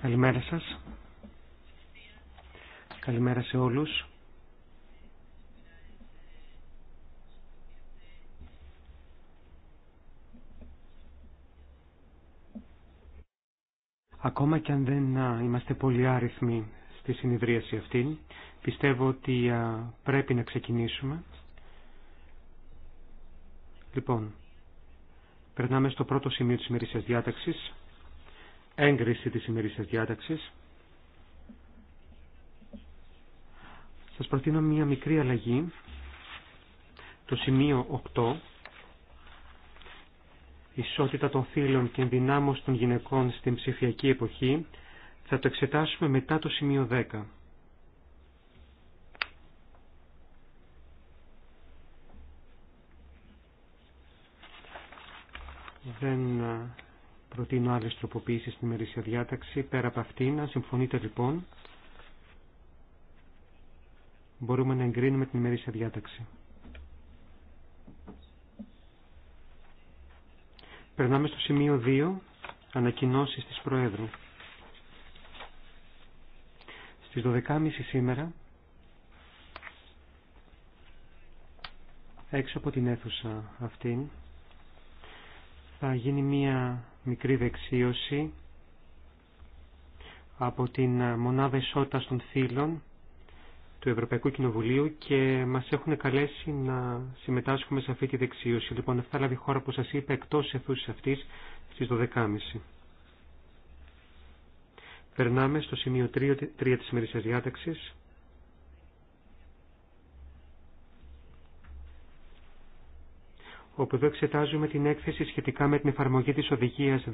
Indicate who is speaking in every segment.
Speaker 1: Καλημέρα σας. Καλημέρα σε όλους. Ακόμα και αν δεν είμαστε πολύ άριθμοι στη συνειδρίαση αυτή, πιστεύω ότι πρέπει να ξεκινήσουμε. Λοιπόν, περνάμε στο πρώτο σημείο της μερισιας διάταξης, έγκριση της ημερήσιας διάταξης. Σας προτείνω μία μικρή αλλαγή. Το σημείο 8, ισότητα των θύλων και ενδυνάμωση των γυναικών στην ψηφιακή εποχή, θα το εξετάσουμε μετά το σημείο 10. Δεν προτείνω άλλες τροποποιήσεις στην ημερήσια διάταξη. Πέρα από αυτήν, να συμφωνείτε λοιπόν, μπορούμε να εγκρίνουμε την ημερήσια διάταξη. Περνάμε στο σημείο 2, ανακοινώσεις της Προέδρου. Στις 12.30 σήμερα, έξω από την αίθουσα αυτήν, θα γίνει μία μικρή δεξίωση από την Μονάδα Ισότητας των Θήλων του Ευρωπαϊκού Κοινοβουλίου και μας έχουν καλέσει να συμμετάσχουμε σε αυτή τη δεξίωση. Λοιπόν, αυτά λάβει η χώρα που σας είπα εκτός αιθούσης αυτής στις 12.30. Περνάμε στο σημείο 3 της ημερήσιας διάταξης. όπου εδώ εξετάζουμε την έκθεση σχετικά με την εφαρμογή της οδηγίας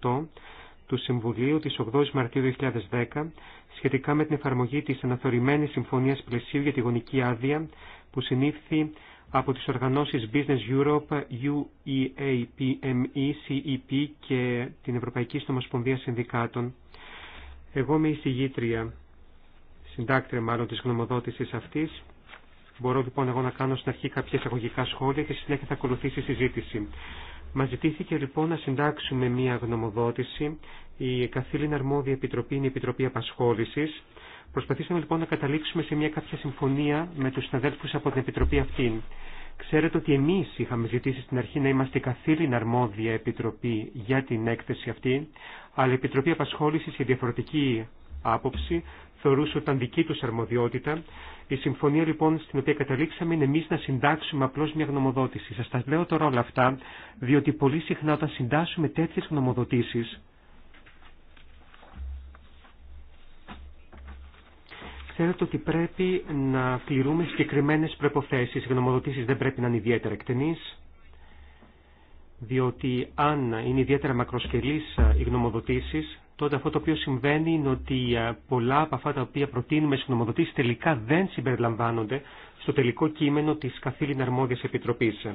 Speaker 1: 2010-18 του Συμβουλίου της 8 Μαρτίου 2010 σχετικά με την εφαρμογή της αναθωρημένης συμφωνίας πλαισίου για τη γονική άδεια που συνήφθη από τις οργανώσεις Business Europe, UEAPME, CEP και την Ευρωπαϊκή Στομοσπονδία Συνδικάτων. Εγώ είμαι η συγγήτρια, συντάκτρια μάλλον της γνωμοδότησης αυτής Μπορώ λοιπόν εγώ να κάνω στην αρχή κάποια εισαγωγικά σχόλια και στη συνέχεια θα ακολουθήσει η συζήτηση. Μα ζητήθηκε λοιπόν να συντάξουμε μία γνωμοδότηση. Η καθήλυνα αρμόδια επιτροπή είναι η Επιτροπή Απασχόληση. Προσπαθήσαμε λοιπόν να καταλήξουμε σε μία κάποια συμφωνία με του συναδέλφου από την Επιτροπή αυτή. Ξέρετε ότι εμεί είχαμε ζητήσει στην αρχή να είμαστε η καθήλυνα αρμόδια επιτροπή για την έκθεση αυτή, αλλά η Επιτροπή Απασχόληση, η διαφορετική άποψη, θεωρούσε ότι ήταν δική του αρμοδιότητα. Η συμφωνία λοιπόν στην οποία καταλήξαμε είναι εμείς να συντάξουμε απλώ μια γνωμοδότηση. Σας τα λέω τώρα όλα αυτά, διότι πολύ συχνά όταν συντάσσουμε τέτοιε γνωμοδοτήσει. ξέρετε ότι πρέπει να πληρούμε συγκεκριμένες προποθέσει. Οι γνωμοδοτήσει δεν πρέπει να είναι ιδιαίτερα εκτενεί. διότι αν είναι ιδιαίτερα μακροσκελής ε, οι γνωμοδοτήσει τότε αυτό το οποίο συμβαίνει είναι ότι ε, πολλά από αυτά τα οποία προτείνουμε στις νομοδοτήσεις τελικά δεν συμπεριλαμβάνονται στο τελικό κείμενο της καθήλυνα αρμόδιας επιτροπής.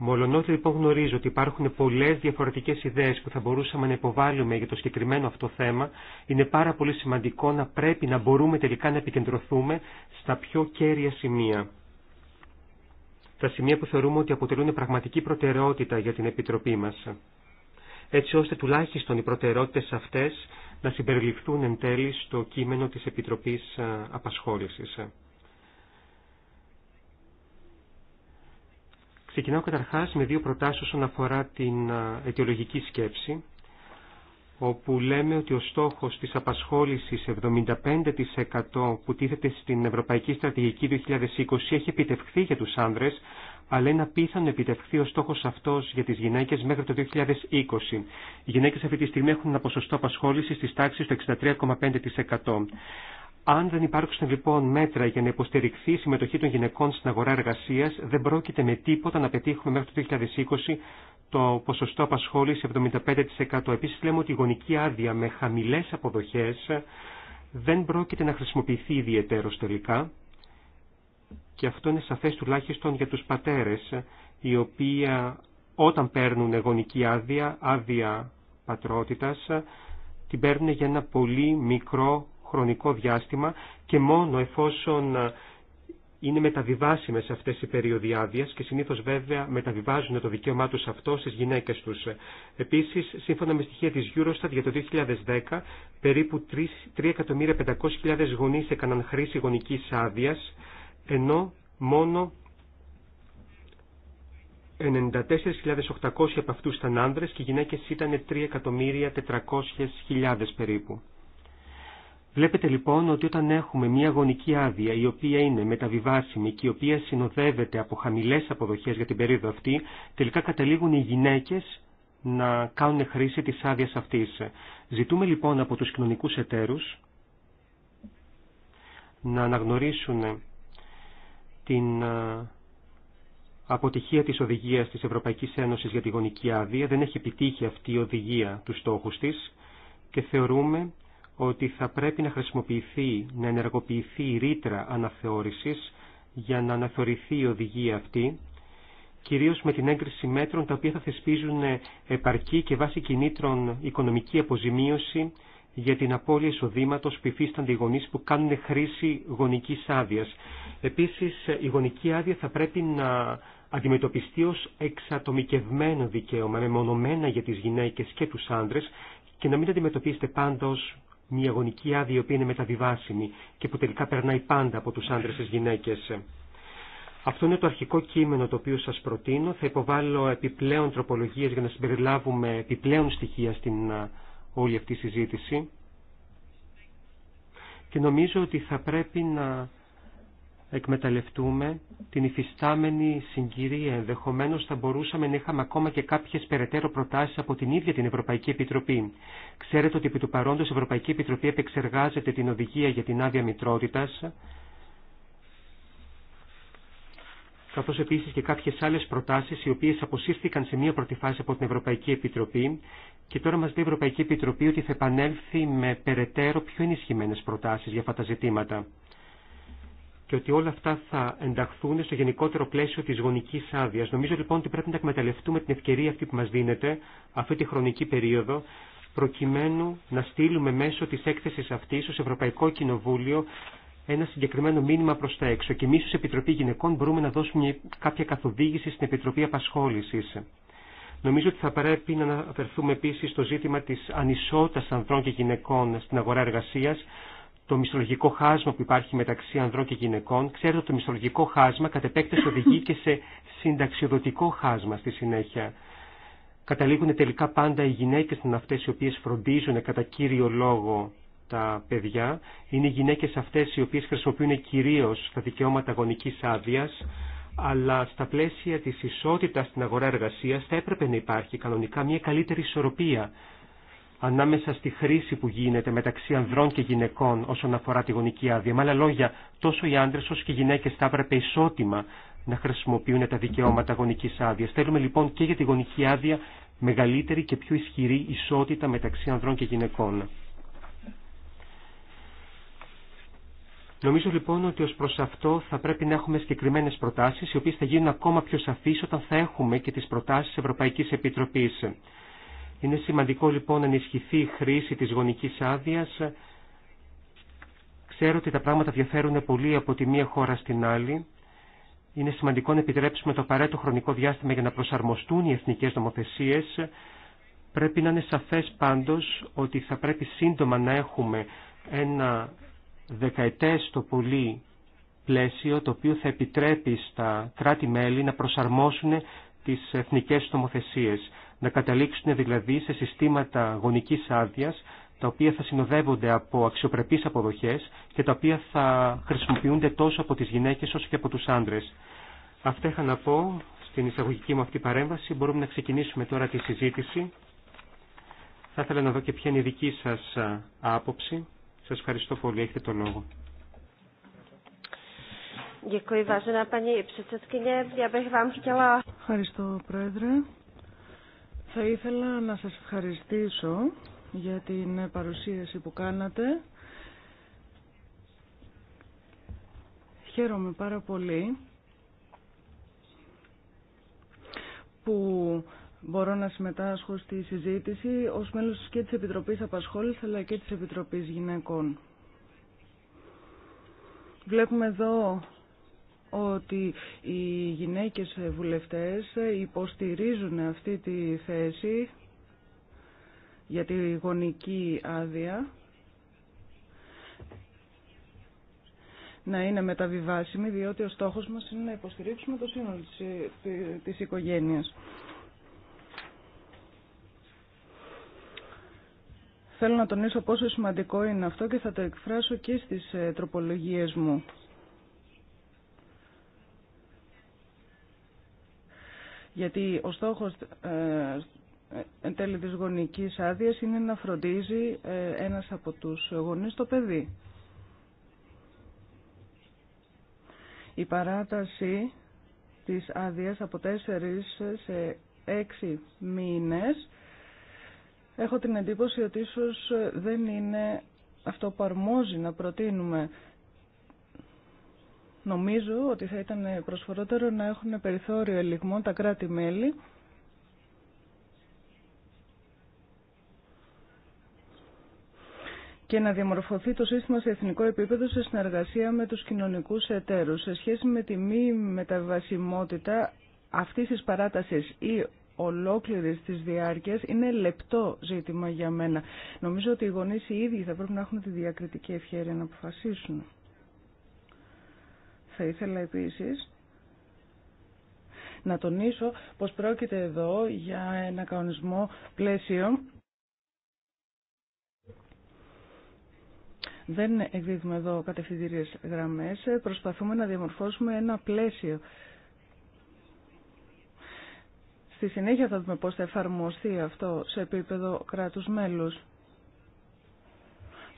Speaker 1: Μολονότι λοιπόν γνωρίζω ότι υπάρχουν πολλές διαφορετικές ιδέες που θα μπορούσαμε να υποβάλουμε για το συγκεκριμένο αυτό θέμα, είναι πάρα πολύ σημαντικό να πρέπει να μπορούμε τελικά να επικεντρωθούμε στα πιο κέρια σημεία. Τα σημεία που θεωρούμε ότι αποτελούν πραγματική προτεραιότητα για την Επιτροπή μας έτσι ώστε τουλάχιστον οι προτεραιότητες αυτές να συμπεριληφθούν εν τέλει στο κείμενο της Επιτροπής ε, Απασχόλησης. Ξεκινάω καταρχάς με δύο προτάσεις όσον αφορά την ε, αιτιολογική σκέψη, όπου λέμε ότι ο στόχος της απασχόλησης 75% που τίθεται στην Ευρωπαϊκή Στρατηγική 2020 έχει επιτευχθεί για τους άνδρες, αλλά είναι απίθανο επιτευχθεί ο στόχο αυτό για τι γυναίκε μέχρι το 2020. Οι γυναίκε αυτή τη στιγμή έχουν ένα ποσοστό απασχόληση τη τάξη του 63,5%. Αν δεν υπάρξουν λοιπόν μέτρα για να υποστηριχθεί η συμμετοχή των γυναικών στην αγορά εργασία, δεν πρόκειται με τίποτα να πετύχουμε μέχρι το 2020 το ποσοστό απασχόληση 75%. Επίση λέμε ότι η γονική άδεια με χαμηλέ αποδοχέ δεν πρόκειται να χρησιμοποιηθεί ιδιαιτέρω τελικά και αυτό είναι σαφές τουλάχιστον για τους πατέρες, οι οποίοι ε, όταν παίρνουν γονική άδεια, άδεια πατρότητας, ε, την παίρνουν για ένα πολύ μικρό χρονικό διάστημα και μόνο εφόσον ε, είναι μεταβιβάσιμες αυτές οι περίοδοι άδεια και συνήθως βέβαια μεταβιβάζουν το δικαίωμά τους αυτό στις γυναίκες τους. Επίσης, σύμφωνα με στοιχεία της Eurostat για το 2010, περίπου 3.500.000 γονείς έκαναν χρήση γονικής άδειας ενώ μόνο 94.800 από αυτούς ήταν άνδρες και οι γυναίκες ήταν 3.400.000 περίπου. Βλέπετε λοιπόν ότι όταν έχουμε μια γονική άδεια η οποία είναι μεταβιβάσιμη και η οποία συνοδεύεται από χαμηλές αποδοχές για την περίοδο αυτή, τελικά καταλήγουν οι γυναίκες να κάνουν χρήση της άδειας αυτής. Ζητούμε λοιπόν από τους κοινωνικούς εταίρους να αναγνωρίσουν την ε, αποτυχία της οδηγίας της Ευρωπαϊκής Ένωσης για τη γονική άδεια. Δεν έχει επιτύχει αυτή η οδηγία του στόχου της και θεωρούμε ότι θα πρέπει να χρησιμοποιηθεί, να ενεργοποιηθεί η ρήτρα αναθεώρησης για να αναθεωρηθεί η οδηγία αυτή, κυρίως με την έγκριση μέτρων τα οποία θα θεσπίζουν επαρκή και βάση κινήτρων οικονομική αποζημίωση για την απώλεια εισοδήματο, που υφίστανται οι γονεί που κάνουν χρήση γονική άδεια. Επίση, η γονική άδεια θα πρέπει να αντιμετωπιστεί ω εξατομικευμένο δικαίωμα, μεμονωμένα για τι γυναίκε και του άντρε, και να μην αντιμετωπίσετε πάντα ω μια γονική άδεια η οποία είναι μεταβιβάσιμη και που τελικά περνάει πάντα από του άντρε στι γυναίκε. Αυτό είναι το αρχικό κείμενο το οποίο σας προτείνω. Θα υποβάλω επιπλέον τροπολογίες για να συμπεριλάβουμε επιπλέον στοιχεία στην όλη αυτή η συζήτηση και νομίζω ότι θα πρέπει να εκμεταλλευτούμε την υφιστάμενη συγκυρία. Ενδεχομένω θα μπορούσαμε να είχαμε ακόμα και κάποιε περαιτέρω προτάσει από την ίδια την Ευρωπαϊκή Επιτροπή. Ξέρετε ότι επί του παρόντο η Ευρωπαϊκή Επιτροπή επεξεργάζεται την οδηγία για την άδεια μητρότητα Καθώ επίση και κάποιε άλλε προτάσει οι οποίε αποσύρθηκαν σε μία πρώτη φάση από την Ευρωπαϊκή Επιτροπή και τώρα μα λέει η Ευρωπαϊκή Επιτροπή ότι θα επανέλθει με περαιτέρω πιο ενισχυμένε προτάσει για αυτά τα ζητήματα και ότι όλα αυτά θα ενταχθούν στο γενικότερο πλαίσιο τη γονική άδεια. Νομίζω λοιπόν ότι πρέπει να εκμεταλλευτούμε την ευκαιρία αυτή που μα δίνεται, αυτή τη χρονική περίοδο, προκειμένου να στείλουμε μέσω της έκθεσης αυτής ω Ευρωπαϊκό Κοινοβούλιο ένα συγκεκριμένο μήνυμα προ τα έξω. Και εμεί ω Επιτροπή Γυναικών μπορούμε να δώσουμε κάποια καθοδήγηση στην Επιτροπή Απασχόληση. Νομίζω ότι θα πρέπει να αναφερθούμε επίση στο ζήτημα τη ανισότητα ανδρών και γυναικών στην αγορά εργασία, το μισθολογικό χάσμα που υπάρχει μεταξύ ανδρών και γυναικών. Ξέρετε ότι το μισθολογικό χάσμα κατ' επέκταση οδηγεί και σε συνταξιοδοτικό χάσμα στη συνέχεια. Καταλήγουν τελικά πάντα οι γυναίκε να αυτέ οι οποίε φροντίζουν κατά κύριο λόγο τα παιδιά είναι οι γυναίκες αυτές οι οποίες χρησιμοποιούν κυρίως τα δικαιώματα γονικής άδεια, αλλά στα πλαίσια της ισότητας στην αγορά εργασίας θα έπρεπε να υπάρχει κανονικά μια καλύτερη ισορροπία ανάμεσα στη χρήση που γίνεται μεταξύ ανδρών και γυναικών όσον αφορά τη γονική άδεια. Με άλλα λόγια, τόσο οι άντρε όσο και οι γυναίκε θα έπρεπε ισότιμα να χρησιμοποιούν τα δικαιώματα γονικής άδεια. Θέλουμε λοιπόν και για τη γονική άδεια μεγαλύτερη και πιο ισχυρή ισότητα μεταξύ ανδρών και γυναικών. Νομίζω λοιπόν ότι ως προς αυτό θα πρέπει να έχουμε συγκεκριμένες προτάσεις, οι οποίες θα γίνουν ακόμα πιο σαφείς όταν θα έχουμε και τις προτάσεις Ευρωπαϊκής Επιτροπής. Είναι σημαντικό λοιπόν να ενισχυθεί η χρήση της γονικής άδεια. Ξέρω ότι τα πράγματα διαφέρουν πολύ από τη μία χώρα στην άλλη. Είναι σημαντικό να επιτρέψουμε το απαραίτητο χρονικό διάστημα για να προσαρμοστούν οι εθνικές νομοθεσίες. Πρέπει να είναι σαφές πάντως ότι θα πρέπει σύντομα να έχουμε ένα δεκαετές το πολύ πλαίσιο το οποίο θα επιτρέπει στα κράτη-μέλη να προσαρμόσουν τις εθνικές νομοθεσίες, να καταλήξουν δηλαδή σε συστήματα γονικής άδεια τα οποία θα συνοδεύονται από αξιοπρεπείς αποδοχές και τα οποία θα χρησιμοποιούνται τόσο από τις γυναίκες όσο και από τους άντρες. Αυτά είχα να πω στην εισαγωγική μου αυτή παρέμβαση. Μπορούμε να ξεκινήσουμε τώρα τη συζήτηση. Θα ήθελα να δω και ποια είναι η δική σας άποψη. Σας ευχαριστώ πολύ. Έχετε το λόγο.
Speaker 2: Ευχαριστώ, Πρόεδρε. Θα ήθελα να σας ευχαριστήσω για την παρουσίαση που κάνατε. Χαίρομαι πάρα πολύ που μπορώ να συμμετάσχω στη συζήτηση ως μέλος και της Επιτροπής Απασχόλησης αλλά και της Επιτροπής Γυναικών. Βλέπουμε εδώ ότι οι γυναίκες βουλευτές υποστηρίζουν αυτή τη θέση για τη γονική άδεια να είναι μεταβιβάσιμη διότι ο στόχος μας είναι να υποστηρίξουμε το σύνολο της οικογένειας. Θέλω να τονίσω πόσο σημαντικό είναι αυτό και θα το εκφράσω και στις ε, τροπολογίες μου. Γιατί ο στόχος ε, εν τέλει της γονικής άδειας είναι να φροντίζει ε, ένας από τους γονείς το παιδί. Η παράταση της άδειας από τέσσερις σε έξι μήνες έχω την εντύπωση ότι ίσως δεν είναι αυτό που αρμόζει να προτείνουμε. Νομίζω ότι θα ήταν προσφορότερο να έχουν περιθώριο ελιγμών τα κράτη-μέλη και να διαμορφωθεί το σύστημα σε εθνικό επίπεδο σε συνεργασία με τους κοινωνικούς εταίρους. Σε σχέση με τη μη μεταβασιμότητα αυτής της παράτασης ή Ολόκληρη τη διάρκεια είναι λεπτό ζήτημα για μένα. Νομίζω ότι οι γονεί οι ίδιοι θα πρέπει να έχουν τη διακριτική ευχαίρεια να αποφασίσουν. Θα ήθελα επίσης να τονίσω πως πρόκειται εδώ για ένα κανονισμό πλαίσιο Δεν εκδίδουμε εδώ κατευθυντήριες γραμμές, προσπαθούμε να διαμορφώσουμε ένα πλαίσιο Στη συνέχεια θα δούμε πώς θα εφαρμοστεί αυτό σε επίπεδο κράτους μέλους.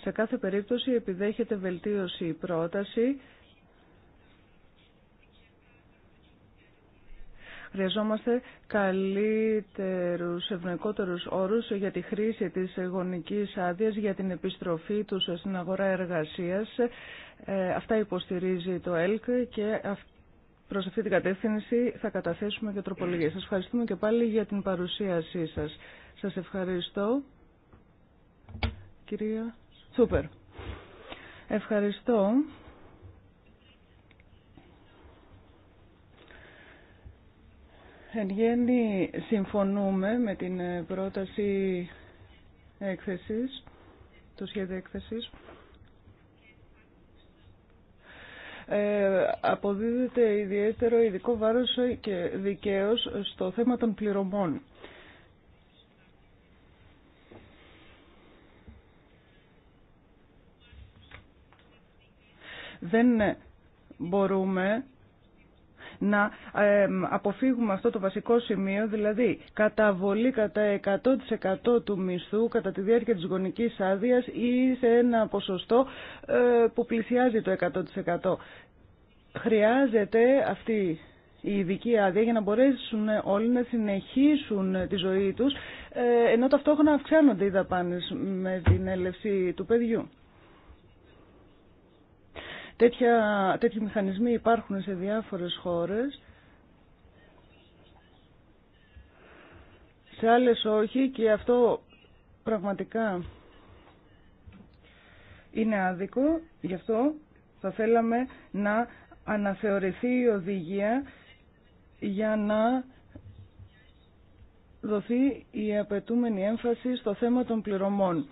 Speaker 2: Σε κάθε περίπτωση επιδέχεται βελτίωση η πρόταση. Χρειαζόμαστε καλύτερους, ευνοϊκότερους όρους για τη χρήση της γονικής άδειας, για την επιστροφή τους στην αγορά εργασίας. Ε, αυτά υποστηρίζει το ΕΛΚ και Προς αυτή την κατεύθυνση θα καταθέσουμε και τροπολογία. Σας ευχαριστούμε και πάλι για την παρουσίασή σας. Σας ευχαριστώ. Κυρία Σούπερ. Ευχαριστώ. Εν γέννη συμφωνούμε με την πρόταση έκθεσης, το σχέδιο έκθεσης. Ε, αποδίδεται ιδιαίτερο ειδικό βάρος και δικαίως στο θέμα των πληρωμών. Δεν μπορούμε να αποφύγουμε αυτό το βασικό σημείο, δηλαδή καταβολή κατά 100% του μισθού κατά τη διάρκεια της γονικής άδειας ή σε ένα ποσοστό ε, που πλησιάζει το 100%. Χρειάζεται αυτή η ειδική άδεια για να μπορέσουν όλοι να συνεχίσουν τη ζωή τους ε, ενώ ταυτόχρονα αυξάνονται οι δαπάνες με την έλευση του παιδιού. Τέτοια, τέτοιοι μηχανισμοί υπάρχουν σε διάφορες χώρες. Σε άλλες όχι και αυτό πραγματικά είναι άδικο. Γι' αυτό θα θέλαμε να αναθεωρηθεί η οδηγία για να δοθεί η απαιτούμενη έμφαση στο θέμα των πληρωμών.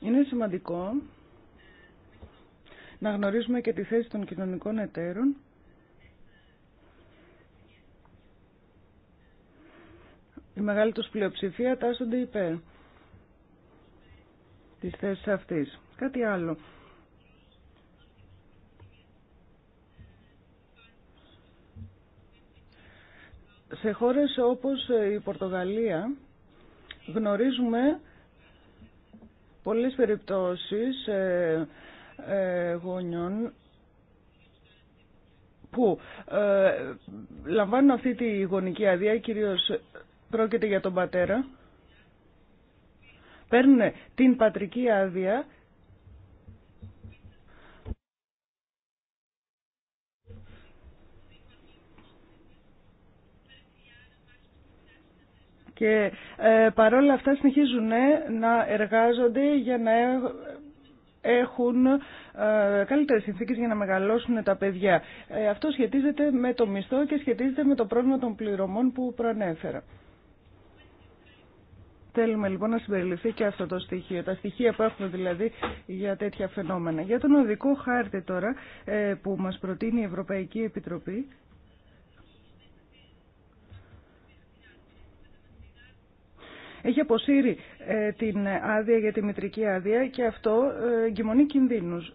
Speaker 2: Είναι σημαντικό να γνωρίζουμε και τη θέση των κοινωνικών εταίρων. Η μεγάλη τους πλειοψηφία τάσσονται υπέρ της θέσης αυτής. Κάτι άλλο. Σε χώρες όπως η Πορτογαλία γνωρίζουμε πολλές περιπτώσεις ε, ε, γονιών που ε, λαμβάνουν αυτή τη γονική αδεία, κυρίως πρόκειται για τον πατέρα, παίρνουν την πατρική άδεια και ε, παρόλα αυτά συνεχίζουν να εργάζονται για να έχουν ε, καλύτερε συνθήκε για να μεγαλώσουν τα παιδιά. Ε, αυτό σχετίζεται με το μισθό και σχετίζεται με το πρόβλημα των πληρωμών που προανέφερα. Θέλουμε λοιπόν να συμπεριληφθεί και αυτό το στοιχείο, τα στοιχεία που έχουμε δηλαδή για τέτοια φαινόμενα. Για τον οδικό χάρτη τώρα ε, που μας προτείνει η Ευρωπαϊκή Επιτροπή έχει αποσύρει ε, την άδεια για τη μητρική άδεια και αυτό ε, εγκυμονεί κινδύνους.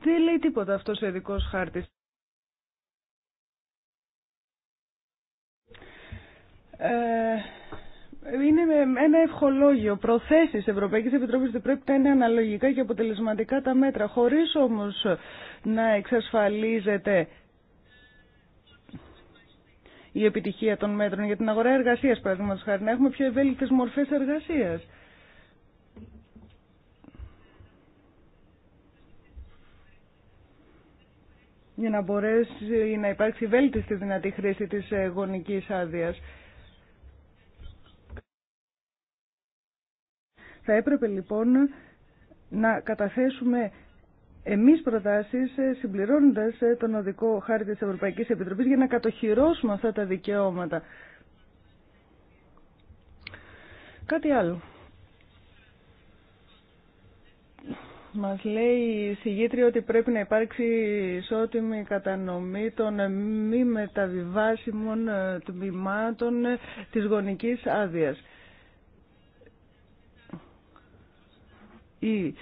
Speaker 2: Δεν λέει τίποτα αυτό ο ειδικός χάρτης. Ε, είναι ένα ευχολόγιο. Προθέσεις Ευρωπαϊκής Επιτροπής ότι πρέπει να είναι αναλογικά και αποτελεσματικά τα μέτρα, Χωρί όμω να εξασφαλίζεται η επιτυχία των μέτρων για την αγορά εργασία παραδείγματος χάρη, να έχουμε πιο ευέλικτε μορφές εργασίας. για να μπορέσει να υπάρξει βέλτιστη δυνατή χρήση της ε, γονικής άδειας. Θα έπρεπε λοιπόν να καταθέσουμε εμείς προτάσεις ε, συμπληρώνοντας ε, τον οδικό χάρτη της Ευρωπαϊκής Επιτροπής για να κατοχυρώσουμε αυτά τα δικαιώματα. Κάτι άλλο. Μας λέει η συγγήτρια ότι πρέπει να υπάρξει ισότιμη κατανομή των μη μεταβιβάσιμων ε, τμήματων της γονικής άδειας. η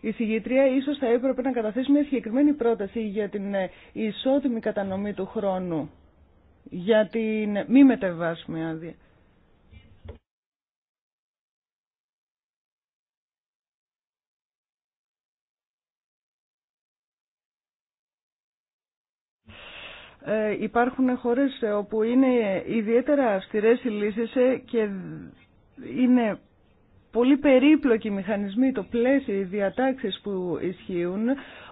Speaker 2: η ίσω ίσως θα έπρεπε να καταθέσει μια συγκεκριμένη πρόταση για την ε, ισότιμη κατανομή του χρόνου, για την ε, μη μετεβάσιμη άδεια. Ε, υπάρχουν χώρες όπου είναι ιδιαίτερα αυστηρές οι λύσεις ε, και είναι πολύ περίπλοκοι μηχανισμοί, το πλαίσιο, οι διατάξεις που ισχύουν,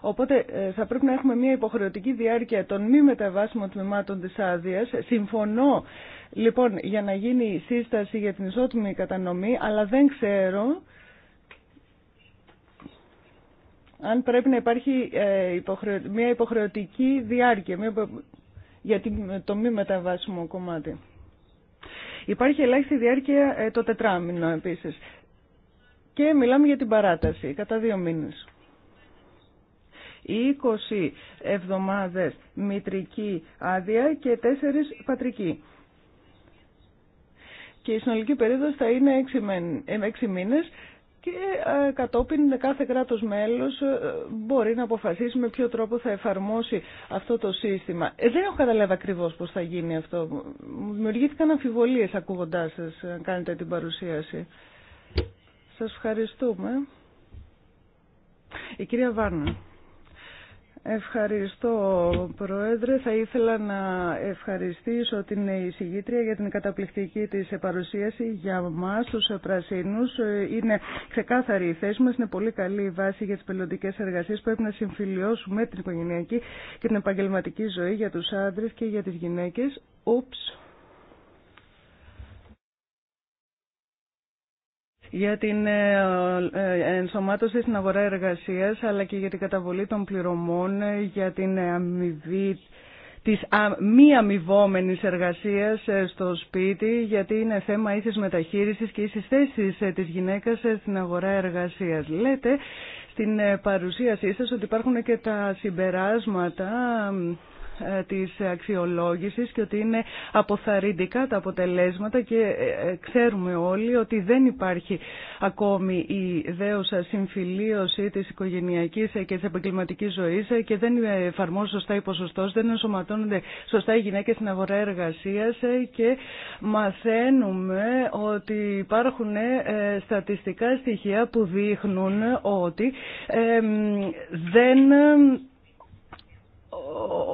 Speaker 2: οπότε ε, θα πρέπει να έχουμε μια υποχρεωτική διάρκεια των μη μεταβάσιμων τμήματων της άδεια. Συμφωνώ λοιπόν για να γίνει η σύσταση για την ισότιμη κατανομή, αλλά δεν ξέρω αν πρέπει να υπάρχει ε, μια υποχρεωτική διάρκεια για το μη μεταβάσιμο κομμάτι. Υπάρχει ελάχιστη διάρκεια ε, το τετράμινο επίσης. Και μιλάμε για την παράταση κατά δύο μήνες. 20 εβδομάδες μητρική άδεια και 4 πατρική. Και η συνολική περίοδος θα είναι 6 ε, μήνες και ε, κατόπιν κάθε κράτος μέλος ε, μπορεί να αποφασίσει με ποιο τρόπο θα εφαρμόσει αυτό το σύστημα. Δεν έχω καταλάβει ακριβώς πώς θα γίνει αυτό. Μου δημιουργήθηκαν αμφιβολίες ακούγοντάς σας, αν κάνετε την παρουσίαση. Σας ευχαριστούμε. Η κυρία Βάρνα. Ευχαριστώ, Πρόεδρε. Θα ήθελα να ευχαριστήσω την εισηγήτρια για την καταπληκτική της παρουσίαση για μας, τους πρασίνους. Είναι ξεκάθαρη η θέση μας, είναι πολύ καλή η βάση για τις πελλοντικές εργασίες. Πρέπει να συμφιλιώσουμε την οικογενειακή και την επαγγελματική ζωή για τους άντρες και για τις γυναίκες. για την ε, ε, ενσωμάτωση στην αγορά εργασίας αλλά και για την καταβολή των πληρωμών ε, για την αμοιβή της μη αμοιβόμενη εργασίας στο σπίτι γιατί είναι θέμα ίσης μεταχείρισης και ίσης θέσης της γυναίκας στην αγορά εργασίας. Λέτε στην παρουσίασή σας ότι υπάρχουν και τα συμπεράσματα ε, της αξιολόγησης και ότι είναι αποθαρρυντικά τα αποτελέσματα και ε, ε, ξέρουμε όλοι ότι δεν υπάρχει ακόμη η δέουσα συμφιλίωση της οικογενειακής και της επαγγελματική ζωής και δεν εφαρμόζουν σωστά οι ποσοστός, δεν ενσωματώνονται σωστά οι γυναίκες στην αγορά εργασίας και μαθαίνουμε ότι υπάρχουν στατιστικά στοιχεία που δείχνουν ότι δεν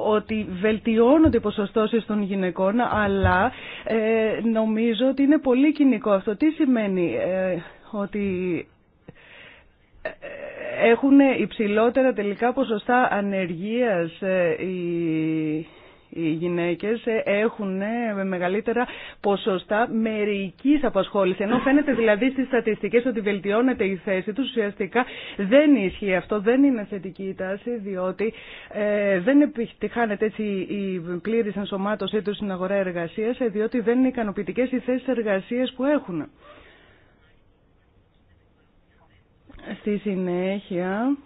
Speaker 2: ότι βελτιώνονται οι ποσοστώσεις των γυναικών, αλλά ε, νομίζω ότι είναι πολύ κοινικό αυτό. Τι σημαίνει ε, ότι ε, έχουν υψηλότερα τελικά ποσοστά ανεργίας οι οι γυναίκες έχουν ε, μεγαλύτερα ποσοστά μερικής απασχόλησης. Ενώ φαίνεται δηλαδή στις στατιστικές ότι βελτιώνεται η θέση τους, ουσιαστικά δεν ισχύει αυτό, δεν είναι θετική η τάση, διότι ε, δεν επιτυχάνεται έτσι η πλήρης ενσωμάτωσή του στην αγορά εργασίας, ε, διότι δεν είναι ικανοποιητικές οι θέσεις εργασίας που έχουν. Στη συνέχεια,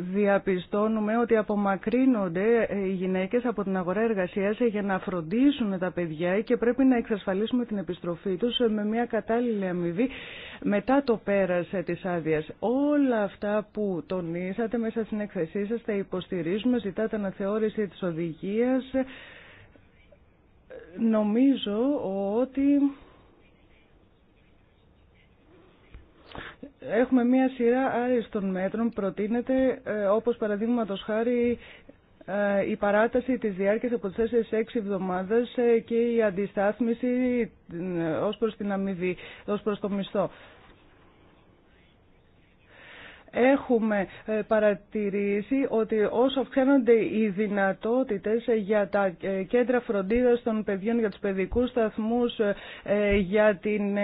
Speaker 2: διαπιστώνουμε ότι απομακρύνονται οι γυναίκες από την αγορά εργασίας για να φροντίσουν τα παιδιά και πρέπει να εξασφαλίσουμε την επιστροφή τους με μια κατάλληλη αμοιβή μετά το πέρας της άδεια. Όλα αυτά που τονίσατε μέσα στην έκθεσή σας τα υποστηρίζουμε, ζητάτε αναθεώρηση της οδηγίας. Νομίζω ότι έχουμε μία σειρά άριστων μέτρων προτείνεται, ε, όπως παραδείγματο χάρη ε, η παράταση της διάρκειας από τις 4 6 εβδομάδες ε, και η αντιστάθμιση ως προς την αμοιβή, ως προς το μισθό έχουμε ε, παρατηρήσει ότι όσο αυξάνονται οι δυνατότητες ε, για τα ε, κέντρα φροντίδας των παιδιών, για τους παιδικούς σταθμούς, για την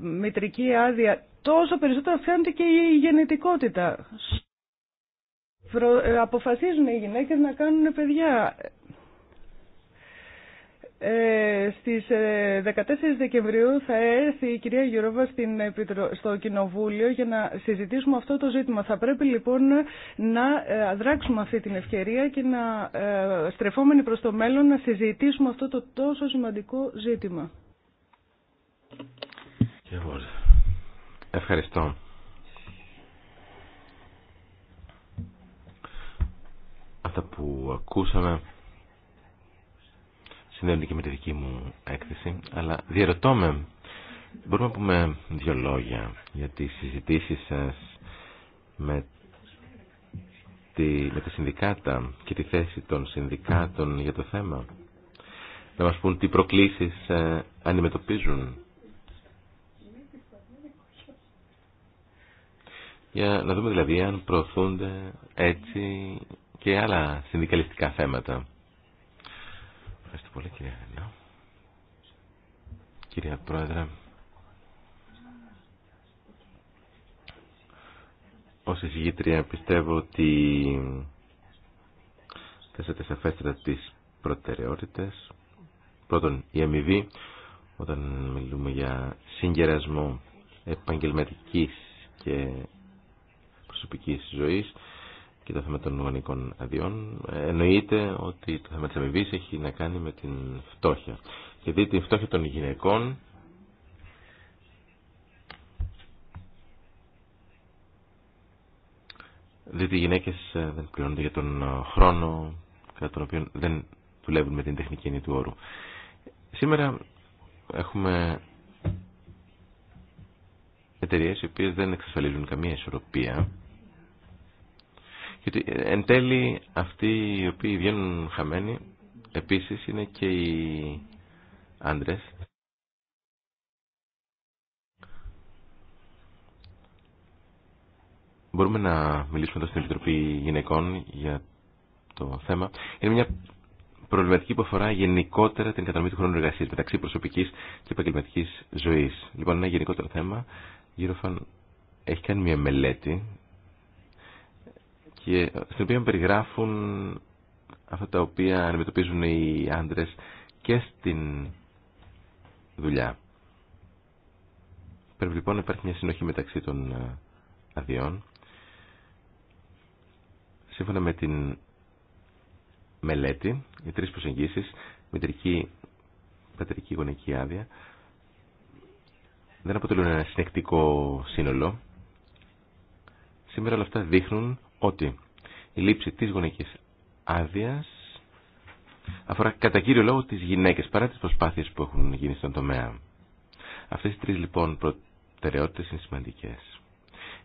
Speaker 2: μητρική άδεια, τόσο περισσότερο αυξάνεται και η γενετικότητα. Αποφασίζουν οι γυναίκες να κάνουν παιδιά. Ε, στις 14 ε, Δεκεμβρίου θα έρθει η κυρία Γιώργα στην, στο Κοινοβούλιο για να συζητήσουμε αυτό το ζήτημα. Θα πρέπει λοιπόν να ε, δράξουμε αυτή την ευκαιρία και να ε, στρεφόμενοι προς το μέλλον να συζητήσουμε αυτό το τόσο σημαντικό ζήτημα.
Speaker 3: Ευχαριστώ. Αυτά που ακούσαμε συνδέονται και με τη δική μου έκθεση, αλλά διαρωτώ με, μπορούμε να πούμε δύο λόγια για τι συζητήσει σα με, τη, με τα συνδικάτα και τη θέση των συνδικάτων για το θέμα. Να μας πούν τι προκλήσεις ε, αντιμετωπίζουν. Για να δούμε δηλαδή αν προωθούνται έτσι και άλλα συνδικαλιστικά θέματα. Ευχαριστώ πολύ κύριε Κυρία Πρόεδρε, ως εισηγήτρια πιστεύω ότι θέσατε σαφέστερα τις προτεραιότητες. Πρώτον, η αμοιβή, όταν μιλούμε για συγκερασμό επαγγελματικής και προσωπικής ζωής, και το θέμα των νομανικών αδειών, ε, εννοείται ότι το θέμα της αμοιβή έχει να κάνει με την φτώχεια. Γιατί την φτώχεια των γυναικών Δείτε οι γυναίκες ε, δεν πληρώνονται για τον ε, χρόνο κατά τον οποίο δεν δουλεύουν με την τεχνική έννοια του όρου. Σήμερα έχουμε εταιρείε οι οποίε δεν εξασφαλίζουν καμία ισορροπία γιατί ε, εν τέλει αυτοί οι οποίοι βγαίνουν χαμένοι επίσης είναι και οι άντρες. Μπορούμε να μιλήσουμε εδώ στην Επιτροπή Γυναικών για το θέμα. Είναι μια προβληματική που αφορά γενικότερα την κατανομή του χρόνου εργασία μεταξύ προσωπική και επαγγελματική ζωή. Λοιπόν, ένα γενικότερο θέμα. Γύρω φαν έχει κάνει μια μελέτη και στην οποία περιγράφουν αυτά τα οποία αντιμετωπίζουν οι άντρες και στην δουλειά. Πρέπει λοιπόν να υπάρχει μια συνοχή μεταξύ των ε, αδειών. Σύμφωνα με την μελέτη, οι τρεις προσεγγίσεις, μητρική, πατρική, γονική άδεια, δεν αποτελούν ένα συνεκτικό σύνολο. Σήμερα όλα αυτά δείχνουν ότι η λήψη της γονικής άδειας αφορά κατά κύριο λόγο τις γυναίκες παρά τις προσπάθειες που έχουν γίνει στον τομέα. Αυτές οι τρεις λοιπόν προτεραιότητες είναι σημαντικές.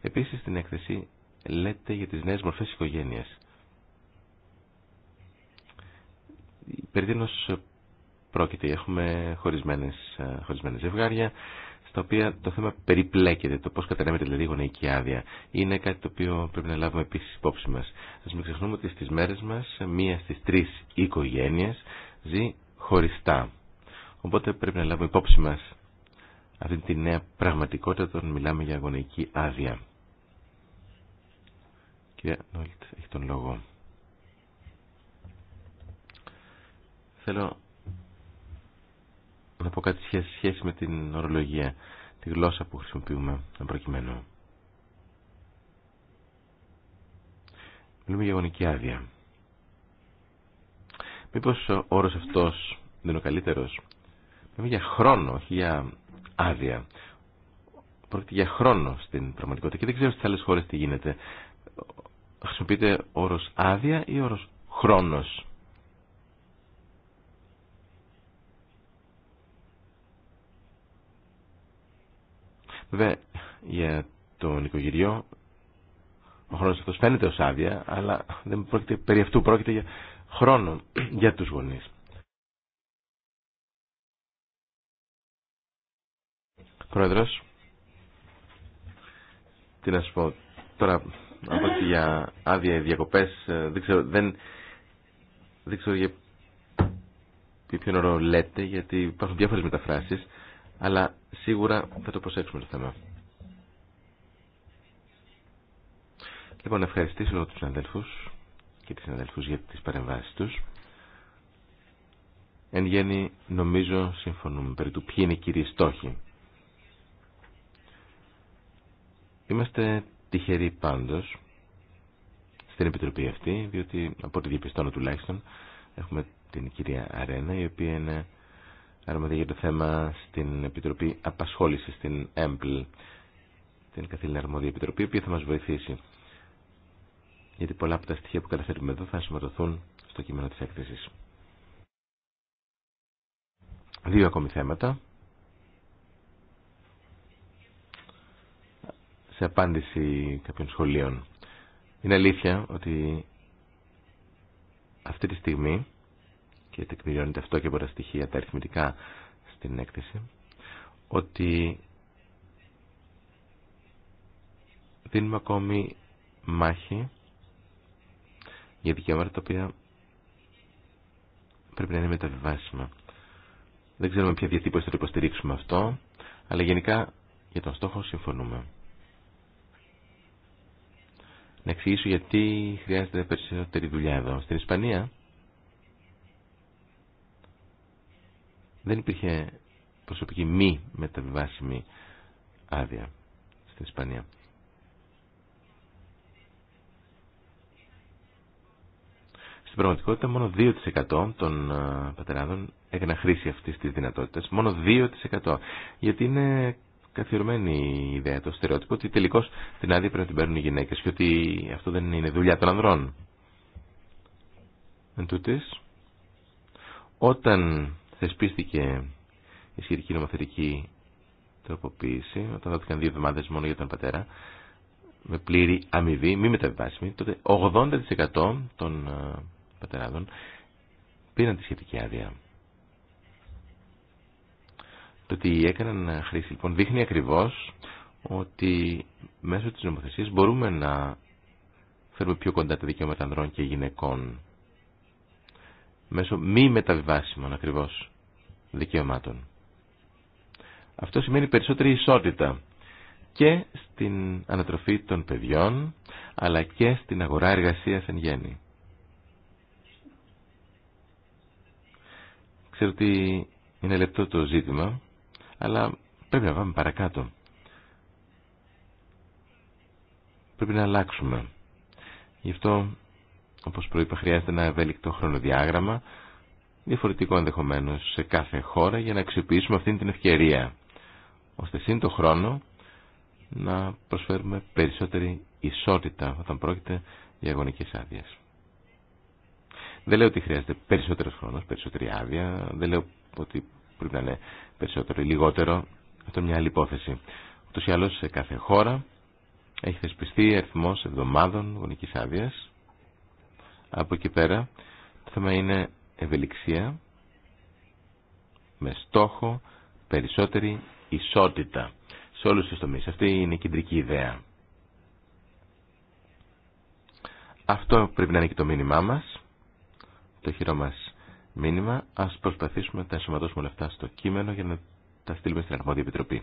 Speaker 3: Επίσης στην έκθεση λέτε για τις νέες μορφές οικογένειας. Περί πρόκειται, έχουμε χωρισμένες, χωρισμένες ζευγάρια, τα οποία το θέμα περιπλέκεται, το πώς κατανέμεται δηλαδή η γονεϊκή άδεια. Είναι κάτι το οποίο πρέπει να λάβουμε επίση υπόψη μας. Α μην ξεχνούμε ότι στι μέρες μας μία στι τρεις οικογένειε ζει χωριστά. Οπότε πρέπει να λάβουμε υπόψη μας αυτή τη νέα πραγματικότητα όταν μιλάμε για γονεϊκή άδεια. Κυρία Νόλτ, έχει τον λόγο. Θέλω να πω κάτι σχέση με την ορολογία, τη γλώσσα που χρησιμοποιούμε εν προκειμένου. Μιλούμε για γονική άδεια. Μήπως ο όρος αυτός δεν είναι ο καλύτερος. Μιλούμε για χρόνο, όχι για άδεια. Πρόκειται για χρόνο στην πραγματικότητα και δεν ξέρω στις άλλες χώρες τι γίνεται. Χρησιμοποιείται όρος άδεια ή όρος χρόνος. Βέβαια, για το οικογένειο ο χρόνος αυτός φαίνεται ως άδεια, αλλά δεν πρόκειται, περί αυτού πρόκειται για χρόνο για τους γονείς. Πρόεδρος, τι να σου πω, τώρα από ότι για άδεια διακοπές, ε, δεν ξέρω, δεν, δεν ξέρω για ποιον όρο λέτε, γιατί υπάρχουν διάφορες μεταφράσεις αλλά σίγουρα θα το προσέξουμε το θέμα. Λοιπόν, να ευχαριστήσω όλους τους συναδέλφους και τις συναδέλφους για τις παρεμβάσεις τους. Εν γέννη, νομίζω, συμφωνούμε περί του ποιοι είναι οι κύριοι στόχοι. Είμαστε τυχεροί πάντως στην Επιτροπή αυτή, διότι από ό,τι διαπιστώνω τουλάχιστον έχουμε την κυρία Αρένα, η οποία είναι αρμοδία για το θέμα στην Επιτροπή Απασχόληση, στην ΕΜΠΛ, την καθήλυνα αρμοδία επιτροπή, η οποία θα μα βοηθήσει. Γιατί πολλά από τα στοιχεία που καταθέτουμε εδώ θα ενσωματωθούν στο κείμενο τη έκθεση. Δύο ακόμη θέματα. Σε απάντηση κάποιων σχολείων. Είναι αλήθεια ότι αυτή τη στιγμή και τεκμηριώνεται αυτό και από τα στοιχεία τα αριθμητικά στην έκθεση, ότι δίνουμε ακόμη μάχη για δικαιώματα τα οποία πρέπει να είναι μεταβιβάσιμα. Δεν ξέρουμε ποια διατύπωση θα το υποστηρίξουμε αυτό, αλλά γενικά για τον στόχο συμφωνούμε. Να εξηγήσω γιατί χρειάζεται περισσότερη δουλειά εδώ. Στην Ισπανία δεν υπήρχε προσωπική μη μεταβιβάσιμη άδεια στην Ισπανία. Στην πραγματικότητα μόνο 2% των ε, πατεράδων έκανα χρήση αυτή τη δυνατότητα. Μόνο 2%. Γιατί είναι καθιερωμένη η ιδέα, το στερεότυπο, ότι τελικώ την άδεια πρέπει να την παίρνουν οι γυναίκε και ότι αυτό δεν είναι δουλειά των ανδρών. Εν τούτης, όταν θεσπίστηκε η σχετική νομοθετική τροποποίηση, όταν δόθηκαν δύο εβδομάδε μόνο για τον πατέρα, με πλήρη αμοιβή, μη μεταβιβάσιμη, τότε 80% των ε, πατεράδων πήραν τη σχετική άδεια. Το ότι έκαναν χρήση λοιπόν δείχνει ακριβώς ότι μέσω της νομοθεσία μπορούμε να φέρουμε πιο κοντά τα δικαιώματα ανδρών και γυναικών μέσω μη μεταβιβάσιμων ακριβώς δικαιωμάτων. Αυτό σημαίνει περισσότερη ισότητα και στην ανατροφή των παιδιών, αλλά και στην αγορά εργασίας εν γέννη. Ξέρω ότι είναι λεπτό το ζήτημα, αλλά πρέπει να πάμε παρακάτω. Πρέπει να αλλάξουμε. Γι' αυτό, όπως προείπα, χρειάζεται ένα ευέλικτο χρονοδιάγραμμα, διαφορετικό ενδεχομένω σε κάθε χώρα για να αξιοποιήσουμε αυτήν την ευκαιρία ώστε σύν χρόνο να προσφέρουμε περισσότερη ισότητα όταν πρόκειται για αγωνικέ άδειε. Δεν λέω ότι χρειάζεται περισσότερο χρόνο, περισσότερη άδεια, δεν λέω ότι πρέπει να είναι περισσότερο ή λιγότερο. Αυτό είναι μια άλλη υπόθεση. Ούτω ή άλλω σε κάθε χώρα έχει θεσπιστεί αριθμό εβδομάδων γονική άδεια. Από εκεί πέρα το θέμα είναι ευελιξία με στόχο περισσότερη ισότητα σε όλους τους τομείς. Αυτή είναι η κεντρική ιδέα. Αυτό πρέπει να είναι και το μήνυμά μας, το χειρό μας μήνυμα. Ας προσπαθήσουμε να τα ενσωματώσουμε όλα αυτά στο κείμενο για να τα στείλουμε στην Αρμόδια Επιτροπή.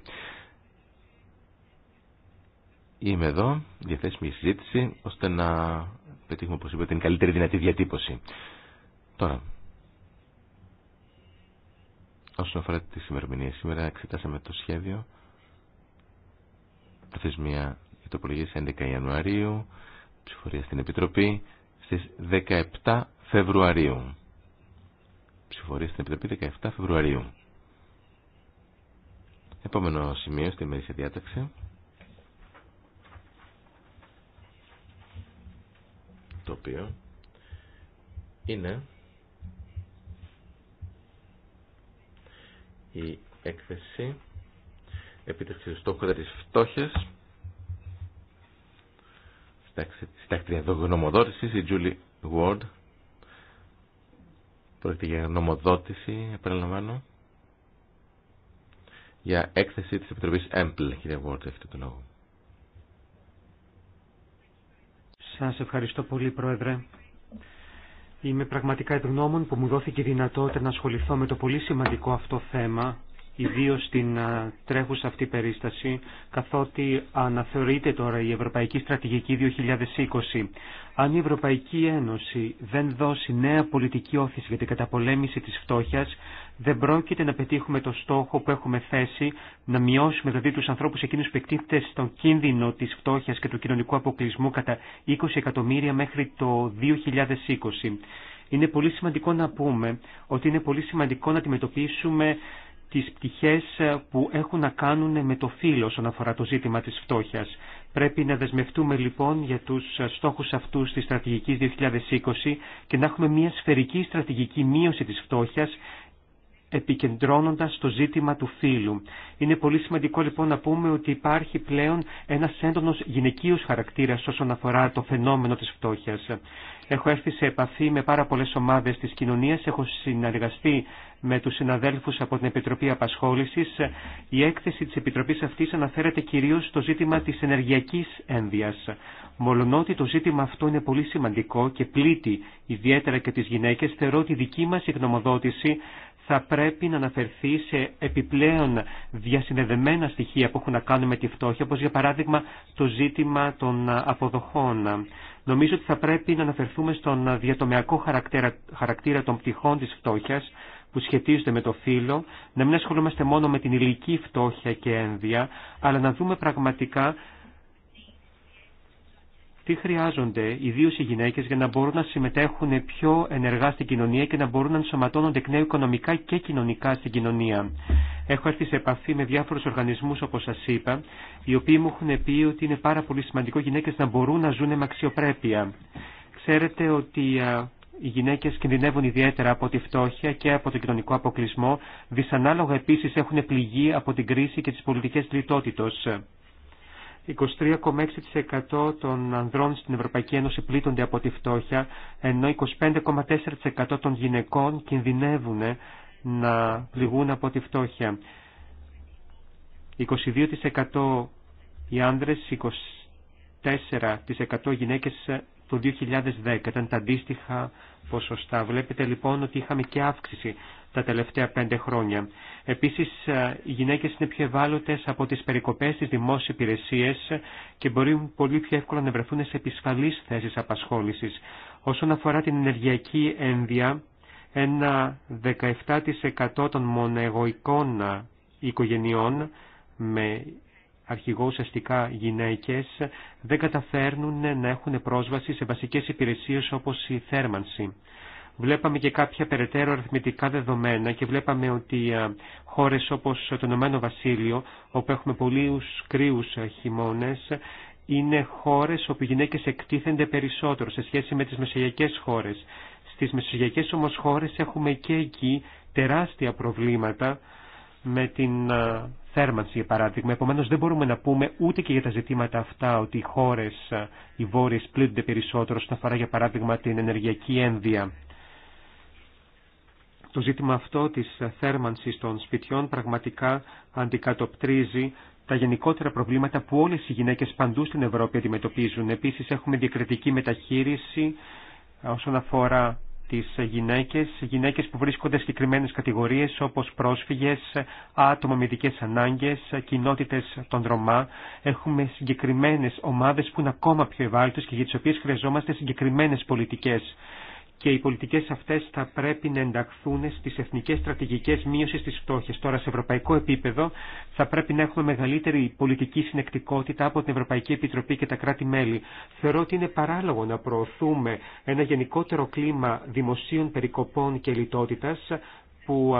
Speaker 3: Είμαι εδώ, διαθέσιμη η συζήτηση, ώστε να πετύχουμε, όπως είπα, την καλύτερη δυνατή διατύπωση. Τώρα, όσον αφορά τη σημερινή Σήμερα εξετάσαμε το σχέδιο προθεσμία για το 11 Ιανουαρίου, ψηφορία στην Επιτροπή στις 17 Φεβρουαρίου. Ψηφορία στην Επιτροπή 17 Φεβρουαρίου. Επόμενο σημείο στη ημερήσια διάταξη. Το οποίο είναι η έκθεση επίτευξη του στόχου της φτώχειας Στάκτρια γνωμοδότησης η Julie Ward πρόκειται για νομοδότηση επαναλαμβάνω για έκθεση της Επιτροπής ΕΜΠΛ κύριε Ward αυτό το λόγο
Speaker 1: Σας ευχαριστώ πολύ Πρόεδρε Είμαι πραγματικά ευγνώμων που μου δόθηκε η δυνατότητα να ασχοληθώ με το πολύ σημαντικό αυτό θέμα, ιδίω στην τρέχουσα αυτή περίσταση, καθότι αναθεωρείται τώρα η Ευρωπαϊκή Στρατηγική 2020. Αν η Ευρωπαϊκή Ένωση δεν δώσει νέα πολιτική όθηση για την καταπολέμηση της φτώχειας, δεν πρόκειται να πετύχουμε το στόχο που έχουμε θέσει να μειώσουμε δηλαδή τους ανθρώπους εκείνους που εκτίθεται στον κίνδυνο της φτώχειας και του κοινωνικού αποκλεισμού κατά 20 εκατομμύρια μέχρι το 2020. Είναι πολύ σημαντικό να πούμε ότι είναι πολύ σημαντικό να αντιμετωπίσουμε τις πτυχές που έχουν να κάνουν με το φύλλο όσον αφορά το ζήτημα της φτώχειας. Πρέπει να δεσμευτούμε λοιπόν για τους στόχους αυτούς της στρατηγικής 2020 και να έχουμε μια σφαιρική στρατηγική μείωση της φτώχειας επικεντρώνοντας το ζήτημα του φύλου. Είναι πολύ σημαντικό λοιπόν να πούμε ότι υπάρχει πλέον ένας έντονος γυναικείος χαρακτήρας όσον αφορά το φαινόμενο της φτώχειας. Έχω έρθει σε επαφή με πάρα πολλές ομάδες της κοινωνίας, έχω συνεργαστεί με τους συναδέλφους από την Επιτροπή Απασχόλησης. Η έκθεση της Επιτροπής αυτής αναφέρεται κυρίως στο ζήτημα της ενεργειακής ένδυας. Μολονότι το ζήτημα αυτό είναι πολύ σημαντικό και πλήττει ιδιαίτερα και τις γυναίκες, θεωρώ ότι η δική μας η θα πρέπει να αναφερθεί σε επιπλέον διασυνδεδεμένα στοιχεία που έχουν να κάνουν με τη φτώχεια, όπως για παράδειγμα το ζήτημα των αποδοχών. Νομίζω ότι θα πρέπει να αναφερθούμε στον διατομιακό χαρακτήρα, χαρακτήρα των πτυχών της φτώχειας, που σχετίζονται με το φύλλο, να μην ασχολούμαστε μόνο με την ηλική φτώχεια και ένδια, αλλά να δούμε πραγματικά τι χρειάζονται ιδίω οι γυναίκε για να μπορούν να συμμετέχουν πιο ενεργά στην κοινωνία και να μπορούν να ενσωματώνονται εκ νέου οικονομικά και κοινωνικά στην κοινωνία. Έχω έρθει σε επαφή με διάφορου οργανισμού, όπω σα είπα, οι οποίοι μου έχουν πει ότι είναι πάρα πολύ σημαντικό γυναίκε να μπορούν να ζουν με αξιοπρέπεια. Ξέρετε ότι οι γυναίκε κινδυνεύουν ιδιαίτερα από τη φτώχεια και από τον κοινωνικό αποκλεισμό, δυσανάλογα επίση έχουν πληγεί από την κρίση και τι πολιτικέ λιτότητο. 23,6% των ανδρών στην Ευρωπαϊκή Ένωση πλήττονται από τη φτώχεια, ενώ 25,4% των γυναικών κινδυνεύουν να πληγούν από τη φτώχεια. 22% οι άνδρες, 24% οι γυναίκες το 2010. Ήταν τα αντίστοιχα ποσοστά. Βλέπετε λοιπόν ότι είχαμε και αύξηση τα τελευταία πέντε χρόνια. Επίσης, ε, οι γυναίκες είναι πιο ευάλωτες από τις περικοπές στις δημόσιες υπηρεσίες και μπορεί πολύ πιο εύκολα να βρεθούν σε επισφαλείς θέσεις απασχόλησης. Όσον αφορά την ενεργειακή ένδια, ένα 17% των μονεγωικών οικογενειών με αρχηγό ουσιαστικά γυναίκες δεν καταφέρνουν να έχουν πρόσβαση σε βασικές υπηρεσίες όπως η θέρμανση. Βλέπαμε και κάποια περαιτέρω αριθμητικά δεδομένα και βλέπαμε ότι ε, χώρες όπως το Ηνωμένο Βασίλειο, όπου έχουμε πολλούς κρύους ε, χειμώνες, είναι χώρες όπου οι γυναίκες εκτίθενται περισσότερο σε σχέση με τις μεσογειακές χώρες. Στις μεσογειακές όμως χώρες έχουμε και εκεί τεράστια προβλήματα με την ε, θέρμανση για παράδειγμα. Επομένως δεν μπορούμε να πούμε ούτε και για τα ζητήματα αυτά ότι οι χώρες, ε, οι βόρειες πλήττονται περισσότερο όσον αφορά για παράδειγμα την ενεργειακή ένδυα. Το ζήτημα αυτό της ε, θέρμανσης των σπιτιών πραγματικά αντικατοπτρίζει τα γενικότερα προβλήματα που όλες οι γυναίκες παντού στην Ευρώπη αντιμετωπίζουν. Επίσης έχουμε διακριτική μεταχείριση όσον αφορά τις γυναίκες, γυναίκες που βρίσκονται σε συγκεκριμένες κατηγορίες όπως πρόσφυγες, άτομα με ειδικές ανάγκες, κοινότητες των δρομά, Έχουμε συγκεκριμένες ομάδες που είναι ακόμα πιο ευάλωτες και για τις οποίες χρειαζόμαστε συγκεκριμένες πολιτικές και οι πολιτικές αυτές θα πρέπει να ενταχθούν στις εθνικές στρατηγικές μείωσης της φτώχειας. Τώρα σε ευρωπαϊκό επίπεδο θα πρέπει να έχουμε μεγαλύτερη πολιτική συνεκτικότητα από την Ευρωπαϊκή Επιτροπή και τα κράτη-μέλη. Θεωρώ ότι είναι παράλογο να προωθούμε ένα γενικότερο κλίμα δημοσίων περικοπών και λιτότητας που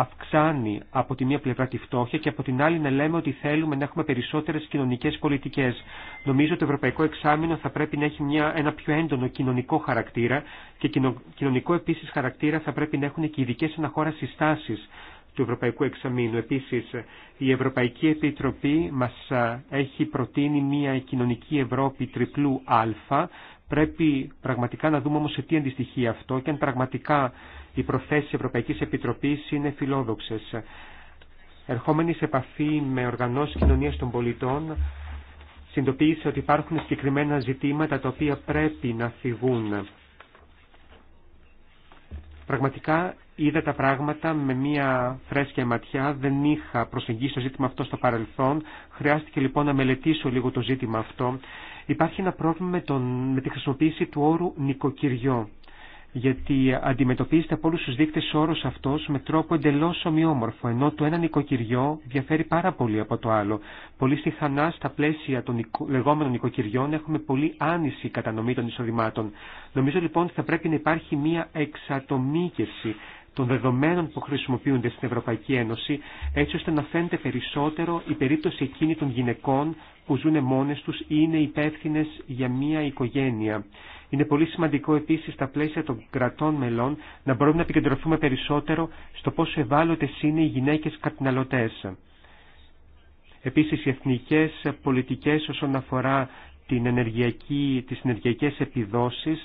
Speaker 1: αυξάνει από τη μία πλευρά τη φτώχεια και από την άλλη να λέμε ότι θέλουμε να έχουμε περισσότερες κοινωνικές πολιτικές. Νομίζω ότι το Ευρωπαϊκό Εξάμεινο θα πρέπει να έχει μια, ένα πιο έντονο κοινωνικό χαρακτήρα και κοινωνικό επίσης χαρακτήρα θα πρέπει να έχουν και ειδικέ αναχώρα συστάσεις του Ευρωπαϊκού Εξαμήνου. Επίσης, η Ευρωπαϊκή Επιτροπή μας έχει προτείνει μια κοινωνική Ευρώπη τριπλού Α. Πρέπει πραγματικά να δούμε όμως σε τι αντιστοιχεί αυτό και αν πραγματικά οι προθέσεις Ευρωπαϊκής Επιτροπής είναι φιλόδοξες. Ερχόμενοι σε επαφή με οργανώσεις κοινωνίας των πολιτών, συντοποίησε ότι υπάρχουν συγκεκριμένα ζητήματα τα οποία πρέπει να φυγούν. Πραγματικά είδα τα πράγματα με μία φρέσκια ματιά, δεν είχα προσεγγίσει το ζήτημα αυτό στο παρελθόν, χρειάστηκε λοιπόν να μελετήσω λίγο το ζήτημα αυτό. Υπάρχει ένα πρόβλημα με, τον, με τη χρησιμοποίηση του όρου νοικοκυριό γιατί αντιμετωπίζεται από όλους τους δείκτες όρος αυτός με τρόπο εντελώς ομοιόμορφο, ενώ το ένα νοικοκυριό διαφέρει πάρα πολύ από το άλλο. Πολύ συχνά στα πλαίσια των λεγόμενων νοικοκυριών έχουμε πολύ άνηση κατανομή των εισοδημάτων. Νομίζω λοιπόν ότι θα πρέπει να υπάρχει μία εξατομίκευση των δεδομένων που χρησιμοποιούνται στην Ευρωπαϊκή Ένωση, έτσι ώστε να φαίνεται περισσότερο η περίπτωση εκείνη των γυναικών που ζουν μόνες τους ή είναι υπεύθυνε για μία οικογένεια. Είναι πολύ σημαντικό επίσης στα πλαίσια των κρατών μελών να μπορούμε να επικεντρωθούμε περισσότερο στο πόσο ευάλωτες είναι οι γυναίκες καταναλωτέ. Επίσης οι εθνικές πολιτικές όσον αφορά την ενεργειακή, τις ενεργειακές επιδόσεις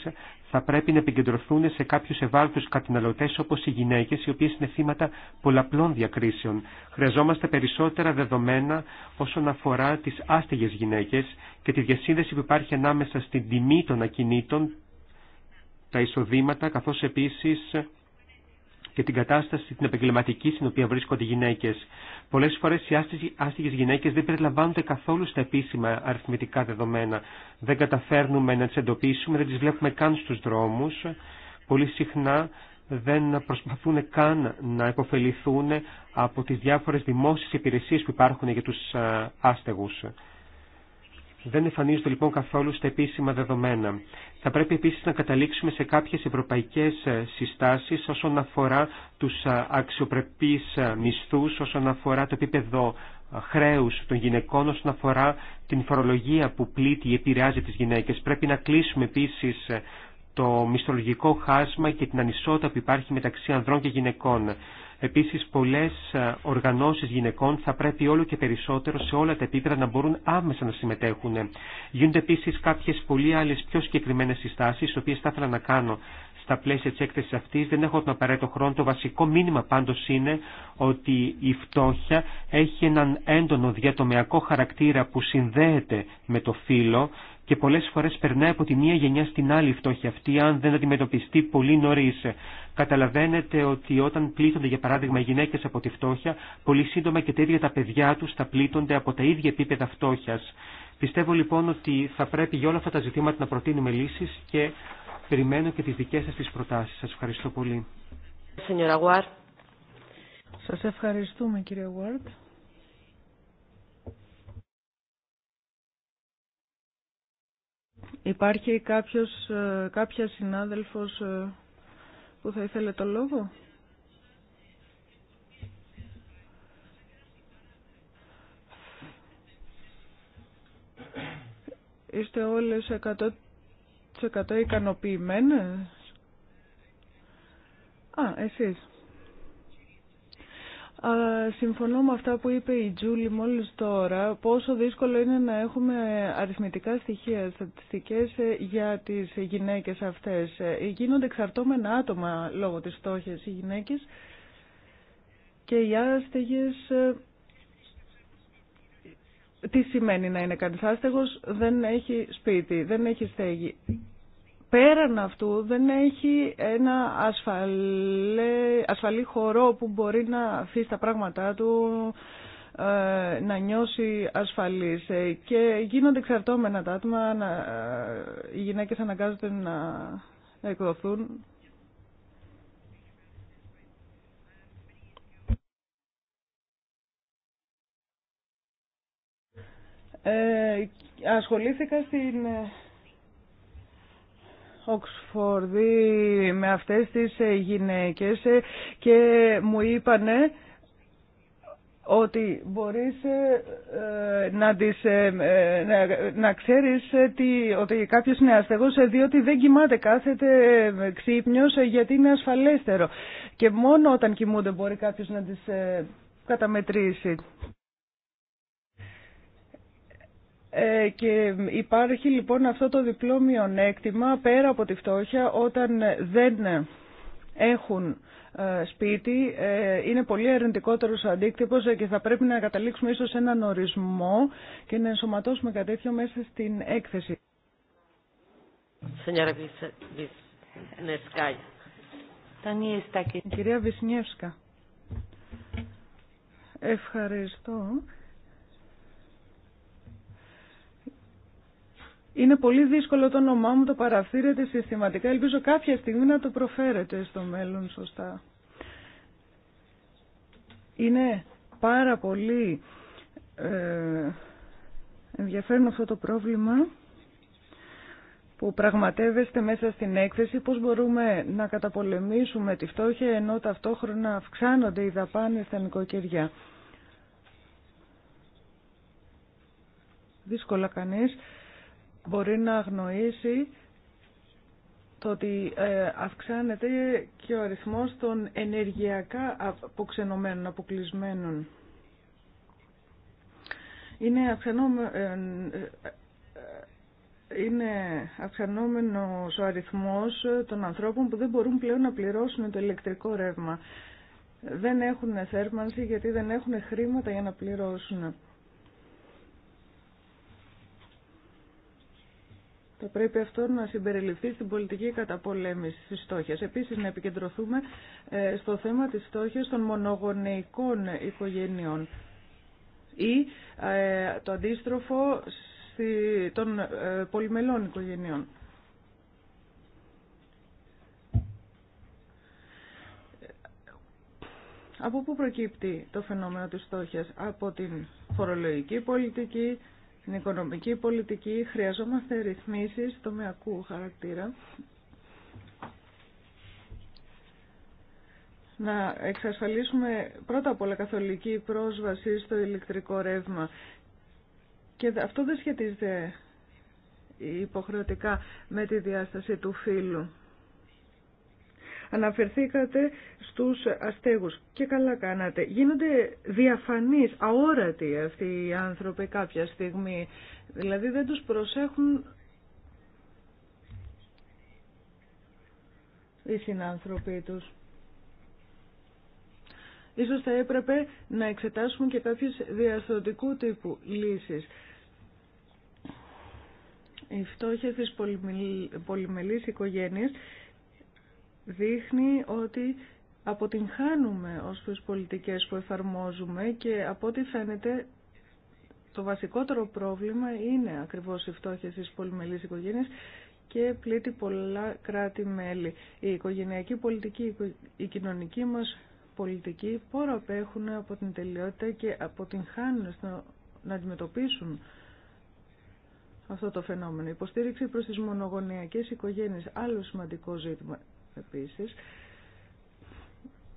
Speaker 1: θα πρέπει να επικεντρωθούν σε κάποιους ευάλωτους καταναλωτές όπως οι γυναίκες, οι οποίες είναι θύματα πολλαπλών διακρίσεων. Χρειαζόμαστε περισσότερα δεδομένα όσον αφορά τις άστεγες γυναίκες και τη διασύνδεση που υπάρχει ανάμεσα στην τιμή των ακινήτων, τα εισοδήματα, καθώς επίσης και την κατάσταση την επαγγελματική στην οποία βρίσκονται οι γυναίκε. Πολλέ φορέ οι άστιγε γυναίκε δεν περιλαμβάνονται καθόλου στα επίσημα αριθμητικά δεδομένα. Δεν καταφέρνουμε να τι εντοπίσουμε, δεν τι βλέπουμε καν στου δρόμου. Πολύ συχνά δεν προσπαθούν καν να υποφεληθούν από τις διάφορε δημόσιε υπηρεσίε που υπάρχουν για του ε, άστεγους δεν εμφανίζονται λοιπόν καθόλου στα επίσημα δεδομένα. Θα πρέπει επίσης να καταλήξουμε σε κάποιες ευρωπαϊκές ε, συστάσεις όσον αφορά τους ε, αξιοπρεπείς ε, μισθούς, όσον αφορά το επίπεδο χρέους των γυναικών, όσον αφορά την φορολογία που πλήττει ή επηρεάζει τις γυναίκες. Πρέπει να κλείσουμε επίσης το μισθολογικό χάσμα και την ανισότητα που υπάρχει μεταξύ ανδρών και γυναικών. Επίσης, πολλές ε, οργανώσεις γυναικών θα πρέπει όλο και περισσότερο σε όλα τα επίπεδα να μπορούν άμεσα να συμμετέχουν. Γίνονται επίσης κάποιες πολύ άλλες πιο συγκεκριμένες συστάσεις, τις οποίες θα ήθελα να κάνω στα πλαίσια της έκθεσης αυτής. Δεν έχω τον απαραίτητο χρόνο. Το βασικό μήνυμα πάντως είναι ότι η φτώχεια έχει έναν έντονο διατομιακό χαρακτήρα που συνδέεται με το φύλλο και πολλές φορές περνάει από τη μία γενιά στην άλλη η φτώχεια αυτή αν δεν αντιμετωπιστεί πολύ νωρίς. Καταλαβαίνετε ότι όταν πλήττονται για παράδειγμα οι γυναίκες από τη φτώχεια, πολύ σύντομα και τα ίδια τα παιδιά τους θα πλήττονται από τα ίδια επίπεδα φτώχειας. Πιστεύω λοιπόν ότι θα πρέπει για όλα αυτά τα ζητήματα να προτείνουμε λύσει και περιμένω και τις δικές σας τις προτάσεις. Σας ευχαριστώ πολύ.
Speaker 2: Σα ευχαριστούμε κύριε Ward. Υπάρχει κάποιος, ε, κάποια συνάδελφος ε, που θα ήθελε το λόγο. Είστε όλες 100% ικανοποιημένες. Α, εσείς. Α, συμφωνώ με αυτά που είπε η Τζούλη μόλις τώρα, πόσο δύσκολο είναι να έχουμε αριθμητικά στοιχεία, στατιστικές ε, για τις γυναίκες αυτές. Ε, γίνονται εξαρτώμενα άτομα λόγω της στόχης οι γυναίκες και οι άστεγες ε, τι σημαίνει να είναι κανείς άστεγος, δεν έχει σπίτι, δεν έχει στέγη. Πέραν αυτού δεν έχει ένα ασφαλή, ασφαλή χορό που μπορεί να αφήσει τα πράγματά του, ε, να νιώσει ασφαλής. Ε, και γίνονται εξαρτώμενα τα άτομα, ε, οι γυναίκες αναγκάζονται να εκδοθούν Ε, ασχολήθηκα στην ε, Οξφορδή με αυτές τις ε, γυναίκες ε, και μου είπανε ότι μπορείς να, τις, να ξέρεις τι, ότι κάποιος είναι αστεγός διότι δεν κοιμάται, κάθεται ξύπνιος γιατί είναι ασφαλέστερο. Και μόνο όταν κοιμούνται μπορεί κάποιος να τις καταμετρήσει. Ε, και υπάρχει λοιπόν αυτό το διπλό μειονέκτημα πέρα από τη φτώχεια όταν δεν έχουν ε, σπίτι ε, είναι πολύ αρνητικότερο ο αντίκτυπο και θα πρέπει να καταλήξουμε ίσω σε έναν ορισμό και να ενσωματώσουμε κάτι μέσα στην έκθεση. Κυρία Βυσνιεύσκα, ευχαριστώ. Είναι πολύ δύσκολο το όνομά μου, το παραφύρετε συστηματικά. Ελπίζω κάποια στιγμή να το προφέρετε στο μέλλον σωστά. Είναι πάρα πολύ ε, ενδιαφέρον αυτό το πρόβλημα που πραγματεύεστε μέσα στην έκθεση, πώς μπορούμε να καταπολεμήσουμε τη φτώχεια ενώ ταυτόχρονα αυξάνονται οι δαπάνες στα νοικοκυριά. Δύσκολα κανείς μπορεί να αγνοήσει το ότι ε, αυξάνεται και ο αριθμός των ενεργειακά αποξενωμένων, αποκλεισμένων. Είναι αυξανόμενο, ε, ε, είναι αυξανόμενος ο αριθμός των ανθρώπων που δεν μπορούν πλέον να πληρώσουν το ηλεκτρικό ρεύμα. Δεν έχουν θέρμανση γιατί δεν έχουν χρήματα για να πληρώσουν. Θα πρέπει αυτό να συμπεριληφθεί στην πολιτική καταπολέμηση τη φτώχεια. Επίσης να επικεντρωθούμε ε, στο θέμα τη φτώχεια των μονογονεϊκών οικογενειών ή ε, το αντίστροφο των ε, πολυμελών οικογενειών. Από πού προκύπτει το φαινόμενο της στόχιας, από την φορολογική πολιτική, στην οικονομική πολιτική χρειαζόμαστε ρυθμίσεις τομεακού χαρακτήρα να εξασφαλίσουμε πρώτα απ' όλα καθολική πρόσβαση στο ηλεκτρικό ρεύμα. Και αυτό δεν σχετίζεται υποχρεωτικά με τη διάσταση του φύλου. Αναφερθήκατε στους αστέγους και καλά κάνατε. Γίνονται διαφανείς, αόρατοι αυτοί οι άνθρωποι κάποια στιγμή. Δηλαδή δεν τους προσέχουν οι συνάνθρωποι τους. Ίσως θα έπρεπε να εξετάσουμε και κάποιες διαστοτικού τύπου λύσεις. Οι φτώχες της πολυμελής οικογένειας δείχνει ότι αποτυγχάνουμε ως τις πολιτικές που εφαρμόζουμε και από ό,τι φαίνεται το βασικότερο πρόβλημα είναι ακριβώς η φτώχεια στις πολυμελείς οικογένειες και πλήττει πολλά κράτη-μέλη. Η οικογενειακή πολιτική, η κοινωνική μας πολιτική πόρο απέχουν από την τελειότητα και αποτυγχάνουν στο να αντιμετωπίσουν αυτό το φαινόμενο. υποστήριξη προς τις μονογονεϊκές οικογένειες, άλλο σημαντικό ζήτημα. Επίσης,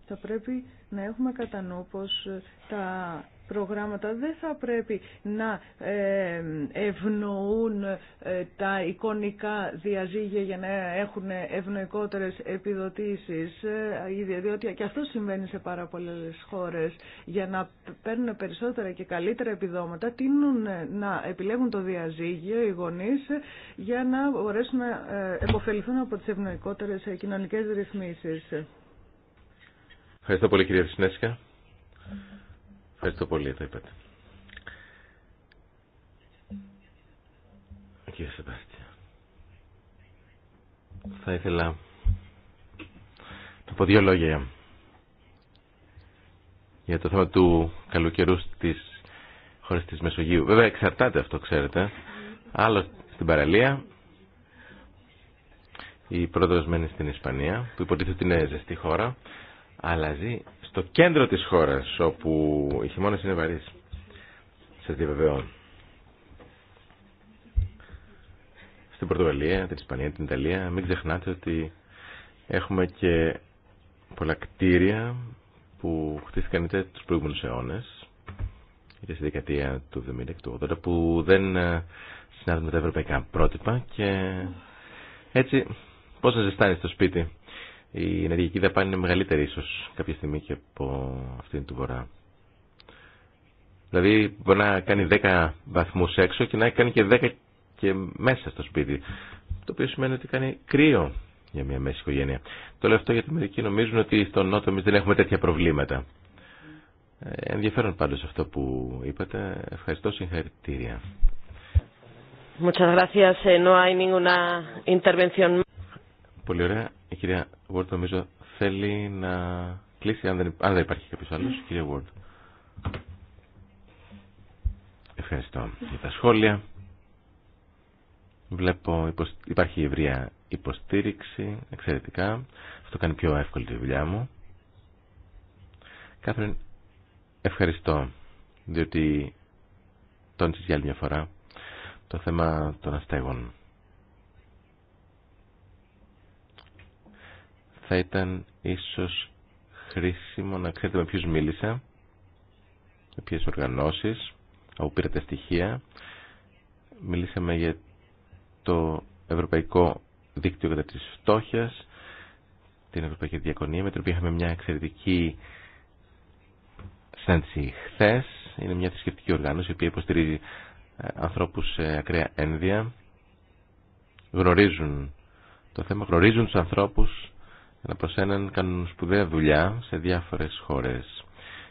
Speaker 2: θα πρέπει να έχουμε κατά νου πως τα προγράμματα δεν θα πρέπει να ε, ευνοούν ε, τα εικονικά διαζύγια για να έχουν ευνοϊκότερες επιδοτήσεις, ε, διότι και αυτό συμβαίνει σε πάρα πολλές χώρες, για να παίρνουν περισσότερα και καλύτερα επιδόματα, τείνουν να επιλέγουν το διαζύγιο οι γονείς για να μπορέσουν να εποφεληθούν από τις ευνοϊκότερες κοινωνικές ρυθμίσεις.
Speaker 3: Ευχαριστώ πολύ κυρία Φυσνέσκα. Ευχαριστώ πολύ, το είπατε. Κύριε Σεπάστια, θα ήθελα να πω δύο λόγια για το θέμα του καλού καιρού στις χώρες τη Μεσογείου. Βέβαια εξαρτάται αυτό, ξέρετε. Άλλο στην παραλία, η πρόεδρος μένει στην Ισπανία, που υποτίθεται είναι ζεστή χώρα, αλλάζει στο κέντρο της χώρας όπου οι χειμώνες είναι βαρύς. Σε διαβεβαιώνω. Στην Πορτογαλία, την Ισπανία, την Ιταλία, μην ξεχνάτε ότι έχουμε και πολλά κτίρια που χτίστηκαν είτε τους προηγούμενους αιώνες είτε στη δεκαετία του 70 και του 80 που δεν ε, συνάδουν με τα ευρωπαϊκά πρότυπα και έτσι πώς θα ζεστάνεις το σπίτι η ενεργειακή δαπάνη είναι μεγαλύτερη ίσω κάποια στιγμή και από αυτήν του βορρά. Δηλαδή μπορεί να κάνει 10 βαθμούς έξω και να κάνει και 10 και μέσα στο σπίτι. Το οποίο σημαίνει ότι κάνει κρύο για μια μέση οικογένεια. Το λέω αυτό γιατί μερικοί νομίζουν ότι στο Νότο εμεί δεν έχουμε τέτοια προβλήματα. Ε, ενδιαφέρον πάντως αυτό που είπατε. Ευχαριστώ, συγχαρητήρια.
Speaker 4: Muchas eh,
Speaker 3: Πολύ ωραία. Η κυρία Word νομίζω θέλει να κλείσει, αν δεν, υπάρχει κάποιος άλλος. Ναι. Κυρία Word. Ευχαριστώ για τα σχόλια. Βλέπω υπάρχει ευρεία υποστήριξη, εξαιρετικά. Αυτό κάνει πιο εύκολη τη δουλειά μου. Κάθριν, ευχαριστώ, διότι τόνισες για άλλη μια φορά το θέμα των αστέγων. θα ήταν ίσως χρήσιμο να ξέρετε με ποιους μίλησα, με ποιες οργανώσεις, όπου πήρα τα στοιχεία. Μιλήσαμε για το Ευρωπαϊκό Δίκτυο κατά της Φτώχειας, την Ευρωπαϊκή Διακονία, με την οποία είχαμε μια εξαιρετική συνάντηση χθε. Είναι μια θρησκευτική οργάνωση, η οποία υποστηρίζει ε, ανθρώπους σε ακραία ένδια. Γνωρίζουν το θέμα, γνωρίζουν τους ανθρώπους, ένα προς έναν κάνουν σπουδαία δουλειά σε διάφορες χώρες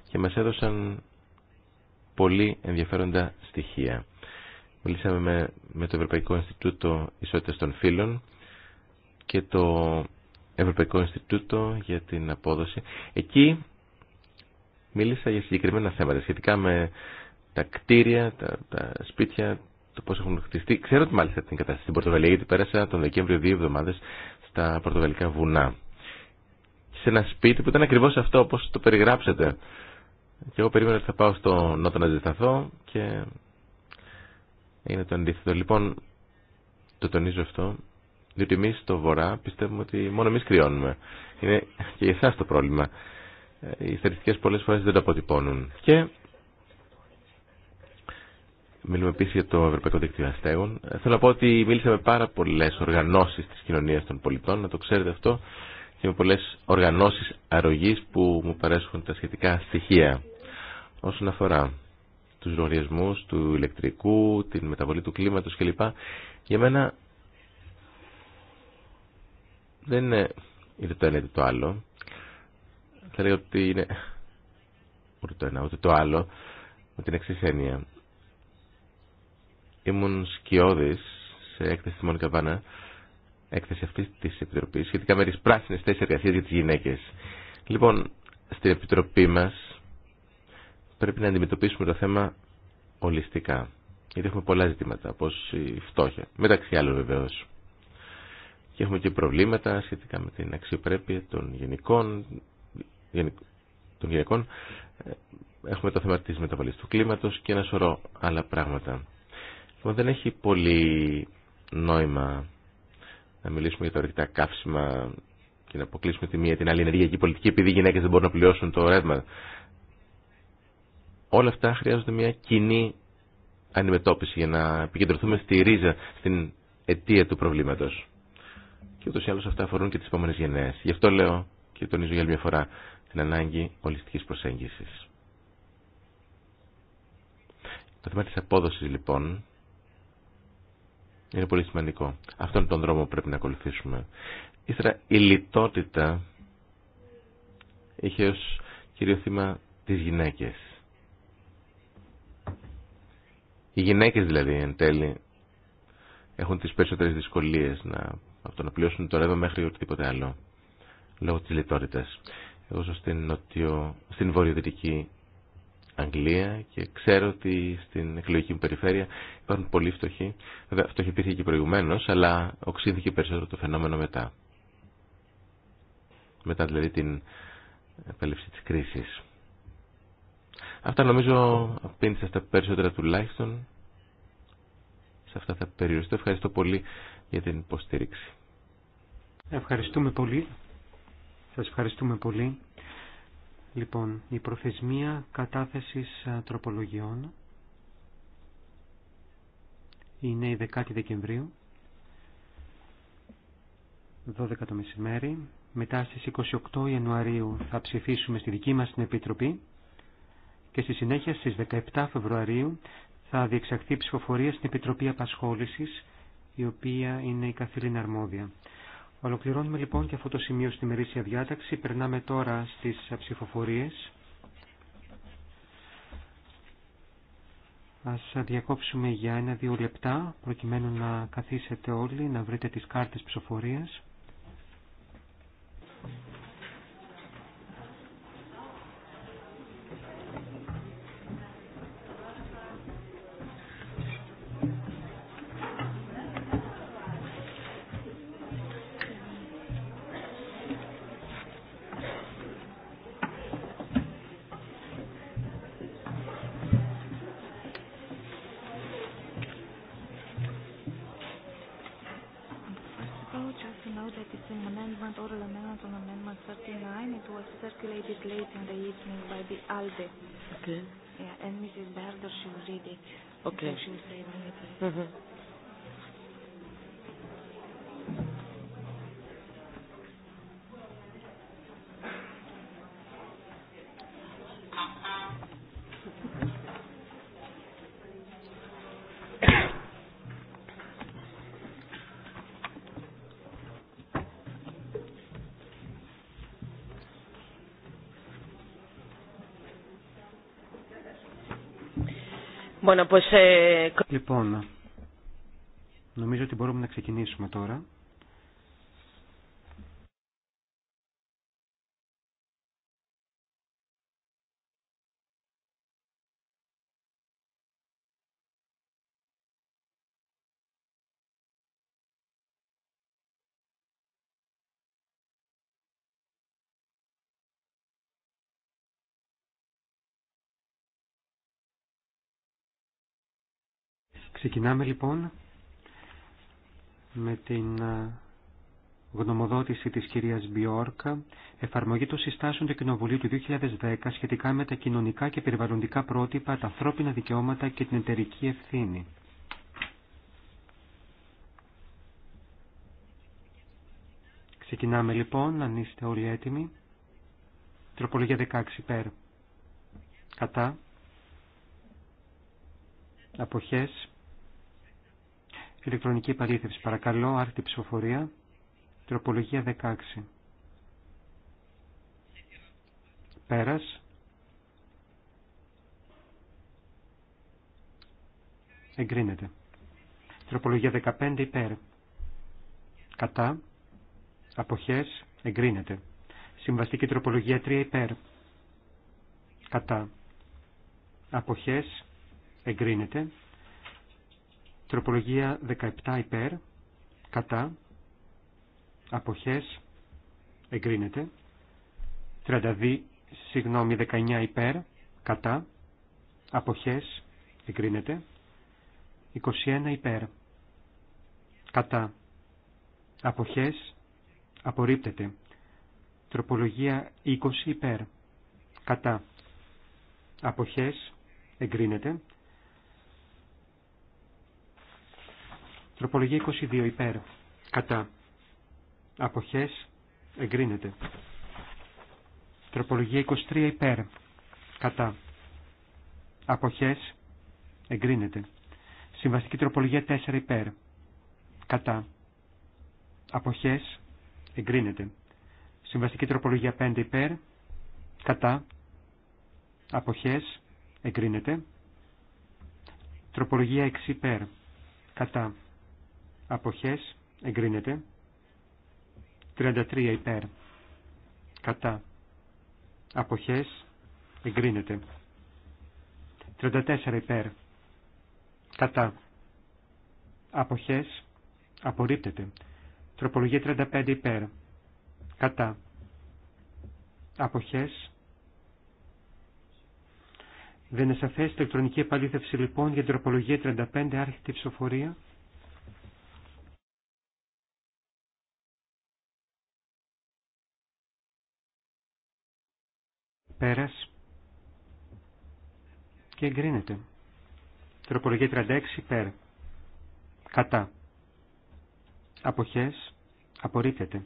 Speaker 3: και μας έδωσαν πολύ ενδιαφέροντα στοιχεία. Μιλήσαμε με, με το Ευρωπαϊκό Ινστιτούτο Ισότητας των Φύλων και το Ευρωπαϊκό Ινστιτούτο για την απόδοση. Εκεί μίλησα για συγκεκριμένα θέματα σχετικά με τα κτίρια, τα, τα σπίτια, το πώ έχουν χτιστεί. Ξέρω ότι μάλιστα την κατάσταση στην Πορτογαλία, γιατί πέρασα τον Δεκέμβριο δύο εβδομάδε στα πορτογαλικά βουνά σε ένα σπίτι που ήταν ακριβώς αυτό όπως το περιγράψετε. Και εγώ περίμενα ότι θα πάω στο Νότο να ζηταθώ και είναι το αντίθετο. Λοιπόν, το τονίζω αυτό, διότι εμεί στο Βορρά πιστεύουμε ότι μόνο εμεί κρυώνουμε. Είναι και για εσά το πρόβλημα. Ε, οι στατιστικέ πολλέ φορέ δεν το αποτυπώνουν. Και μιλούμε επίση για το Ευρωπαϊκό Δίκτυο Αστέγων. Ε, θέλω να πω ότι μίλησα με πάρα πολλέ οργανώσει τη κοινωνία των πολιτών, να το ξέρετε αυτό και με πολλές οργανώσεις αρρωγής που μου παρέσχουν τα σχετικά στοιχεία όσον αφορά τους λογαριασμούς του ηλεκτρικού, την μεταβολή του κλίματος κλπ. Για μένα δεν είναι είτε το ένα είτε το άλλο. Θα λέω ότι είναι ούτε το ένα ούτε το άλλο με την εξής έννοια. Ήμουν σκιώδης σε έκθεση Μόνικα Βάνα έκθεση αυτή τη Επιτροπή σχετικά με τι πράσινε θέσει εργασία για τι γυναίκε. Λοιπόν, στην Επιτροπή μα πρέπει να αντιμετωπίσουμε το θέμα ολιστικά. Γιατί έχουμε πολλά ζητήματα, όπω η φτώχεια, μεταξύ άλλων βεβαίω. Και έχουμε και προβλήματα σχετικά με την αξιοπρέπεια των γενικών, των γυναικών. Ε, έχουμε το θέμα τη μεταβολή του κλίματο και ένα σωρό άλλα πράγματα. Λοιπόν, δεν έχει πολύ νόημα να μιλήσουμε για τα ορεικτά καύσιμα και να αποκλείσουμε τη μία την άλλη ενεργειακή πολιτική επειδή οι γυναίκες δεν μπορούν να πληρώσουν το ρεύμα. Όλα αυτά χρειάζονται μια την αλλη ενεργειακη πολιτικη επειδη οι γυναικε δεν μπορουν να αντιμετώπιση για να επικεντρωθούμε στη ρίζα, στην αιτία του προβλήματος. Και ούτω ή άλλω αυτά αφορούν και τις επόμενε γενναίε. Γι' αυτό λέω και τονίζω για μια φορά την ανάγκη ολιστικής προσέγγιση. Το θέμα τη απόδοση λοιπόν είναι πολύ σημαντικό. Αυτό είναι τον δρόμο που πρέπει να ακολουθήσουμε. Ύστερα η λιτότητα είχε ως κύριο θύμα τις γυναίκες. Οι γυναίκες δηλαδή εν τέλει έχουν τις περισσότερες δυσκολίες να, από το να πληρώσουν το ρεύμα μέχρι οτιδήποτε άλλο λόγω της λιτότητας. Εγώ στην, νοτιο, στην βορειοδυτική Αγγλία και ξέρω ότι στην εκλογική μου περιφέρεια υπάρχουν πολύ φτωχοί. Βέβαια, φτωχοί και προηγουμένω, αλλά οξύθηκε περισσότερο το φαινόμενο μετά. Μετά δηλαδή την επέλευση τη κρίση. Αυτά νομίζω απήντησα στα περισσότερα τουλάχιστον. Σε αυτά θα περιοριστώ. Ευχαριστώ πολύ για την υποστήριξη.
Speaker 1: Ευχαριστούμε πολύ. Σας ευχαριστούμε πολύ. Λοιπόν, η προθεσμία κατάθεσης τροπολογιών είναι η 10η Δεκεμβρίου, 12 το μεσημέρι. Μετά στις 28 Ιανουαρίου θα ψηφίσουμε στη δική μας την Επιτροπή και στη συνέχεια στις 17 Φεβρουαρίου θα διεξαχθεί ψηφοφορία στην Επιτροπή Απασχόλησης, η οποία είναι η καθήλυνα αρμόδια. Ολοκληρώνουμε λοιπόν και αυτό το σημείο στη μερίσια διάταξη. Περνάμε τώρα στις ψηφοφορίες. Ας διακόψουμε για ένα-δύο λεπτά, προκειμένου να καθίσετε όλοι, να βρείτε τις κάρτες ψηφοφορίας. Okay. Eh, λοιπόν, νομίζω ότι μπορούμε να ξεκινήσουμε τώρα. Ξεκινάμε λοιπόν με την ε, γνωμοδότηση της κυρίας Μπιόρκα, εφαρμογή των συστάσεων του Κοινοβουλίου του 2010 σχετικά με τα κοινωνικά και περιβαλλοντικά πρότυπα, τα ανθρώπινα δικαιώματα και την εταιρική ευθύνη. Ξεκινάμε λοιπόν, αν είστε όλοι έτοιμοι. Τροπολογία 16 πέρα. Κατά. Αποχές. Ηλεκτρονική παρήθευση. Παρακαλώ, άρχιτη ψηφοφορία. Τροπολογία 16. Πέρας. Εγκρίνεται. Τροπολογία 15 υπέρ. Κατά. Αποχές. Εγκρίνεται. Συμβαστική τροπολογία 3 υπέρ. Κατά. Αποχές. Εγκρίνεται. Τροπολογία 17 υπέρ, κατά, αποχές, εγκρίνεται. 32, συγγνώμη, 19 υπέρ, κατά, αποχές, εγκρίνεται. 21 υπέρ, κατά, αποχές, απορρίπτεται. Τροπολογία 20 υπέρ, κατά, αποχές, εγκρίνεται. Τροπολογία 22 υπέρ. Κατά. Αποχές. Εγκρίνεται. Τροπολογία 23 υπέρ. Κατά. Αποχές. Εγκρίνεται. Συμβαστική τροπολογία 4 υπέρ. Κατά. Αποχές. Εγκρίνεται. Συμβαστική τροπολογία 5 υπέρ. Κατά. Αποχές. Εγκρίνεται. Τροπολογία 6 υπέρ. Κατά. Αποχές εγκρίνεται. 33 υπέρ. Κατά. Αποχές εγκρίνεται. 34 υπέρ. Κατά. Αποχές απορρίπτεται. Τροπολογία 35 υπέρ. Κατά. Αποχές. Δεν είναι σαφές ηλεκτρονική επαλήθευση λοιπόν για την τροπολογία 35 άρχεται ψηφοφορία. Πέρας. Και εγκρίνεται. Τροπολογία 36 υπέρ. Κατά. Αποχές. Απορρίπτεται.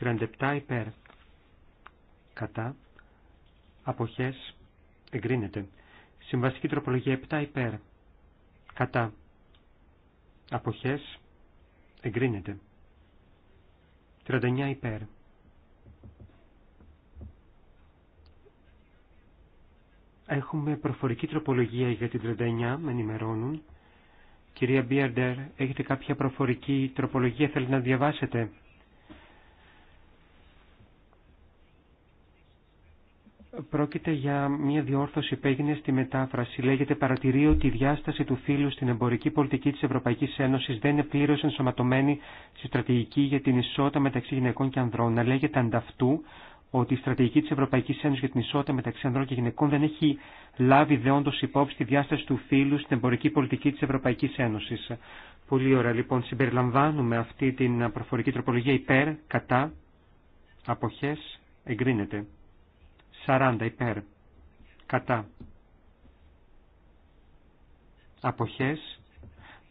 Speaker 1: 37 υπέρ. Κατά. Αποχές. Εγκρίνεται. Συμβαστική τροπολογία 7 υπέρ. Κατά. Αποχές. Εγκρίνεται. 39 υπέρ. Έχουμε προφορική τροπολογία για την 39, με ενημερώνουν. Κυρία Μπίαρντερ, έχετε κάποια προφορική τροπολογία, θέλετε να διαβάσετε. Πρόκειται για μια διόρθωση που έγινε στη μετάφραση. Λέγεται παρατηρεί ότι η διάσταση του φύλου στην εμπορική πολιτική της Ευρωπαϊκής Ένωσης δεν είναι πλήρως ενσωματωμένη στη στρατηγική για την ισότητα μεταξύ γυναικών και ανδρών. Να λέγεται ανταυτού ότι η στρατηγική τη Ευρωπαϊκή Ένωση για την ισότητα μεταξύ ανδρών και γυναικών δεν έχει λάβει δεόντως υπόψη τη διάσταση του φύλου στην εμπορική πολιτική τη Ευρωπαϊκή Ένωση. Πολύ ωραία λοιπόν συμπεριλαμβάνουμε αυτή την προφορική τροπολογία υπέρ, κατά, αποχές, εγκρίνεται. 40 υπέρ, κατά, αποχές,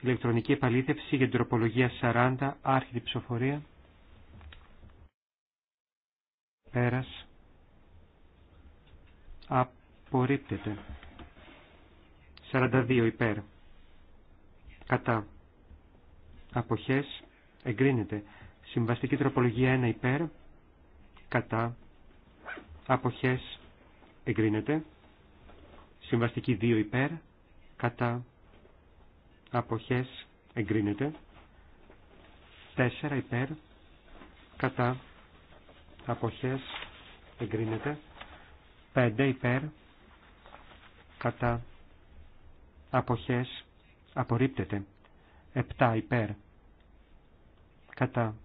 Speaker 1: ηλεκτρονική επαλήθευση για την τροπολογία 40, άρχιτη ψηφοφορία. Πέρας. Απορρίπτεται. 42 υπέρ. Κατά. Αποχές. Εγκρίνεται. Συμβαστική τροπολογία 1 υπέρ. Κατά. Αποχές. Εγκρίνεται. Συμβαστική 2 υπέρ. Κατά. Αποχές. Εγκρίνεται. 4 υπέρ. Κατά αποχές εγκρίνεται 5 υπέρ κατά αποχές απορρίπτεται 7 υπέρ κατά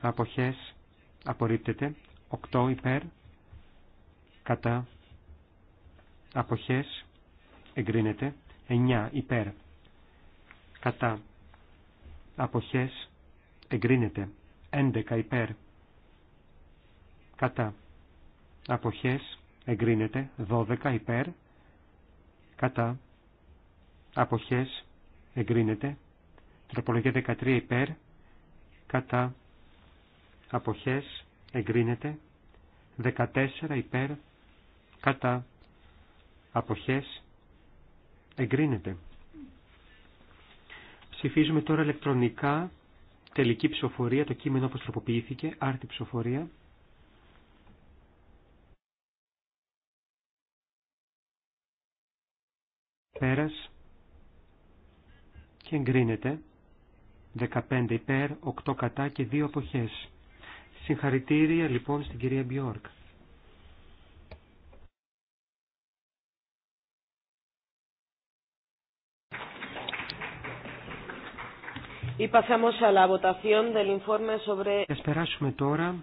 Speaker 1: αποχές απορρίπτεται 8 υπέρ κατά αποχές εγκρίνεται 9 υπέρ κατά αποχές εγκρίνεται 11 υπέρ κατά αποχές εγκρίνεται 12 υπέρ κατά αποχές εγκρίνεται τροπολογία 13 υπέρ κατά αποχές εγκρίνεται 14 υπέρ κατά αποχές εγκρίνεται ψηφίζουμε τώρα ηλεκτρονικά τελική ψηφοφορία το κείμενο όπως τροποποιήθηκε άρτη ψηφοφορία Πέρας. Και εγκρίνεται. 15 υπέρ, 8 κατά και 2 αποχές. Συγχαρητήρια λοιπόν στην κυρία Μπιόρκ. Y τώρα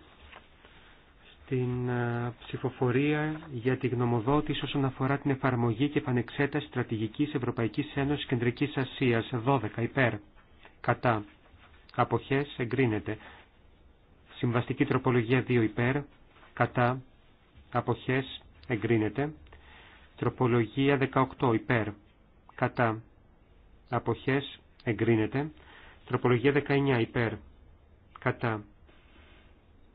Speaker 1: την ε, ψηφοφορία για τη γνωμοδότηση όσον αφορά την εφαρμογή και επανεξέταση στρατηγικής Ευρωπαϊκής Ένωσης Κεντρικής Ασίας 12 υπέρ κατά αποχές εγκρίνεται συμβαστική τροπολογία 2 υπέρ κατά αποχές εγκρίνεται τροπολογία 18 υπέρ κατά αποχές εγκρίνεται τροπολογία 19 υπέρ κατά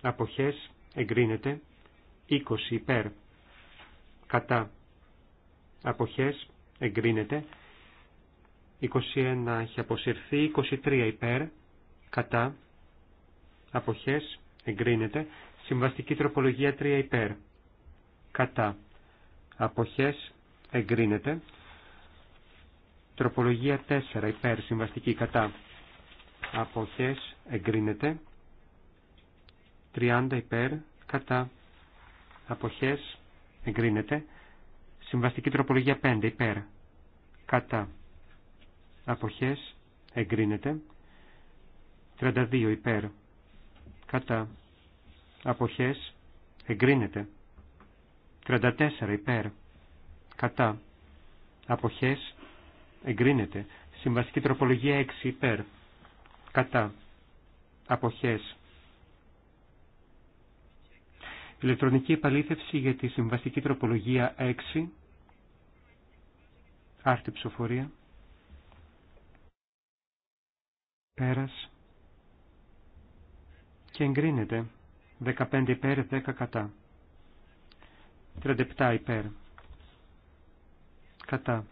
Speaker 1: αποχές εγκρίνεται 20 υπέρ κατά αποχές εγκρίνεται 21 έχει αποσυρθεί 23 υπέρ κατά αποχές εγκρίνεται συμβαστική τροπολογία 3 υπέρ κατά αποχές εγκρίνεται τροπολογία 4 υπέρ συμβαστική κατά αποχές εγκρίνεται 30 υπέρ κατά αποχές εγκρίνεται. Συμβαστική τροπολογία 5 υπέρ κατά αποχές εγκρίνεται. 32 υπέρ κατά αποχές εγκρίνεται. 34 υπέρ κατά αποχές εγκρίνεται. Συμβαστική τροπολογία 6 υπέρ κατά αποχές Ηλεκτρονική επαλήθευση για τη συμβαστική τροπολογία 6. Άρτη ψηφοφορία. Πέρας. Και εγκρίνεται. 15 υπέρ, 10 κατά. 37 υπέρ. Κατά.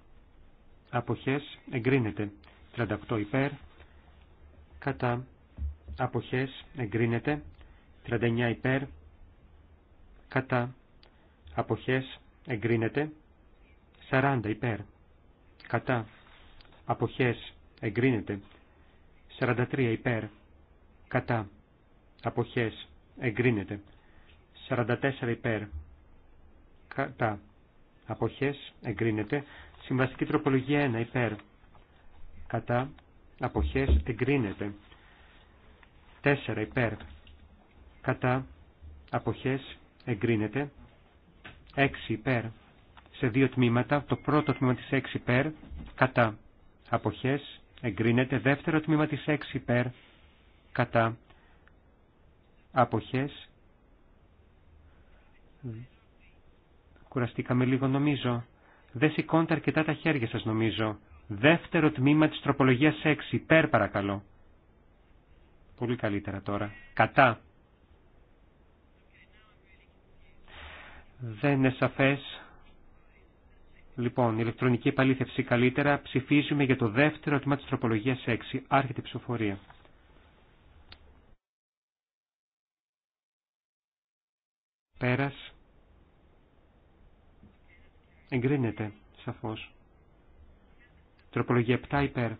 Speaker 1: Αποχές εγκρίνεται. 38 υπέρ. Κατά. Αποχές εγκρίνεται. 39 υπέρ κατά αποχές εγκρίνεται 40 υπέρ κατά αποχές εγκρίνεται 43 υπέρ κατά αποχές εγκρίνεται 44 υπέρ κατά αποχές εγκρίνεται συμβαστική τροπολογία 1 υπέρ κατά αποχές εγκρίνεται 4 υπέρ κατά αποχές εγκρίνεται. 6 υπέρ σε δύο τμήματα. Το πρώτο τμήμα της 6 υπέρ κατά αποχές εγκρίνεται. Δεύτερο τμήμα της 6 υπέρ κατά αποχές. Κουραστήκαμε λίγο νομίζω. Δεν σηκώνετε αρκετά τα χέρια σας νομίζω. Δεύτερο τμήμα της τροπολογίας 6 υπέρ παρακαλώ. Πολύ καλύτερα τώρα. Κατά. Δεν είναι σαφές. Λοιπόν, ηλεκτρονική επαλήθευση καλύτερα. Ψηφίζουμε για το δεύτερο τμήμα της τροπολογίας 6. Άρχεται η ψηφοφορία. Πέρας. Εγκρίνεται, σαφώς. Τροπολογία 7 υπέρ.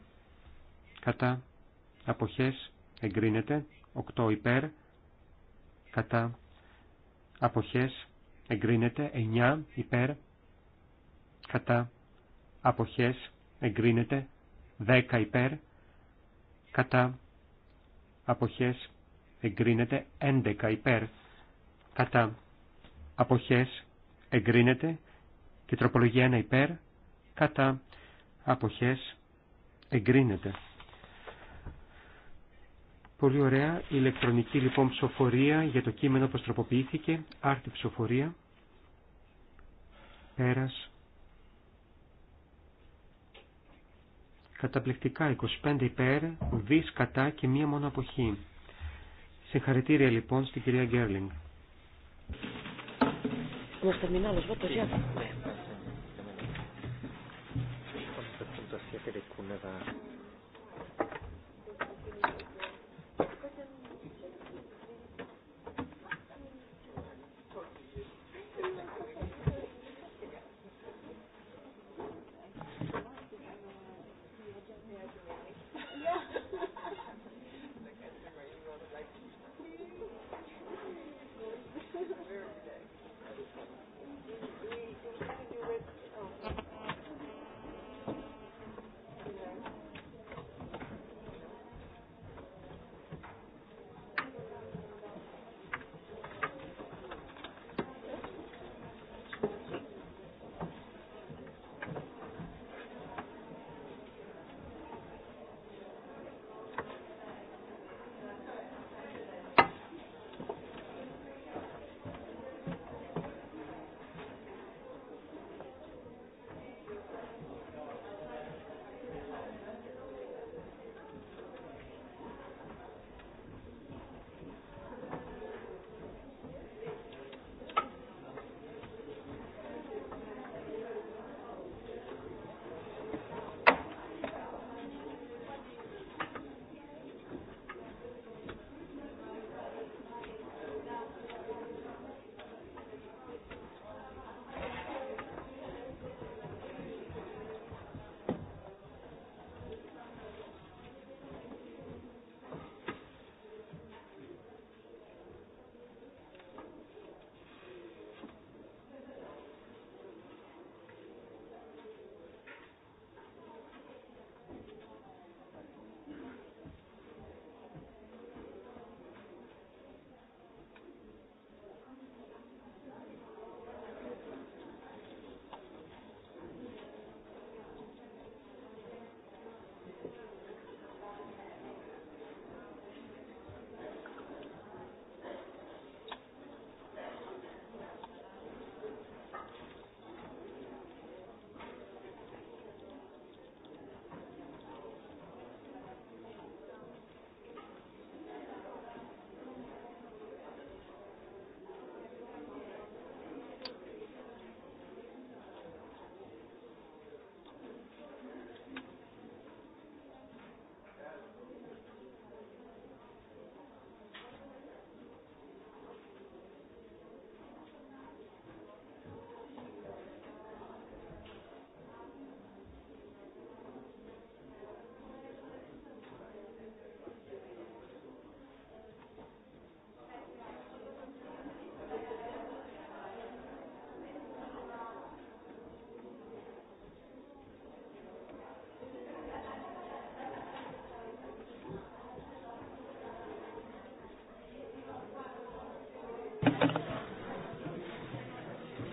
Speaker 1: Κατά. Αποχές. Εγκρίνεται. 8 υπέρ. Κατά. Αποχές εγκρίνεται. 9 υπέρ κατά αποχές εγκρίνεται. 10 υπέρ κατά αποχές εγκρίνεται. 11 υπέρ κατά αποχές εγκρίνεται. Και τροπολογία 1 υπέρ κατά αποχές εγκρίνεται. Πολύ ωραία. Ηλεκτρονική λοιπόν ψηφοφορία για το κείμενο που τροποποιήθηκε. Άρτη ψηφοφορία. Πέρας. Καταπληκτικά 25 υπέρ, 2 κατά και μία μόνο αποχή. Συγχαρητήρια λοιπόν στην κυρία Γκέρλινγκ.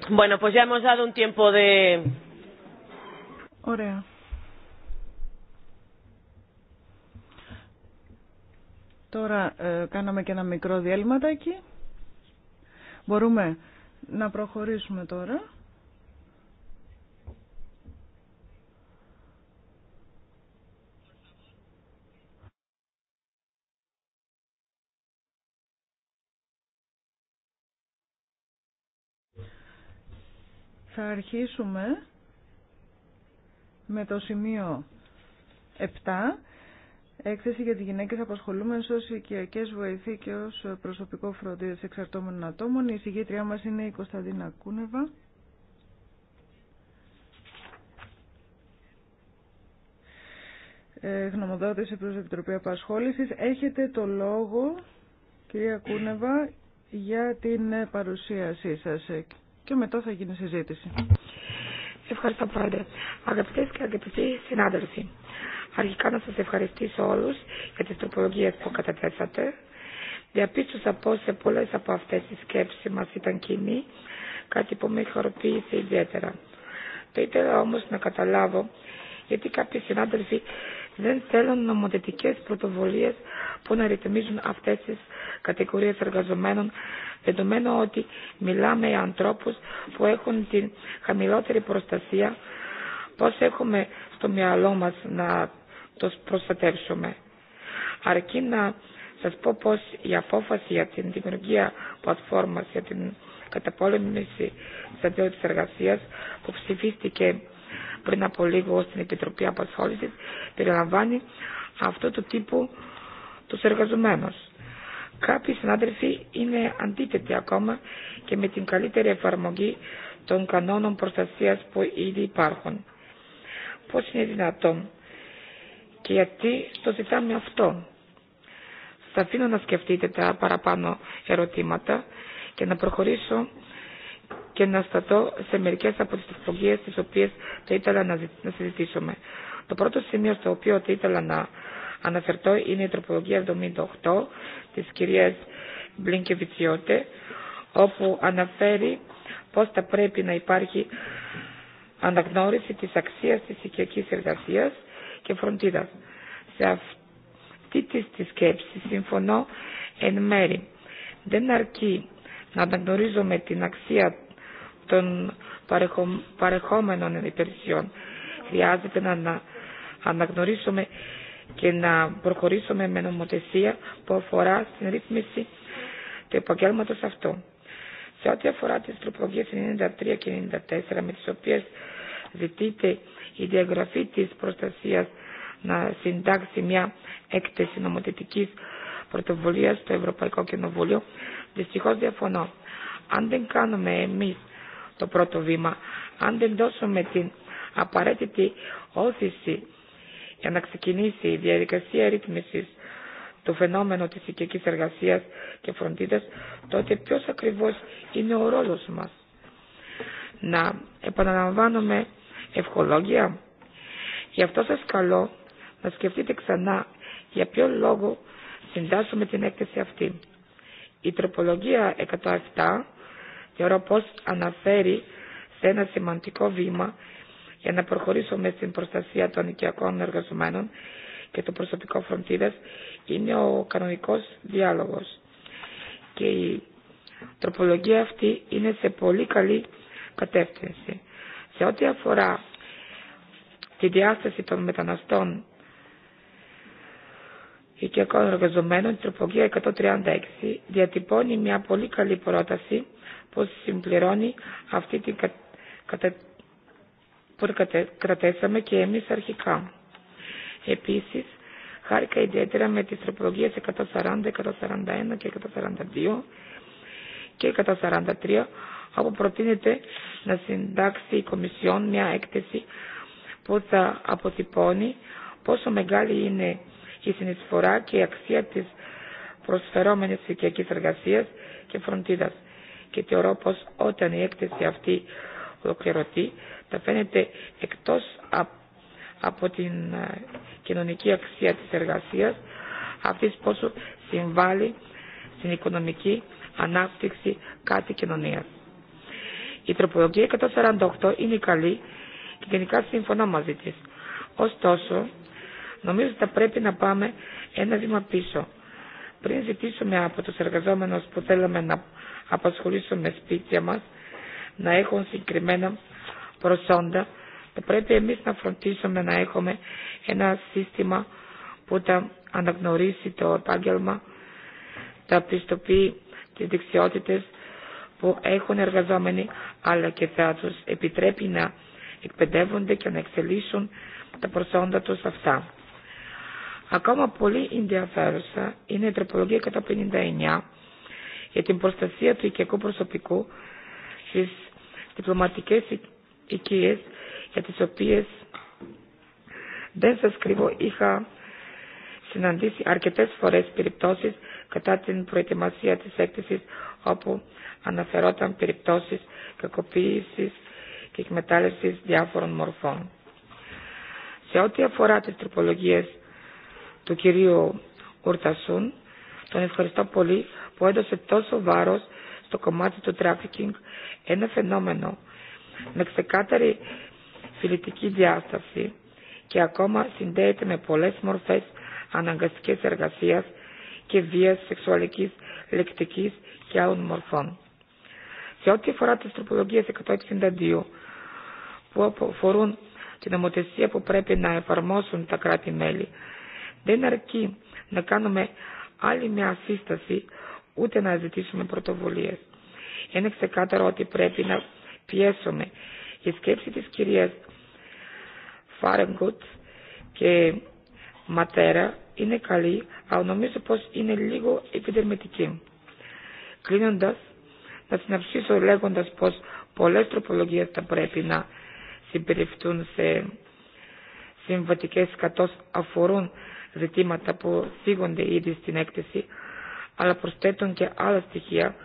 Speaker 3: Bueno, pues
Speaker 2: ya hemos dado un Ωραία. Τώρα ε, κάναμε και ένα μικρό διέλματάκι. Μπορούμε να προχωρήσουμε τώρα. Θα αρχίσουμε με το σημείο 7. Έκθεση για τις γυναίκες απασχολούμενε ω οικιακές βοηθοί και ω προσωπικό φροντίδες εξαρτώμενων ατόμων. Η συγγήτριά μας είναι η Κωνσταντίνα Κούνεβα. Ε, γνωμοδότηση προς Επιτροπή Απασχόλησης. Έχετε το λόγο, κυρία Κούνεβα, για την παρουσίασή σας και μετά θα γίνει συζήτηση. Ευχαριστώ πάντα. Αγαπητές και αγαπητοί συνάδελφοι,
Speaker 4: αρχικά να σας ευχαριστήσω όλους για τις τροπολογίες που καταθέσατε. Διαπίστωσα πως σε πολλές από αυτές οι σκέψεις μας ήταν κοινή, κάτι που με χαροποίησε ιδιαίτερα. Θα ήθελα όμως να καταλάβω γιατί κάποιοι συνάδελφοι δεν θέλουν νομοθετικέ πρωτοβουλίε που να ρυθμίζουν αυτές τι κατηγορίες εργαζομένων, δεδομένου ότι μιλάμε για ανθρώπους που έχουν την χαμηλότερη προστασία, πώ έχουμε στο μυαλό μας να του προστατεύσουμε. Αρκεί να σας πω πως η απόφαση για την δημιουργία πλατφόρμα για την καταπόλεμηση της αντιότητας που ψηφίστηκε πριν από λίγο στην Επιτροπή Απασχόληση, περιλαμβάνει αυτό το τύπο του εργαζομένου. Κάποιοι συνάδελφοι είναι αντίθετοι ακόμα και με την καλύτερη εφαρμογή των κανόνων προστασίας που ήδη υπάρχουν. Πώς είναι δυνατόν και γιατί το ζητάμε αυτό. Σας αφήνω να σκεφτείτε τα παραπάνω ερωτήματα και να προχωρήσω και να σταθώ σε μερικέ από τι τροπολογίε τι οποίε θα ήθελα να συζητήσουμε. Το πρώτο σημείο στο οποίο θα ήθελα να αναφερθώ είναι η τροπολογία 78 της κυρίας Μπλίνκεβιτσιώτε, όπου αναφέρει πω θα πρέπει να υπάρχει αναγνώριση τη αξία τη οικιακή εργασία και φροντίδα. Σε αυτή τη σκέψη συμφωνώ εν μέρη. Δεν αρκεί να αναγνωρίζουμε την αξία των παρεχόμενων υπηρεσιών. Χρειάζεται να αναγνωρίσουμε και να προχωρήσουμε με νομοθεσία που αφορά στην ρύθμιση του επαγγέλματο αυτού. Σε ό,τι αφορά τι τροπολογίε 93 και 94, με τι οποίε ζητείται η διαγραφή τη προστασία να συντάξει μια έκθεση νομοθετική πρωτοβουλία στο Ευρωπαϊκό Κοινοβούλιο, δυστυχώ διαφωνώ. Αν δεν κάνουμε εμεί το πρώτο βήμα. Αν δεν δώσουμε την απαραίτητη όθηση για να ξεκινήσει η διαδικασία ρύθμισης του φαινόμενου της οικιακής εργασίας και φροντίδας, τότε ποιος ακριβώς είναι ο ρόλος μας. Να επαναλαμβάνουμε ευχολόγια. Γι' αυτό σας καλώ να σκεφτείτε ξανά για ποιο λόγο συντάσσουμε την έκθεση αυτή. Η τροπολογία 107 θεωρώ πως αναφέρει σε ένα σημαντικό βήμα για να προχωρήσουμε στην προστασία των οικιακών εργαζομένων και των προσωπικών φροντίδας είναι ο κανονικός διάλογος. Και η τροπολογία αυτή είναι σε πολύ καλή κατεύθυνση. Σε ό,τι αφορά τη διάσταση των μεταναστών οικιακών εργαζομένων, τροπολογία 136, διατυπώνει μια πολύ καλή πρόταση που συμπληρώνει αυτή την κα... που κρατέσαμε και εμείς αρχικά. Επίσης, χάρηκα ιδιαίτερα με τις τροπολογίες 140, 141 και 142 και 143, όπου προτείνεται να συντάξει η Κομισιόν μια έκθεση που θα αποτυπώνει πόσο μεγάλη είναι η συνεισφορά και η αξία της προσφερόμενη οικιακή εργασία και φροντίδα. Και θεωρώ πω, όταν η έκθεση αυτή ολοκληρωθεί θα φαίνεται εκτός από την ε, κοινωνική αξία της εργασίας αυτής πόσο συμβάλλει στην οικονομική ανάπτυξη κάτι κοινωνίας. Η τροπολογία 148 είναι καλή και γενικά συμφωνώ μαζί της. Ωστόσο, Νομίζω ότι θα πρέπει να πάμε ένα βήμα πίσω. Πριν ζητήσουμε από τους εργαζόμενους που θέλαμε να απασχολήσουμε σπίτια μας να έχουν συγκεκριμένα προσόντα, θα πρέπει εμείς να φροντίσουμε να έχουμε ένα σύστημα που θα αναγνωρίσει το επάγγελμα, θα πιστοποιεί τις δεξιότητες που έχουν εργαζόμενοι, αλλά και θα τους επιτρέπει να εκπαιδεύονται και να εξελίσσουν τα προσόντα τους αυτά. Ακόμα πολύ ενδιαφέρουσα είναι η τροπολογία 159 για την προστασία του οικιακού προσωπικού στις διπλωματικές οικίες για τις οποίες δεν σας κρύβω είχα συναντήσει αρκετές φορές περιπτώσεις κατά την προετοιμασία της έκθεσης όπου αναφερόταν περιπτώσεις κακοποίησης και εκμετάλλευσης διάφορων μορφών. Σε ό,τι αφορά τις τροπολογίες του κυρίου Ουρτασούν. Τον ευχαριστώ πολύ που έδωσε τόσο βάρος στο κομμάτι του τράφικινγκ ένα φαινόμενο με ξεκάθαρη φιλητική διάσταση και ακόμα συνδέεται με πολλές μορφές αναγκαστικής εργασίας και βίας σεξουαλικής, λεκτικής και άλλων μορφών. Σε ό,τι αφορά τις τροπολογίες 162 που αφορούν την ομοθεσία που πρέπει να εφαρμόσουν τα κράτη-μέλη δεν αρκεί να κάνουμε άλλη μια σύσταση ούτε να ζητήσουμε πρωτοβουλίες. Είναι ξεκάθαρο ότι πρέπει να πιέσουμε. Η σκέψη της κυρίας Φάρεγκουτ και Ματέρα είναι καλή, αλλά νομίζω πως είναι λίγο επιδερμητική. Κλείνοντας, να συναψίσω λέγοντας πως πολλές τροπολογίες θα πρέπει να συμπεριφθούν σε συμβατικές κατός αφορούν ζητήματα που θίγονται ήδη στην έκθεση, αλλά προσθέτουν και άλλα στοιχεία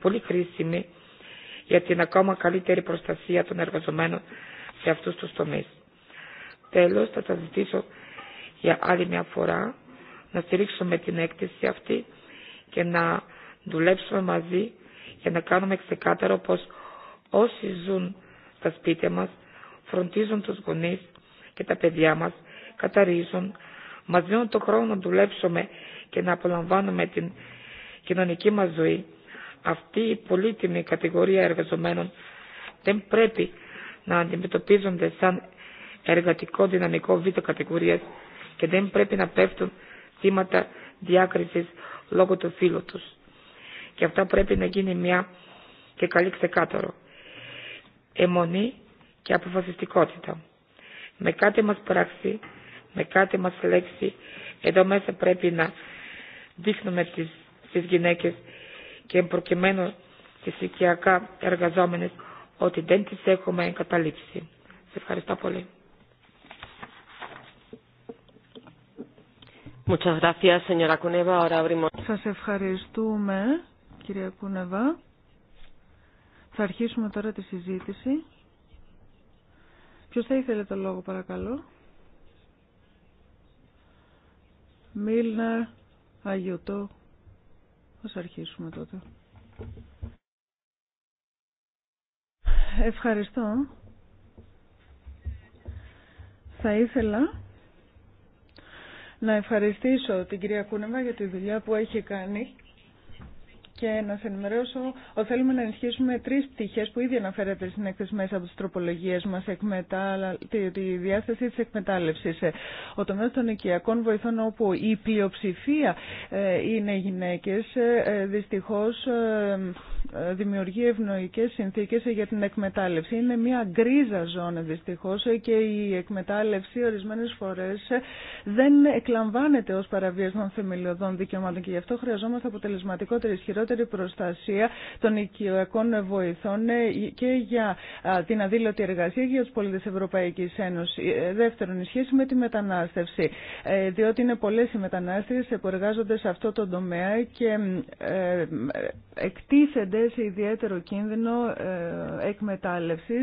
Speaker 4: πολύ χρήσιμη για την ακόμα καλύτερη προστασία των εργαζομένων σε αυτούς τους τομείς. Τέλος, θα τα ζητήσω για άλλη μια φορά να στηρίξουμε την έκθεση αυτή και να δουλέψουμε μαζί για να κάνουμε ξεκάθαρο πως όσοι ζουν στα σπίτια μας φροντίζουν τους γονείς και τα παιδιά μας, καταρίζουν, μας δίνουν το χρόνο να δουλέψουμε και να απολαμβάνουμε την κοινωνική μας ζωή. Αυτή η πολύτιμη κατηγορία εργαζομένων δεν πρέπει να αντιμετωπίζονται σαν εργατικό δυναμικό β' κατηγορίας και δεν πρέπει να πέφτουν θύματα διάκρισης λόγω του φίλου τους. Και αυτά πρέπει να γίνει μια και καλή ξεκάθαρο. Εμονή και αποφασιστικότητα. Με κάτι μας πράξει με κάτι μας λέξη. Εδώ μέσα πρέπει να δείχνουμε τις, τις γυναίκες και προκειμένου τις οικιακά εργαζόμενες ότι δεν τις έχουμε εγκαταλείψει. Σε ευχαριστώ πολύ.
Speaker 2: Σας ευχαριστούμε, κυρία Κούνεβα. Θα αρχίσουμε τώρα τη συζήτηση. Ποιος θα ήθελε το λόγο, παρακαλώ. Μίλνα, Αγιωτό. Ας αρχίσουμε τότε. Ευχαριστώ. Θα ήθελα να ευχαριστήσω την κυρία Κούνεβα για τη δουλειά που έχει κάνει και να σα ενημερώσω ότι θέλουμε να ενισχύσουμε τρεις πτυχές που ήδη αναφέρεται στην έκθεση μέσα από τις τροπολογίες μας, τη, διάσταση της εκμετάλλευσης. Ε, ο τομέας των οικιακών βοηθών όπου η πλειοψηφία ε, είναι γυναίκες, ε, δυστυχώς δημιουργεί ευνοϊκές συνθήκες για την εκμετάλλευση. Είναι μια γκρίζα ζώνη δυστυχώς και η εκμετάλλευση ορισμένες φορές δεν εκλαμβάνεται ως παραβίαση των θεμελιωδών δικαιωμάτων και γι' αυτό χρειαζόμαστε αποτελεσματικότερη ισχυρότητα περισσότερη προστασία των οικιακών βοηθών ε, και για την αδήλωτη εργασία και για του πολίτε Ευρωπαϊκή Ένωση. Ε, δεύτερον, η σχέση με τη μετανάστευση, ε, διότι είναι πολλέ οι μετανάστε που εργάζονται σε αυτό το τομέα και εκτίθενται σε ιδιαίτερο κίνδυνο εκμετάλλευση.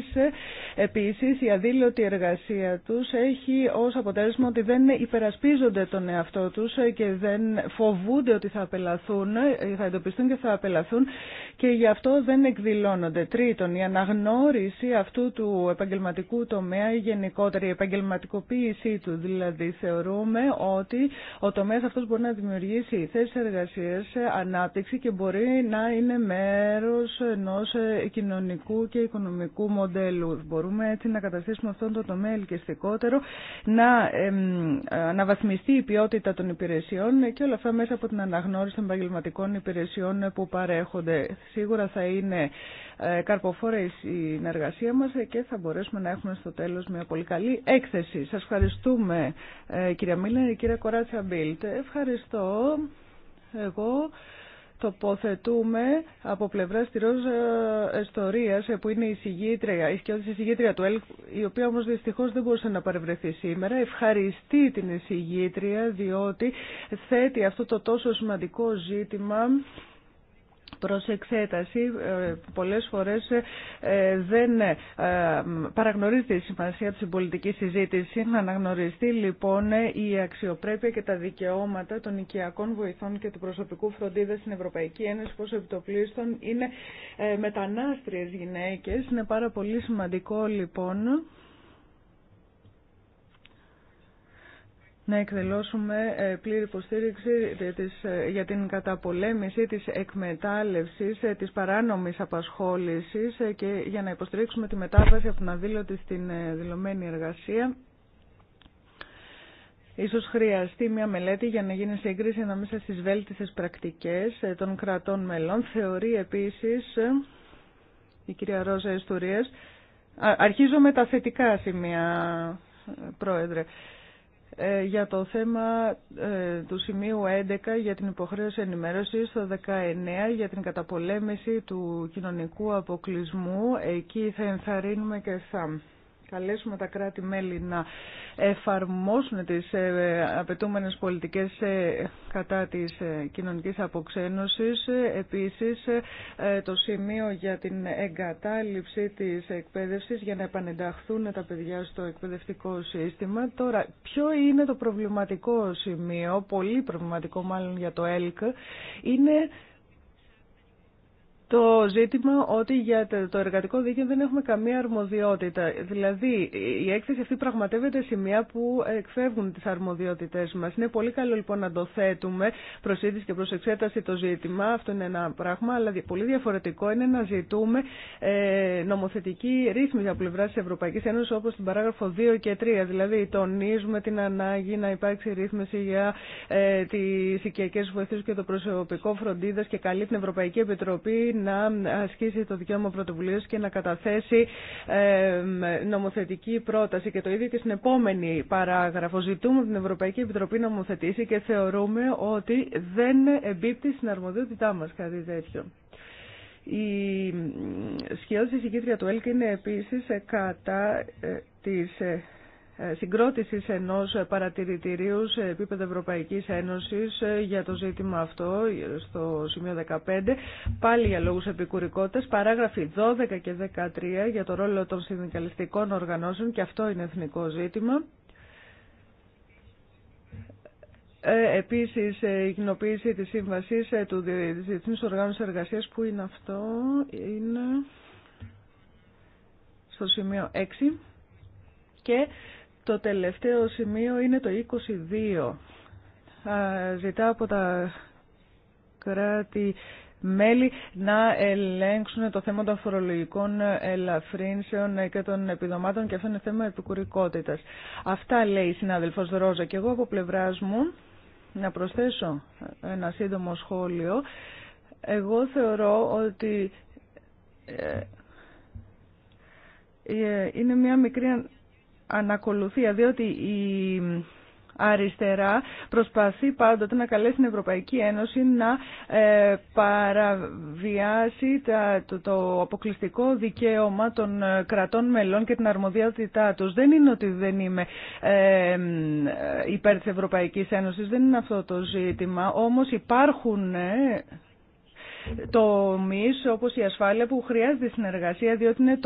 Speaker 2: Επίση, η αδήλωτη εργασία του έχει ω αποτέλεσμα ότι δεν υπερασπίζονται τον εαυτό του και δεν φοβούνται ότι θα απελαθούν, θα εντοπιστούν θα απελαθούν και γι' αυτό δεν εκδηλώνονται. Τρίτον, η αναγνώριση αυτού του επαγγελματικού τομέα ή γενικότερα η επαγγελματικοποίησή του. Δηλαδή, θεωρούμε ότι ο τομέα αυτό μπορεί να δημιουργήσει θέσει εργασία, ανάπτυξη και μπορεί να είναι μέρο ενό κοινωνικού και οικονομικού μοντέλου. Μπορούμε έτσι να καταστήσουμε αυτόν τον τομέα ελκυστικότερο, να αναβαθμιστεί η ποιότητα των υπηρεσιών και όλα αυτά μέσα από την αναγνώριση των επαγγελματικών υπηρεσιών που παρέχονται. Σίγουρα θα είναι ε, καρποφόρα η συνεργασία μας και θα μπορέσουμε να έχουμε στο τέλος μια πολύ καλή έκθεση. Σας ευχαριστούμε ε, κυρία Μίλνερ και κυρία Κοράτσια Μπίλτ. Ευχαριστώ. Εγώ τοποθετούμε από πλευρά τη Ρόζα Εστορία, ε, που είναι η συγγήτρια, η συγγήτρια του ΕΛΚ, η οποία όμω δυστυχώ δεν μπορούσε να παρευρεθεί σήμερα. Ευχαριστεί την συγγήτρια, διότι θέτει αυτό το τόσο σημαντικό ζήτημα προς εξέταση ε, πολλές φορές ε, δεν ε, παραγνωρίζεται η σημασία της πολιτική συζήτηση να αναγνωριστεί λοιπόν η αξιοπρέπεια και τα δικαιώματα των οικιακών βοηθών και του προσωπικού φροντίδα στην Ευρωπαϊκή Ένωση πως επιτοπλίστων είναι μετανάστριες γυναίκες είναι πάρα πολύ σημαντικό λοιπόν να εκδηλώσουμε ε, πλήρη υποστήριξη ε, για την καταπολέμηση της εκμετάλλευσης, ε, της παράνομης απασχόλησης και για να υποστηρίξουμε τη μετάβαση από την αδήλωτη στην δηλωμένη εργασία. Ίσως χρειαστεί μια μελέτη για να γίνει σύγκριση ανάμεσα στις βέλτιστες πρακτικές των κρατών μελών. Θεωρεί επίσης η κυρία Ρόζα Ιστορίας. Αρχίζω με τα θετικά σημεία, Πρόεδρε. Ε, για το θέμα ε, του σημείου 11 για την υποχρέωση ενημέρωσης, το 19 για την καταπολέμηση του κοινωνικού αποκλεισμού. Εκεί θα ενθαρρύνουμε και θα καλέσουμε τα κράτη-μέλη να εφαρμόσουν τις ε, απαιτούμενες πολιτικές ε, κατά της ε, κοινωνικής αποξένωσης. Επίσης, το σημείο για την εγκατάλειψη της εκπαίδευσης για να επανενταχθούν τα παιδιά στο εκπαιδευτικό σύστημα. Τώρα, ποιο είναι το προβληματικό σημείο, πολύ προβληματικό μάλλον για το ΕΛΚ, είναι το ζήτημα ότι για το εργατικό δίκαιο δεν έχουμε καμία αρμοδιότητα. Δηλαδή, η έκθεση αυτή πραγματεύεται σημεία που εκφεύγουν τι αρμοδιότητε μα. Είναι πολύ καλό λοιπόν να το θέτουμε προς και προ εξέταση το ζήτημα. Αυτό είναι ένα πράγμα, αλλά πολύ διαφορετικό είναι να ζητούμε ε, νομοθετική ρύθμιση από πλευρά τη Ευρωπαϊκή Ένωση, όπω στην παράγραφο 2 και 3. Δηλαδή, τονίζουμε την ανάγκη να υπάρξει ρύθμιση για ε, τι οικιακέ βοηθήσει και το προσωπικό φροντίδα και καλεί την Ευρωπαϊκή Επιτροπή να ασκήσει το δικαίωμα πρωτοβουλία και να καταθέσει νομοθετική πρόταση. Και το ίδιο και στην επόμενη παράγραφο. Ζητούμε την Ευρωπαϊκή Επιτροπή να νομοθετήσει και θεωρούμε ότι δεν εμπίπτει στην αρμοδιότητά μα κάτι τέτοιο. Η σχεδόν συγκίτρια του ΕΛΚ είναι επίσης κατά ε, της ε, ε, συγκρότησης ενός παρατηρητηρίου σε επίπεδο Ευρωπαϊκής Ένωσης ε, για το ζήτημα αυτό ε, στο σημείο 15 πάλι για λόγους επικουρικότητας παράγραφοι 12 και 13 για το ρόλο των συνδικαλιστικών οργανώσεων και αυτό είναι εθνικό ζήτημα Επίσης, η κοινοποίηση της σύμβασης του Διεθνούς Οργάνωσης Εργασίας, που είναι αυτό, είναι στο σημείο 6 και το τελευταίο σημείο είναι το 22. Ζητά από τα κράτη μέλη να ελέγξουν το θέμα των φορολογικών ελαφρύνσεων και των επιδομάτων και αυτό είναι θέμα επικουρικότητας. Αυτά λέει η συνάδελφος Ρόζα και εγώ από πλευράς μου να προσθέσω ένα σύντομο σχόλιο. Εγώ θεωρώ ότι ε, ε, είναι μια μικρή ανακολουθία, διότι δηλαδή η αριστερά προσπαθεί πάντοτε να καλέσει την Ευρωπαϊκή Ένωση να ε, παραβιάσει το, το αποκλειστικό δικαίωμα των ε, κρατών μελών και την αρμοδιότητά τους. Δεν είναι ότι δεν είμαι ε, υπέρ της Ευρωπαϊκής Ένωσης, δεν είναι αυτό το ζήτημα, όμως υπάρχουν το τομεί όπω η ασφάλεια που χρειάζεται συνεργασία διότι είναι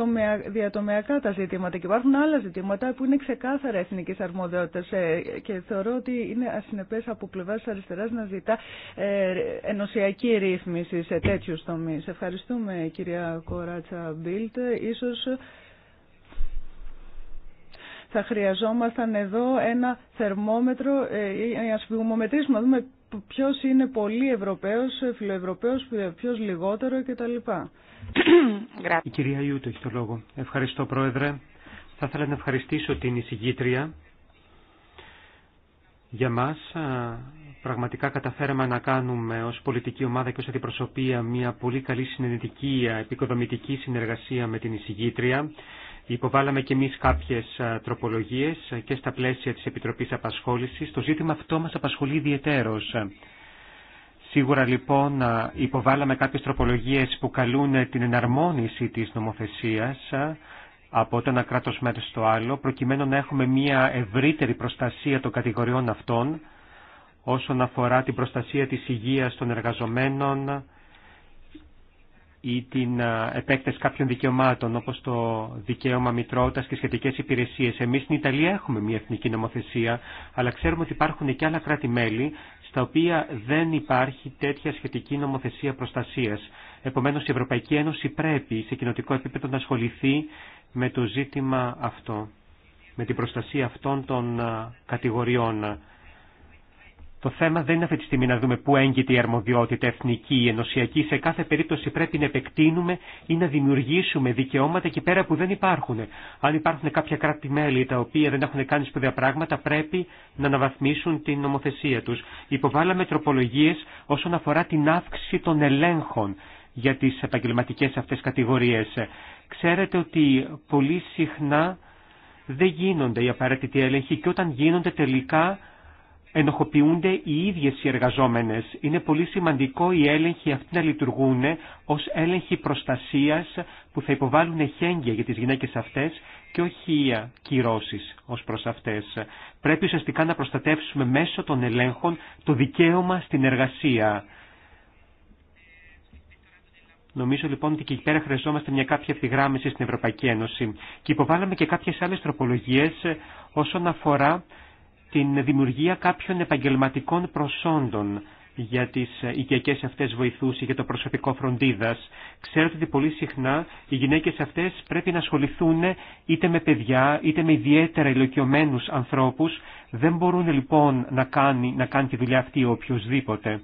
Speaker 2: διατομεακά τα ζητήματα και υπάρχουν άλλα ζητήματα που είναι ξεκάθαρα εθνική αρμοδιότητα ε, και θεωρώ ότι είναι ασυνεπέ από πλευρά αριστερά να ζητά ε, ενωσιακή ρύθμιση σε τέτοιου τομεί. Ευχαριστούμε κυρία Κοράτσα Μπίλτ. Ίσως θα χρειαζόμασταν εδώ ένα θερμόμετρο ε, ή ένα σφιγμομετρήσιμο να δούμε Ποιο είναι πολύ Ευρωπαίος, φιλοευρωπαίος, ποιο λιγότερο κτλ.
Speaker 1: Η κυρία Ιούτο έχει το λόγο. Ευχαριστώ Πρόεδρε. Θα ήθελα να ευχαριστήσω την εισηγήτρια. Για μα. πραγματικά καταφέραμε να κάνουμε ως πολιτική ομάδα και ως αντιπροσωπεία μια πολύ καλή συνενετική επικοδομητική συνεργασία με την εισηγήτρια. Υποβάλαμε και εμείς κάποιες τροπολογίες και στα πλαίσια της Επιτροπής Απασχόλησης. Το ζήτημα αυτό μας απασχολεί ιδιαιτέρως. Σίγουρα λοιπόν υποβάλαμε κάποιες τροπολογίες που καλούν ε, την εναρμόνιση της νομοθεσίας από το ένα κράτος μέρος στο άλλο, προκειμένου να έχουμε μια ευρύτερη προστασία των κατηγοριών αυτών όσον αφορά την προστασία της υγείας των εργαζομένων, ή την επέκταση κάποιων δικαιωμάτων όπως το δικαίωμα μητρότητας και σχετικές υπηρεσίες. Εμείς στην Ιταλία έχουμε μια εθνική νομοθεσία, αλλά ξέρουμε ότι υπάρχουν και άλλα κράτη-μέλη στα οποία δεν υπάρχει τέτοια σχετική νομοθεσία προστασίας. Επομένως η Ευρωπαϊκή Ένωση πρέπει σε κοινοτικό επίπεδο να ασχοληθεί με το ζήτημα αυτό, με την προστασία αυτών των κατηγοριών το θέμα δεν είναι αυτή τη στιγμή να δούμε πού έγκυται η αρμοδιότητα εθνική ή ενωσιακή. Σε κάθε περίπτωση πρέπει να επεκτείνουμε ή να δημιουργήσουμε δικαιώματα εκεί πέρα που δεν υπάρχουν. Αν υπάρχουν κάποια κράτη-μέλη τα οποία δεν έχουν κάνει σπουδαία πράγματα, πρέπει να αναβαθμίσουν την νομοθεσία του. Υποβάλαμε τροπολογίε όσον αφορά την αύξηση των ελέγχων για τι επαγγελματικέ αυτέ κατηγορίε. Ξέρετε ότι πολύ συχνά δεν γίνονται οι απαραίτητοι έλεγχοι και όταν γίνονται τελικά ενοχοποιούνται οι ίδιες οι εργαζόμενες. Είναι πολύ σημαντικό οι έλεγχοι αυτοί να λειτουργούν ως έλεγχοι προστασίας που θα υποβάλουν εχέγγυα για τις γυναίκες αυτές και όχι κυρώσεις ως προς αυτές. Πρέπει ουσιαστικά να προστατεύσουμε μέσω των ελέγχων το δικαίωμα στην εργασία. Νομίζω λοιπόν ότι και εκεί πέρα χρειαζόμαστε μια κάποια ευθυγράμμιση στην Ευρωπαϊκή Ένωση. Και υποβάλαμε και κάποιες άλλες τροπολογίες όσον αφορά την δημιουργία κάποιων επαγγελματικών προσόντων για τις οικιακές αυτές βοηθούς ή για το προσωπικό φροντίδας. Ξέρετε ότι πολύ συχνά οι γυναίκες αυτές πρέπει να ασχοληθούν είτε με παιδιά είτε με ιδιαίτερα ηλικιωμένους ανθρώπους. Δεν μπορούν λοιπόν να κάνει, να κάνει τη δουλειά αυτή οποιοδήποτε.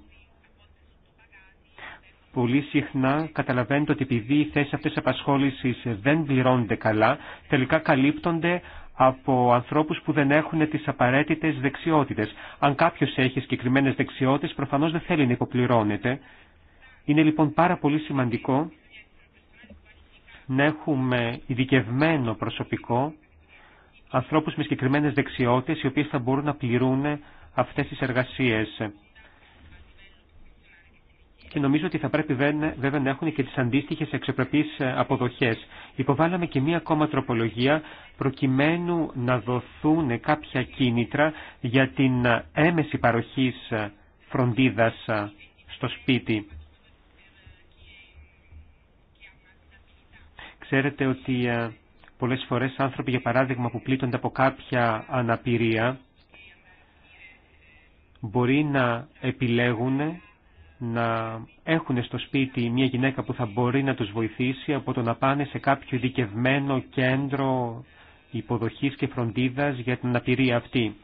Speaker 1: Πολύ συχνά καταλαβαίνετε ότι επειδή οι θέσει αυτές απασχόλησης δεν πληρώνονται καλά, τελικά καλύπτονται από ανθρώπους που δεν έχουν τις απαραίτητες δεξιότητες. Αν κάποιος έχει συγκεκριμένε δεξιότητες, προφανώς δεν θέλει να υποπληρώνεται. Είναι λοιπόν πάρα πολύ σημαντικό να έχουμε ειδικευμένο προσωπικό, ανθρώπους με συγκεκριμένε δεξιότητες, οι οποίες θα μπορούν να πληρούν αυτές τις εργασίες και νομίζω ότι θα πρέπει βέβαια να έχουν και τις αντίστοιχες εξεπρεπείς ε, αποδοχές. Υποβάλαμε και μία ακόμα τροπολογία προκειμένου να δοθούν κάποια κίνητρα για την ε, έμεση παροχής ε, φροντίδας στο σπίτι. Ξέρετε ότι πολλές φορές άνθρωποι, για παράδειγμα, που πλήττονται από κάποια αναπηρία, μπορεί να επιλέγουν να έχουν στο σπίτι μια γυναίκα που θα μπορεί να τους βοηθήσει από το να πάνε σε κάποιο ειδικευμένο κέντρο υποδοχής και φροντίδας για την αναπηρία αυτή.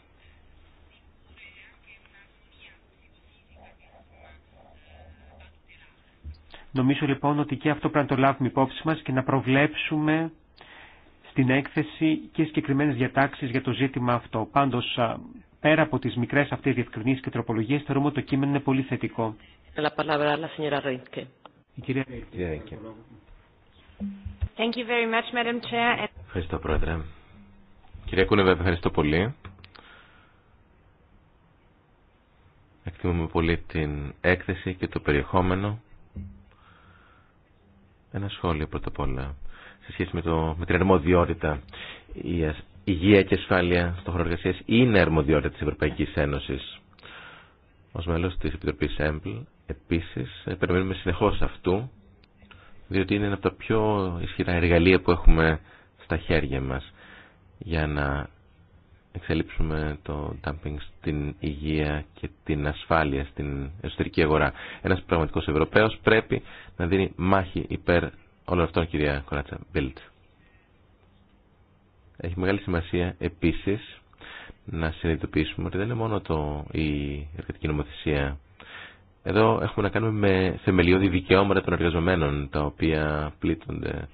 Speaker 1: Νομίζω λοιπόν ότι και αυτό πρέπει να το λάβουμε υπόψη μας και να προβλέψουμε στην έκθεση και συγκεκριμένες διατάξεις για το ζήτημα αυτό. Πάντως πέρα από τις μικρές αυτές διευκρινήσεις και τροπολογίες, θεωρούμε ότι το κείμενο είναι πολύ θετικό.
Speaker 3: Η κυρία Ευχαριστώ, Πρόεδρε. Κυρία Κούνεβε, ευχαριστώ πολύ. Εκτιμούμε πολύ την έκθεση και το περιεχόμενο. Ένα σχόλιο πρώτα απ' όλα σε σχέση με, το, με την αρμοδιότητα. Η υγεία και ασφάλεια στον χώρο εργασία είναι αρμοδιότητα της Ευρωπαϊκής Ένωσης. Ως μέλος της Επιτροπή ΕΜΠΛ, επίσης, περιμένουμε συνεχώ αυτού, διότι είναι ένα από τα πιο ισχυρά εργαλεία που έχουμε στα χέρια μας για να εξελίψουμε το dumping στην υγεία και την ασφάλεια στην εσωτερική αγορά. Ένα πραγματικό Ευρωπαίος πρέπει να δίνει μάχη υπέρ όλων αυτών, κυρία Κοράτσα Μπίλτ. Έχει μεγάλη σημασία επίσης να συνειδητοποιήσουμε ότι δεν είναι μόνο το, η εργατική νομοθεσία. Εδώ έχουμε να κάνουμε με θεμελιώδη δικαιώματα των εργαζομένων, τα οποία πλήττονται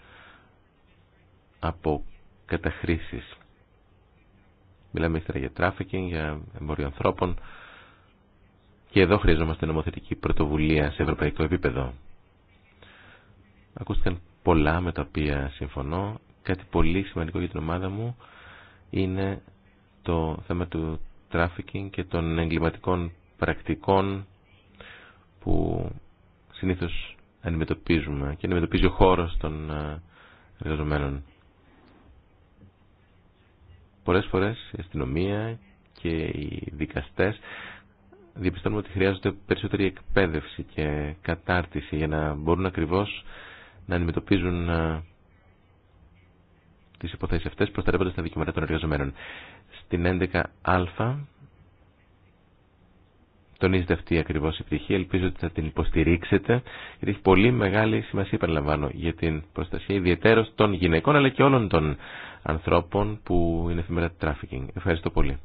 Speaker 3: από καταχρήσεις. Μιλάμε ύστερα για τράφικινγκ, για εμπόριο ανθρώπων και εδώ χρειαζόμαστε νομοθετική πρωτοβουλία σε ευρωπαϊκό επίπεδο. Ακούστηκαν πολλά με τα οποία συμφωνώ κάτι πολύ σημαντικό για την ομάδα μου είναι το θέμα του τράφικινγκ και των εγκληματικών πρακτικών που συνήθως αντιμετωπίζουμε και αντιμετωπίζει ο χώρος των ε, εργαζομένων. Πολλές φορές η αστυνομία και οι δικαστές διαπιστώνουμε ότι χρειάζονται περισσότερη εκπαίδευση και κατάρτιση για να μπορούν ακριβώς να αντιμετωπίζουν ε, τις υποθέσεις αυτές προστατεύοντας τα δικαιώματα των εργαζομένων. Στην 11α τονίζεται αυτή ακριβώς η πτυχή. Ελπίζω ότι θα την υποστηρίξετε γιατί έχει πολύ μεγάλη σημασία, παραλαμβάνω, για την προστασία ιδιαίτερως των γυναικών αλλά και όλων των ανθρώπων που είναι του τράφικινγκ. Ευχαριστώ πολύ.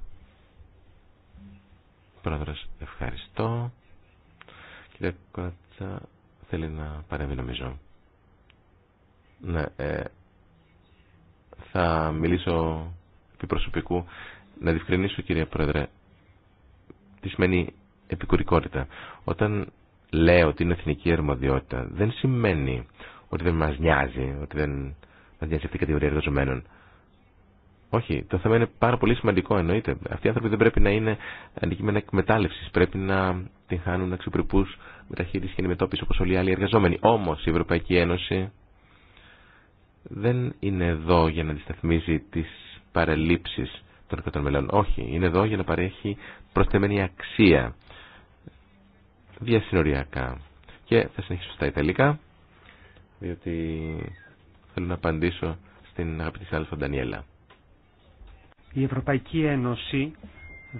Speaker 3: Πρόεδρος, ευχαριστώ. Κύριε Κότσα, θέλει να παρέμβει νομίζω. Ναι, ε, θα μιλήσω επί προσωπικού. Να διευκρινίσω κύριε Πρόεδρε, τι σημαίνει επικουρικότητα. Όταν λέω ότι είναι εθνική αρμοδιότητα, δεν σημαίνει ότι δεν μας νοιάζει, ότι δεν μας νοιάζει αυτή η κατηγορία εργαζομένων. Όχι, το θέμα είναι πάρα πολύ σημαντικό, εννοείται. Αυτοί οι άνθρωποι δεν πρέπει να είναι αντικείμενα εκμετάλλευση. Πρέπει να την χάνουν αξιοπρεπού μεταχείριση και αντιμετώπιση όπως όλοι οι άλλοι εργαζόμενοι. Όμω η Ευρωπαϊκή Ένωση δεν είναι εδώ για να αντισταθμίζει τις παρελήψεις των κρατών Όχι, είναι εδώ για να παρέχει προσθεμένη αξία διασυνοριακά. Και θα συνεχίσω στα Ιταλικά, διότι θέλω να απαντήσω στην αγαπητή Σάλφα Ντανιέλα.
Speaker 1: Η Ευρωπαϊκή Ένωση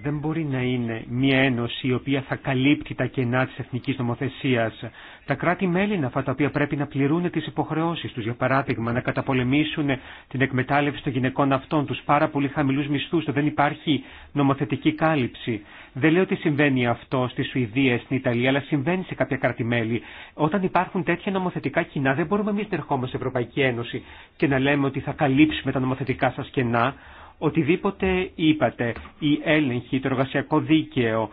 Speaker 1: δεν μπορεί να είναι μια ένωση η οποία θα καλύπτει τα κενά της εθνικής νομοθεσίας. Τα κράτη-μέλη είναι αυτά τα οποία πρέπει να πληρούν τις υποχρεώσεις τους, για παράδειγμα να καταπολεμήσουν την εκμετάλλευση των γυναικών αυτών, τους πάρα πολύ χαμηλούς μισθούς, το δεν υπάρχει νομοθετική κάλυψη. Δεν λέω ότι συμβαίνει αυτό στη Σουηδία, στην Ιταλία, αλλά συμβαίνει σε κάποια κράτη-μέλη. Όταν υπάρχουν τέτοια νομοθετικά κοινά, δεν μπορούμε εμεί να ερχόμαστε στην Ευρωπαϊκή Ένωση και να λέμε ότι θα καλύψουμε τα νομοθετικά σα κενά, οτιδήποτε είπατε, η έλεγχη, το εργασιακό δίκαιο,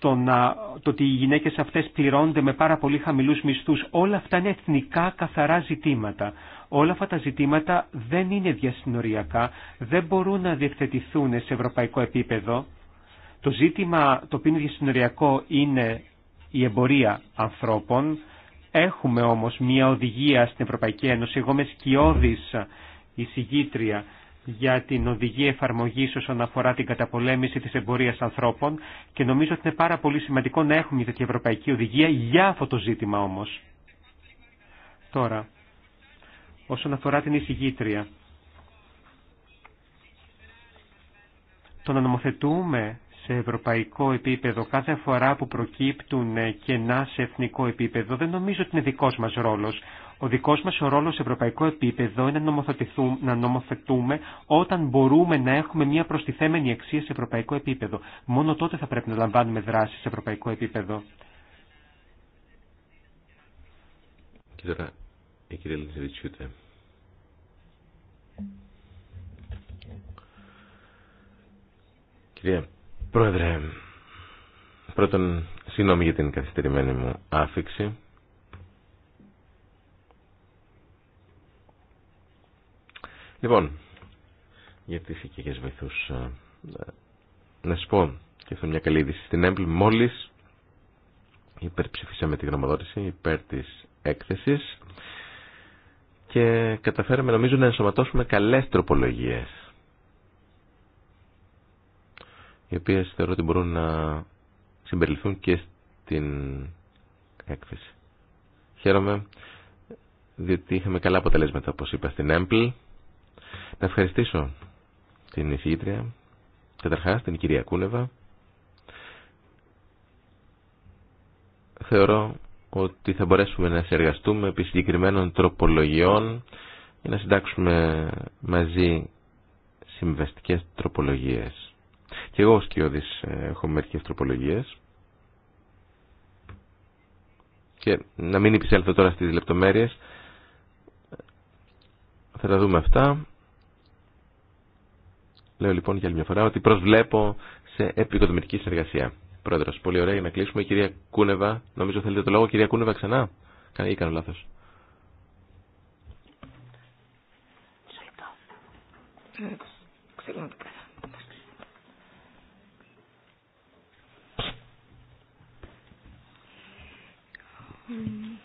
Speaker 1: το, το ότι οι γυναίκες αυτές πληρώνονται με πάρα πολύ χαμηλούς μισθούς, όλα αυτά είναι εθνικά καθαρά ζητήματα. Όλα αυτά τα ζητήματα δεν είναι διασυνοριακά, δεν μπορούν να διευθετηθούν σε ευρωπαϊκό επίπεδο. Το ζήτημα το οποίο είναι διασυνοριακό είναι η εμπορία ανθρώπων. Έχουμε όμως μια οδηγία στην Ευρωπαϊκή Ένωση, εγώ είμαι η εισηγήτρια για την οδηγία εφαρμογή όσον αφορά την καταπολέμηση τη εμπορία ανθρώπων και νομίζω ότι είναι πάρα πολύ σημαντικό να έχουμε τέτοια ευρωπαϊκή οδηγία για αυτό το ζήτημα όμω. Τώρα, όσον αφορά την εισηγήτρια. Το να νομοθετούμε σε ευρωπαϊκό επίπεδο κάθε φορά που προκύπτουν κενά σε εθνικό επίπεδο δεν νομίζω ότι είναι δικός μας ρόλος. Ο δικός μας ο ρόλος σε ευρωπαϊκό επίπεδο είναι να, να νομοθετούμε όταν μπορούμε να έχουμε μια προστιθέμενη αξία σε ευρωπαϊκό επίπεδο. Μόνο τότε θα πρέπει να λαμβάνουμε δράση σε ευρωπαϊκό επίπεδο.
Speaker 3: Και τώρα η κυρία Κυρία Πρόεδρε, πρώτον συγγνώμη για την καθυστερημένη μου άφηξη. Λοιπόν, για τις βεθούς; βυθού. Ε, ε, να σας πω και αυτό μια καλή είδηση. Στην Έμπλη μόλις υπερψηφίσαμε τη γνωμοδότηση υπέρ τη έκθεση, και καταφέραμε νομίζω να ενσωματώσουμε καλέ τροπολογίες οι οποίε θεωρώ ότι μπορούν να συμπεριληφθούν και στην έκθεση. Χαίρομαι διότι είχαμε καλά αποτελέσματα όπω είπα στην Apple να ευχαριστήσω την εισηγήτρια, καταρχάς την κυρία Κούνεβα. Θεωρώ ότι θα μπορέσουμε να συνεργαστούμε επί συγκεκριμένων τροπολογιών για να συντάξουμε μαζί συμβαστικές τροπολογίες. Και εγώ ως ε, έχω μερικές τροπολογίες. Και να μην υπησέλθω τώρα στις λεπτομέρειες. Θα τα δούμε αυτά. Λέω λοιπόν για άλλη μια φορά ότι προσβλέπω σε επικοδομητική συνεργασία. Πρόεδρος, πολύ ωραία για να κλείσουμε. Η κυρία Κούνεβα, νομίζω θέλετε το λόγο. Κυρία Κούνεβα ξανά. Ή κάνω λάθος.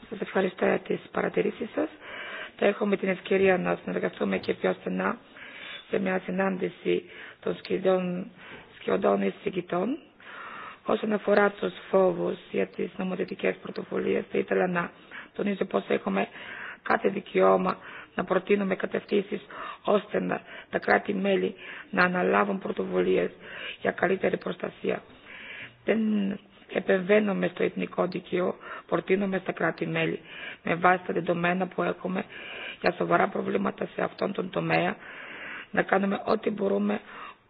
Speaker 4: Σα ευχαριστώ για τις παρατηρήσεις σας. Θα έχουμε την ευκαιρία να συνεργαστούμε και πιο στενά σε μια συνάντηση των σκιωδών εισηγητών. Όσον αφορά τους φόβους για τις νομοθετικές πρωτοβουλίες, θα ήθελα να τονίζω πως έχουμε κάθε δικαιώμα να προτείνουμε κατευθύνσεις ώστε να, τα κράτη-μέλη να αναλάβουν πρωτοβουλίες για καλύτερη προστασία. Δεν επεμβαίνουμε στο εθνικό δικαιό, προτείνουμε στα κράτη-μέλη με βάση τα δεδομένα που έχουμε για σοβαρά προβλήματα σε αυτόν τον τομέα να κάνουμε ό,τι μπορούμε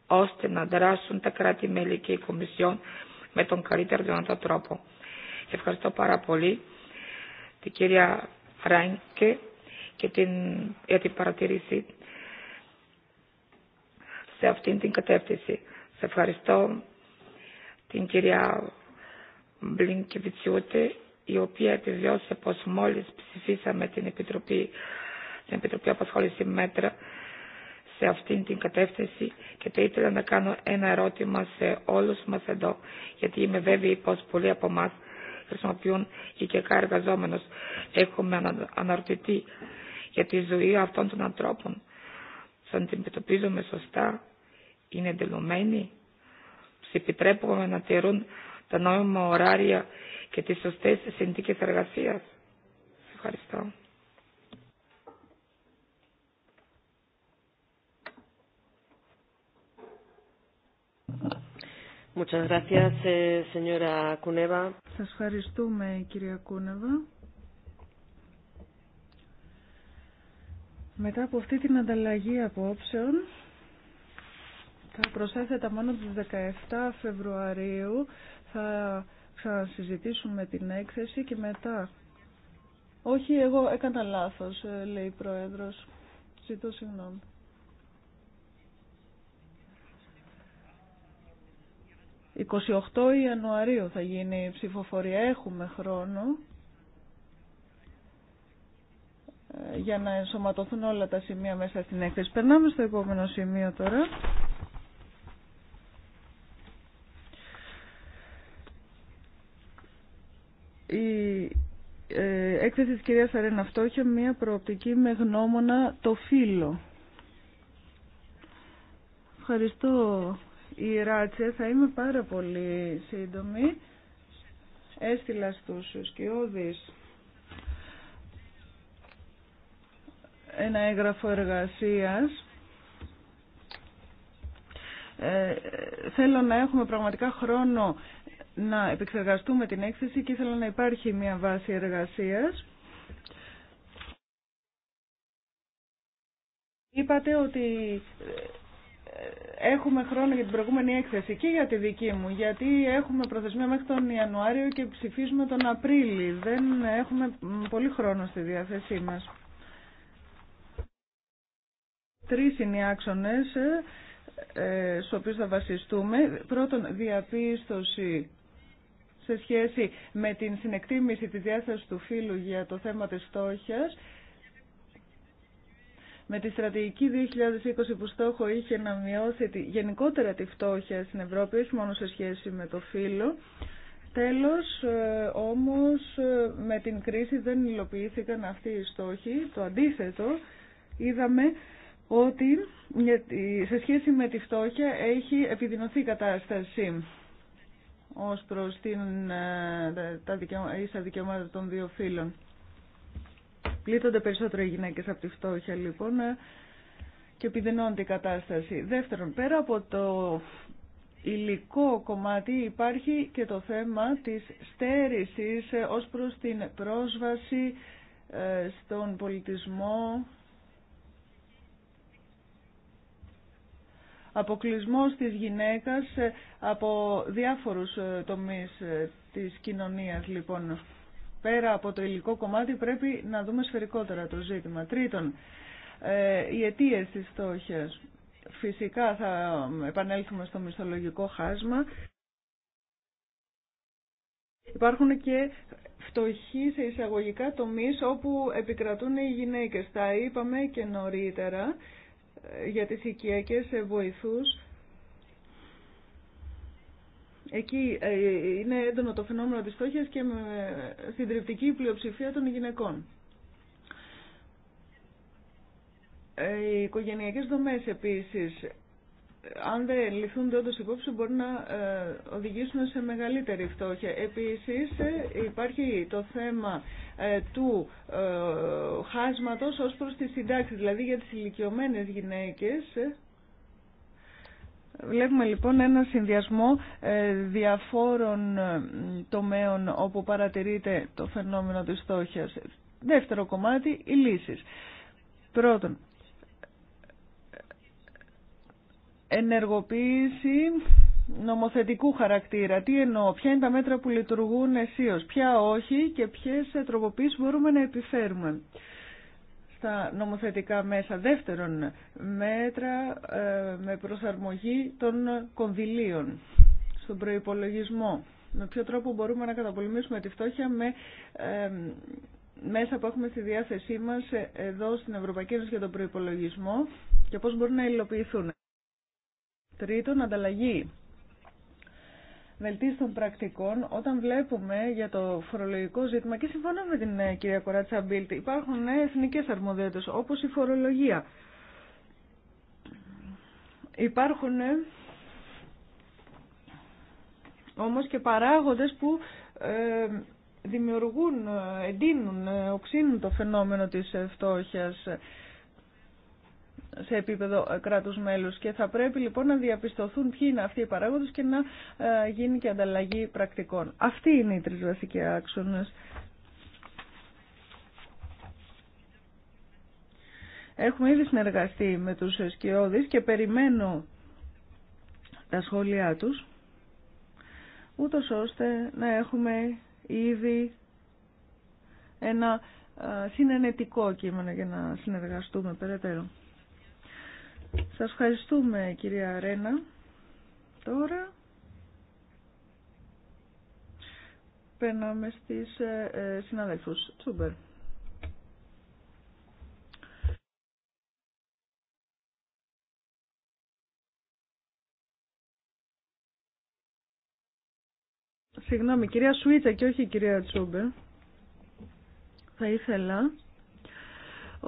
Speaker 4: ώστε να δράσουν τα κράτη-μέλη και η Κομισιόν με τον καλύτερο δυνατό τρόπο. ευχαριστώ πάρα πολύ την κυρία Ράινκε και την, για την παρατηρήση σε αυτήν την κατεύθυνση. Σε ευχαριστώ την κυρία Μπλίνκεβιτσιούτη, η οποία επιβιώσε πως μόλις ψηφίσαμε την Επιτροπή, την Επιτροπή Απασχόληση Μέτρα σε αυτήν την κατεύθυνση και θα ήθελα να κάνω ένα ερώτημα σε όλους μας εδώ, γιατί είμαι βέβαιη πως πολλοί από εμά χρησιμοποιούν οικιακά εργαζόμενος. Έχουμε αναρωτηθεί για τη ζωή αυτών των ανθρώπων. Σαν την αντιμετωπίζουμε σωστά, είναι εντελωμένοι, τους επιτρέπουμε να τηρούν τα νόμιμα ωράρια και τις σωστές συνθήκες εργασίας. Ευχαριστώ. Muchas eh,
Speaker 2: Σας ευχαριστούμε, κυρία Κούνεβα. Μετά από αυτή την ανταλλαγή απόψεων, θα προσέθετα μόνο το 17 Φεβρουαρίου, θα ξανασυζητήσουμε την έκθεση και μετά. Όχι, εγώ έκανα λάθος, ε, λέει η Πρόεδρος. Ζητώ συγγνώμη. 28 Ιανουαρίου θα γίνει η ψηφοφορία. Έχουμε χρόνο ε, για να ενσωματωθούν όλα τα σημεία μέσα στην έκθεση. Περνάμε στο επόμενο σημείο τώρα. Η ε, έκθεση της κυρίας Αρένα έχει μια προοπτική με γνώμονα το φύλλο. Ευχαριστώ η Ράτσε, θα είμαι πάρα πολύ σύντομη. Έστειλα στους σκιώδεις ένα έγγραφο εργασίας. Ε, θέλω να έχουμε πραγματικά χρόνο να επεξεργαστούμε την έκθεση και ήθελα να υπάρχει μια βάση εργασίας. Είπατε ότι έχουμε χρόνο για την προηγούμενη έκθεση και για τη δική μου, γιατί έχουμε προθεσμία μέχρι τον Ιανουάριο και ψηφίζουμε τον Απρίλη. Δεν έχουμε πολύ χρόνο στη διάθεσή μας. Τρεις είναι οι άξονες ε, ε στους οποίους θα βασιστούμε. Πρώτον, διαπίστωση σε σχέση με την συνεκτίμηση της διάθεσης του φύλου για το θέμα της φτώχειας με τη στρατηγική 2020 που στόχο είχε να μειώσει τη, γενικότερα τη φτώχεια στην Ευρώπη, όχι μόνο σε σχέση με το φύλλο. Τέλος, ε, όμως, ε, με την κρίση δεν υλοποιήθηκαν αυτοί οι στόχοι. Το αντίθετο, είδαμε ότι σε σχέση με τη φτώχεια έχει επιδεινωθεί η κατάσταση ως προς την, ε, τα δικαιώματα των δύο φύλων. Πλήττονται περισσότερο οι γυναίκε από τη φτώχεια λοιπόν ε, και επιδεινώνεται η κατάσταση. Δεύτερον, πέρα από το υλικό κομμάτι υπάρχει και το θέμα της στέρησης ε, ως προς την πρόσβαση ε, στον πολιτισμό, αποκλεισμός της γυναίκας από διάφορους τομείς της κοινωνίας λοιπόν πέρα από το υλικό κομμάτι πρέπει να δούμε σφαιρικότερα το ζήτημα. Τρίτον, ε, οι αιτίε τη φτώχεια. Φυσικά θα επανέλθουμε στο μισθολογικό χάσμα. Υπάρχουν και φτωχοί σε εισαγωγικά τομείς όπου επικρατούν οι γυναίκες. Τα είπαμε και νωρίτερα ε, για τις οικιακές βοηθούς Εκεί ε, είναι έντονο το φαινόμενο της φτώχειας και με συντριπτική πλειοψηφία των γυναικών. Ε, οι οικογενειακές δομές επίσης, αν δεν ληφθούν όντως υπόψη, μπορεί να ε, οδηγήσουν σε μεγαλύτερη φτώχεια. Επίσης υπάρχει το θέμα του χάσματος ως προς τη συντάξη, δηλαδή για τις ηλικιωμένες γυναίκες, Βλέπουμε λοιπόν ένα συνδυασμό ε, διαφόρων ε, τομέων όπου παρατηρείται το φαινόμενο της στόχιας. Δεύτερο κομμάτι, οι λύσεις. Πρώτον, ενεργοποίηση νομοθετικού χαρακτήρα. Τι εννοώ, ποια είναι τα μέτρα που λειτουργούν αισίως, ποια όχι και ποιες τροποποίησεις μπορούμε να επιφέρουμε στα νομοθετικά μέσα. Δεύτερον, μέτρα ε, με προσαρμογή των κονδυλίων στον προϋπολογισμό. Με ποιο τρόπο μπορούμε να καταπολεμήσουμε τη φτώχεια με ε, μέσα που έχουμε στη διάθεσή μας ε, εδώ στην Ευρωπαϊκή Ένωση για τον προϋπολογισμό και πώς μπορούν να υλοποιηθούν. Τρίτον, ανταλλαγή βελτίστων πρακτικών όταν βλέπουμε για το φορολογικό ζήτημα και συμφωνώ με την ε, κυρία Κοράτσα Μπίλτη υπάρχουν ε, εθνικές αρμοδιότητες όπως η φορολογία. Υπάρχουν ε, όμως και παράγοντες που δημιουργούν, εντείνουν, οξύνουν το φαινόμενο της φτώχειας σε επίπεδο ε, κράτους μέλους και θα πρέπει λοιπόν να διαπιστωθούν ποιοι είναι αυτοί οι παράγοντες και να ε, γίνει και ανταλλαγή πρακτικών. Αυτή είναι η τρεις βασικοί άξονες. Έχουμε ήδη συνεργαστεί με τους σκιώδεις και περιμένω τα σχόλιά τους, ούτω ώστε να έχουμε ήδη ένα ε, συνενετικό κείμενο για να συνεργαστούμε περαιτέρω. Σας ευχαριστούμε κυρία Ρένα. Τώρα περνάμε στις ε, ε συναδέλφους. Τσούμπερ. Συγγνώμη, κυρία Σουίτσα και όχι κυρία Τσούμπερ. Θα ήθελα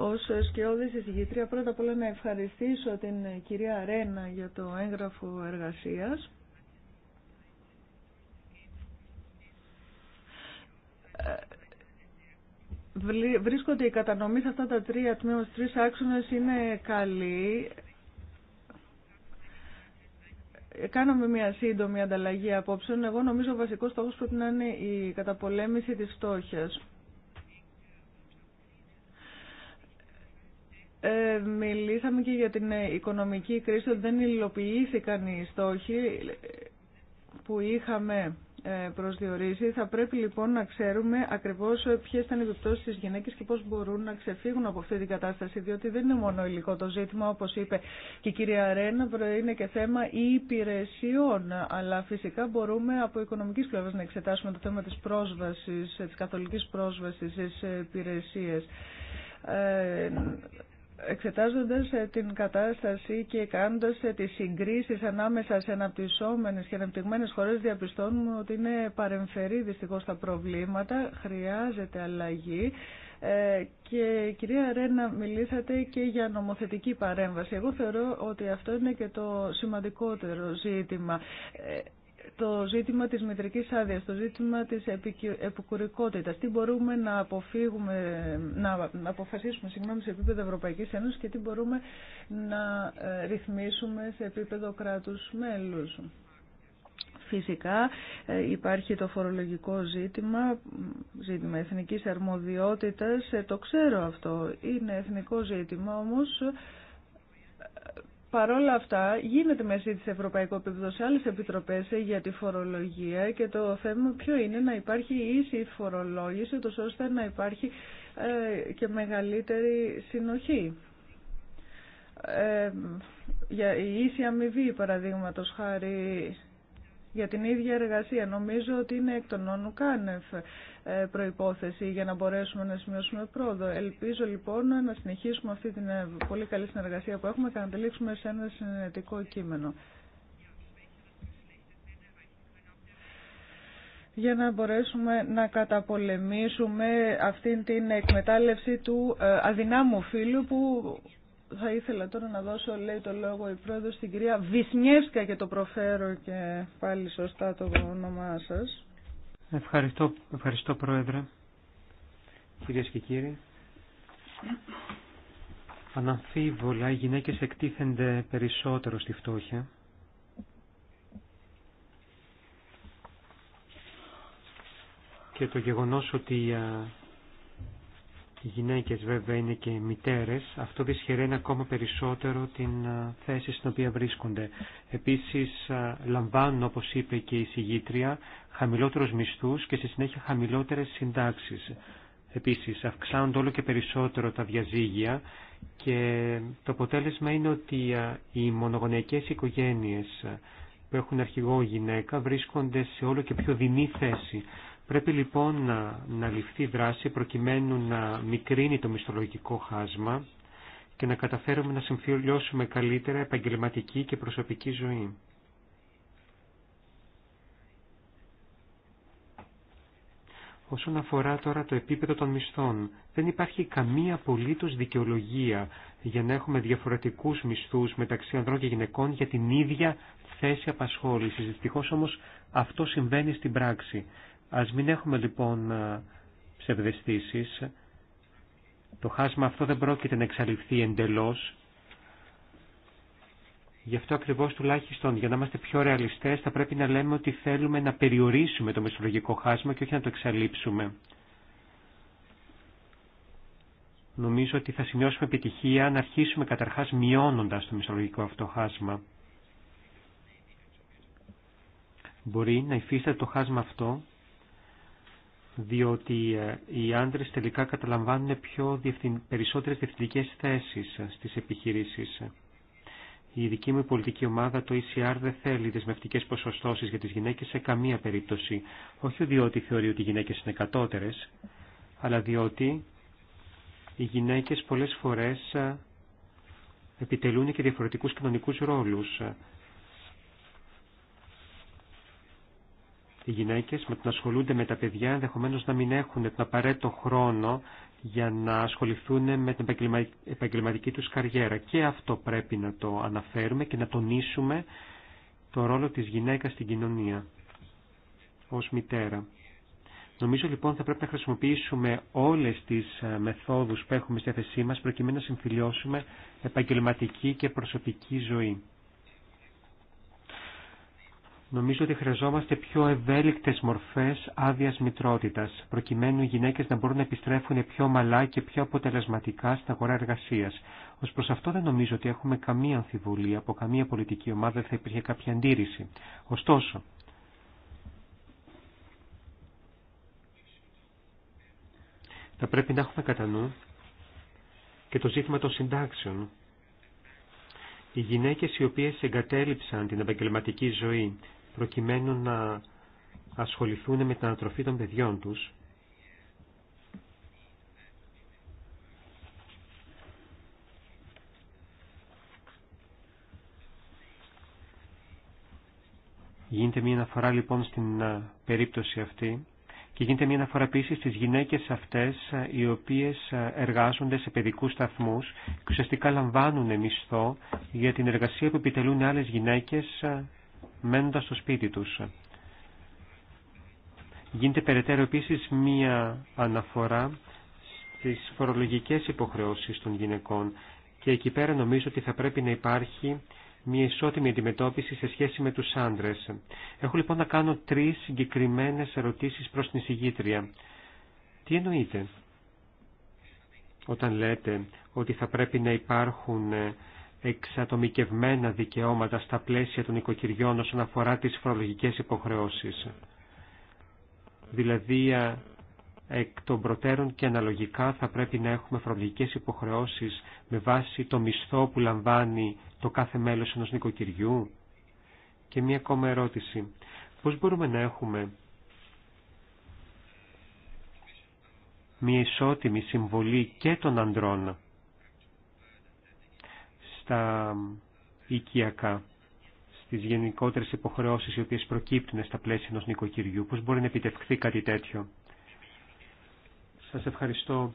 Speaker 2: ως σκιώδης εισηγήτρια πρώτα απ' όλα να ευχαριστήσω την κυρία Ρένα για το έγγραφο εργασίας. Βρίσκονται η κατανομή αυτά τα τρία τμήματα, στις τρεις άξονες είναι καλή. Κάναμε μια σύντομη ανταλλαγή απόψεων. Εγώ νομίζω ο βασικός στόχος πρέπει να είναι η καταπολέμηση της φτώχειας. Ε, μιλήσαμε και για την ε, οικονομική κρίση, ότι δεν υλοποιήθηκαν οι στόχοι ε, που είχαμε προσδιορίσει. Θα πρέπει λοιπόν να ξέρουμε ακριβώς ποιες ήταν οι επιπτώσεις στις γυναίκες και πώς μπορούν να ξεφύγουν από αυτή την κατάσταση, διότι δεν είναι μόνο υλικό το ζήτημα, όπως είπε και η κυρία Ρένα, είναι και θέμα υπηρεσιών, αλλά φυσικά μπορούμε από οικονομικής πλευράς να εξετάσουμε το θέμα της πρόσβασης, της καθολικής πρόσβασης στις υπηρεσίες εξετάζοντας ε, την κατάσταση και κάνοντας ε, τις συγκρίσεις ανάμεσα σε αναπτυσσόμενες και αναπτυγμένες χώρες διαπιστώνουμε ότι είναι παρεμφερή δυστυχώς τα προβλήματα, χρειάζεται αλλαγή ε, και κυρία Ρένα μιλήσατε και για νομοθετική παρέμβαση. Εγώ θεωρώ ότι αυτό είναι και το σημαντικότερο ζήτημα το ζήτημα της μετρικής άδειας, το ζήτημα της επικουρικότητας, τι μπορούμε να, αποφύγουμε, να αποφασίσουμε συγγνώμη, σε επίπεδο Ευρωπαϊκής Ένωσης και τι μπορούμε να ε, ρυθμίσουμε σε επίπεδο κράτους μέλους. Φυσικά ε, υπάρχει το φορολογικό ζήτημα, ζήτημα εθνικής αρμοδιότητας, ε, το ξέρω αυτό, είναι εθνικό ζήτημα όμως παρόλα αυτά γίνεται μέσα σε ευρωπαϊκό επίπεδο σε άλλες επιτροπές για τη φορολογία και το θέμα ποιο είναι να υπάρχει ίση φορολόγηση ώστε να υπάρχει ε, και μεγαλύτερη συνοχή. Ε, για η ίση αμοιβή παραδείγματος χάρη για την ίδια εργασία. Νομίζω ότι είναι εκ των κάνευ ε, προϋπόθεση για να μπορέσουμε να σημειώσουμε πρόοδο. Ελπίζω λοιπόν να συνεχίσουμε αυτή την ε, πολύ καλή συνεργασία που έχουμε και να τελείξουμε σε ένα συνεργατικό κείμενο. για να μπορέσουμε να καταπολεμήσουμε αυτήν την εκμετάλλευση του ε, αδυνάμου φίλου που θα ήθελα τώρα να δώσω, λέει το λόγο η πρόεδρος, στην κυρία Βυσνιεύσκα και το προφέρω και πάλι σωστά το όνομά σας.
Speaker 1: Ευχαριστώ, ευχαριστώ πρόεδρε, κυρίες και κύριοι. Αναμφίβολα οι γυναίκες εκτίθενται περισσότερο στη φτώχεια. Και το γεγονός ότι οι γυναίκες βέβαια είναι και μητέρες. Αυτό δυσχεραίνει ακόμα περισσότερο την θέση στην οποία βρίσκονται. Επίσης λαμβάνουν, όπως είπε και η συγγήτρια, χαμηλότερους μισθούς και στη συνέχεια χαμηλότερες συντάξεις. Επίσης αυξάνονται όλο και περισσότερο τα διαζύγια και το αποτέλεσμα είναι ότι οι μονογονεϊκές οικογένειες που έχουν αρχηγό γυναίκα βρίσκονται σε όλο και πιο δεινή θέση Πρέπει λοιπόν να, να ληφθεί δράση προκειμένου να μικρύνει το μισθολογικό χάσμα και να καταφέρουμε να συμφιλιώσουμε καλύτερα επαγγελματική και προσωπική ζωή. Όσον αφορά τώρα το επίπεδο των μισθών, δεν υπάρχει καμία απολύτως δικαιολογία για να έχουμε διαφορετικούς μισθούς μεταξύ ανδρών και γυναικών για την ίδια θέση απασχόλησης. Δυστυχώς όμως αυτό συμβαίνει στην πράξη. Ας μην έχουμε λοιπόν ε, ψευδεστήσεις. Το χάσμα αυτό δεν πρόκειται να εξαλειφθεί εντελώς. Γι' αυτό ακριβώς τουλάχιστον για να είμαστε πιο ρεαλιστές θα πρέπει να λέμε ότι θέλουμε να περιορίσουμε το μεσολογικό χάσμα και όχι να το εξαλείψουμε. Νομίζω ότι θα σημειώσουμε επιτυχία να αρχίσουμε καταρχάς μειώνοντας το μεσολογικό αυτό χάσμα. Μπορεί να υφίσταται το χάσμα αυτό διότι ε, οι άντρες τελικά καταλαμβάνουν πιο διευθυν, περισσότερες διευθυντικές θέσεις ε, στις επιχειρήσεις. Η δική μου πολιτική ομάδα, το ECR, δεν θέλει δεσμευτικές ποσοστώσεις για τις γυναίκες σε καμία περίπτωση. Όχι διότι θεωρεί ότι οι γυναίκες είναι κατώτερες, αλλά διότι οι γυναίκες πολλές φορές ε, επιτελούν και διαφορετικούς κοινωνικούς ρόλους οι γυναίκες με το να ασχολούνται με τα παιδιά ενδεχομένω να μην έχουν τον απαραίτητο χρόνο για να ασχοληθούν με την επαγγελματική τους καριέρα. Και αυτό πρέπει να το αναφέρουμε και να τονίσουμε το ρόλο της γυναίκας στην κοινωνία ως μητέρα. Νομίζω λοιπόν θα πρέπει να χρησιμοποιήσουμε όλες τις ε, μεθόδους που έχουμε στη θέση μας προκειμένου να συμφιλιώσουμε επαγγελματική και προσωπική ζωή. Νομίζω ότι χρειαζόμαστε πιο ευέλικτες μορφές άδειας μητρότητας, προκειμένου οι γυναίκες να μπορούν να επιστρέφουν πιο μαλά και πιο αποτελεσματικά στην αγορά εργασίας. Ως προς αυτό δεν νομίζω ότι έχουμε καμία αμφιβολία, από καμία πολιτική ομάδα θα υπήρχε κάποια αντίρρηση. Ωστόσο, θα πρέπει να έχουμε κατά νου και το ζήτημα των συντάξεων. Οι γυναίκες οι οποίες εγκατέλειψαν την επαγγελματική ζωή προκειμένου να ασχοληθούν με την ανατροφή των παιδιών τους. Γίνεται μια αναφορά λοιπόν στην περίπτωση αυτή και γίνεται μια αναφορά επίση στις γυναίκες αυτές οι οποίες εργάζονται σε παιδικούς σταθμούς και ουσιαστικά λαμβάνουν μισθό για την εργασία που επιτελούν άλλες γυναίκες μένοντας στο σπίτι τους. Γίνεται περαιτέρω επίσης μία αναφορά στις φορολογικές υποχρεώσεις των γυναικών και εκεί πέρα νομίζω ότι θα πρέπει να υπάρχει μια ισότιμη αντιμετώπιση σε σχέση με τους άντρες. Έχω λοιπόν να κάνω τρεις συγκεκριμένε ερωτήσεις προς την εισηγήτρια. Τι εννοείτε όταν λέτε ότι θα πρέπει να υπάρχουν ε, εξατομικευμένα δικαιώματα στα πλαίσια των οικοκυριών όσον αφορά τις φορολογικές υποχρεώσεις. Δηλαδή, εκ των προτέρων και αναλογικά θα πρέπει να έχουμε φορολογικές υποχρεώσεις με βάση το μισθό που λαμβάνει το κάθε μέλος ενός νοικοκυριού. Και μία ακόμα ερώτηση. Πώς μπορούμε να έχουμε μία ισότιμη συμβολή και των ανδρών στα οικιακά, στις γενικότερες υποχρεώσεις οι οποίες προκύπτουν στα πλαίσια ενός νοικοκυριού. Πώς μπορεί να επιτευχθεί κάτι τέτοιο. Σας ευχαριστώ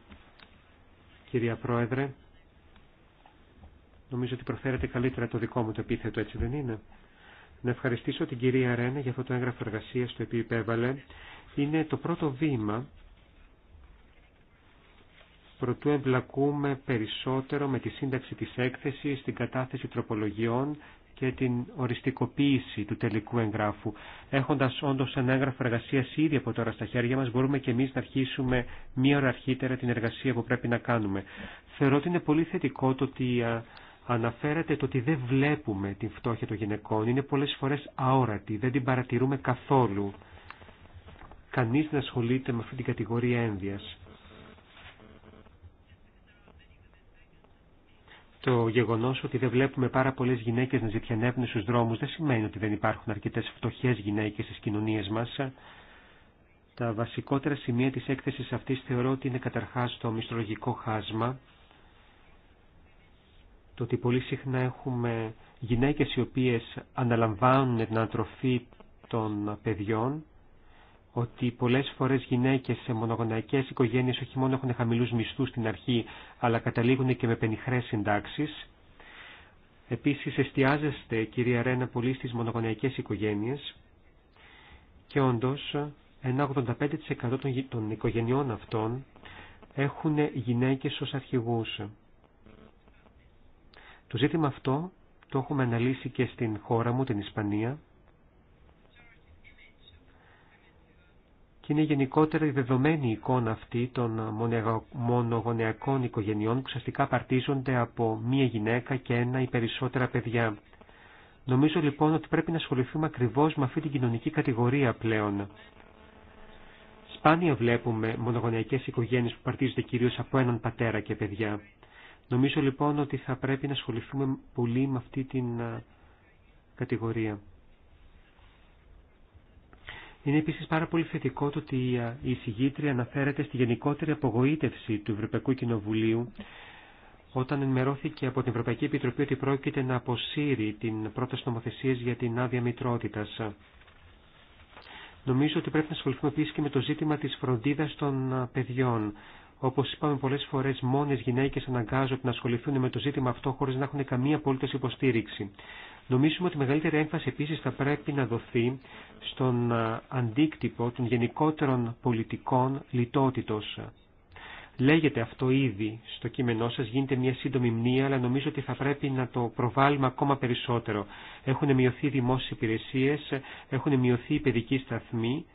Speaker 1: κυρία Πρόεδρε. Νομίζω ότι προφέρετε καλύτερα το δικό μου το επίθετο, έτσι δεν είναι. Να ευχαριστήσω την κυρία Ρένα για αυτό το έγγραφο εργασία το οποίο υπέβαλε. Είναι το πρώτο βήμα προτού εμπλακούμε περισσότερο με τη σύνταξη της έκθεσης, την κατάθεση τροπολογιών και την οριστικοποίηση του τελικού εγγράφου. Έχοντας όντως ένα έγγραφο εργασία ήδη από τώρα στα χέρια μας, μπορούμε και εμείς να αρχίσουμε μία ώρα αρχίτερα την εργασία που πρέπει να κάνουμε. Θεωρώ ότι είναι πολύ θετικό το ότι αναφέρεται το ότι δεν βλέπουμε την φτώχεια των γυναικών. Είναι πολλές φορές αόρατη, δεν την παρατηρούμε καθόλου. Κανείς δεν ασχολείται με αυτή την κατηγορία ένδυας. Το γεγονό ότι δεν βλέπουμε πάρα πολλέ γυναίκε να ζητιανεύουν στου δρόμου δεν σημαίνει ότι δεν υπάρχουν αρκετέ φτωχέ γυναίκε στις κοινωνίες μα. Τα βασικότερα σημεία της έκθεσης αυτής θεωρώ ότι είναι καταρχάς το μισθολογικό χάσμα, το ότι πολύ συχνά έχουμε γυναίκες οι οποίες αναλαμβάνουν την ανατροφή των παιδιών ότι πολλές φορές γυναίκες σε μονογονεϊκές οικογένειες όχι μόνο έχουν χαμηλούς μισθούς στην αρχή, αλλά καταλήγουν και με πενιχρές συντάξεις. Επίσης εστιάζεστε, κυρία Ρένα, πολύ στις μονογονεϊκές οικογένειες και όντως ένα 85% των οικογενειών αυτών έχουν γυναίκες ως αρχηγούς. Το ζήτημα αυτό το έχουμε αναλύσει και στην χώρα μου, την Ισπανία, και είναι γενικότερα η δεδομένη εικόνα αυτή των μονογονεακών οικογενειών που ουσιαστικά παρτίζονται από μία γυναίκα και ένα ή περισσότερα παιδιά. Νομίζω λοιπόν ότι πρέπει να ασχοληθούμε ακριβώς με αυτή την κοινωνική κατηγορία πλέον. Σπάνια βλέπουμε μονογονεακές οικογένειες που παρτίζονται κυρίως από έναν πατέρα και παιδιά. Νομίζω λοιπόν ότι θα πρέπει να ασχοληθούμε πολύ με αυτή την κατηγορία. Είναι επίση πάρα πολύ θετικό το ότι ε, η συγγήτρια αναφέρεται στη γενικότερη απογοήτευση του Ευρωπαϊκού Κοινοβουλίου όταν ενημερώθηκε από την Ευρωπαϊκή Επιτροπή ότι πρόκειται να αποσύρει την πρόταση νομοθεσία για την άδεια μητρότητα. Νομίζω ότι πρέπει να ασχοληθούμε επίση και με το ζήτημα τη φροντίδα των ε, παιδιών. Όπω είπαμε πολλέ φορέ, μόνε γυναίκε αναγκάζονται να ασχοληθούν με το ζήτημα αυτό χωρί να έχουν καμία απολύτω υποστήριξη. Νομίζουμε ότι μεγαλύτερη έμφαση επίσης θα πρέπει να δοθεί στον αντίκτυπο των γενικότερων πολιτικών λιτότητος. Λέγεται αυτό ήδη στο κείμενό σας, γίνεται μια σύντομη μνήμα, αλλά νομίζω ότι θα πρέπει να το προβάλλουμε ακόμα περισσότερο. Έχουν μειωθεί οι δημόσιες υπηρεσίες, έχουν μειωθεί οι παιδικοί σταθμοί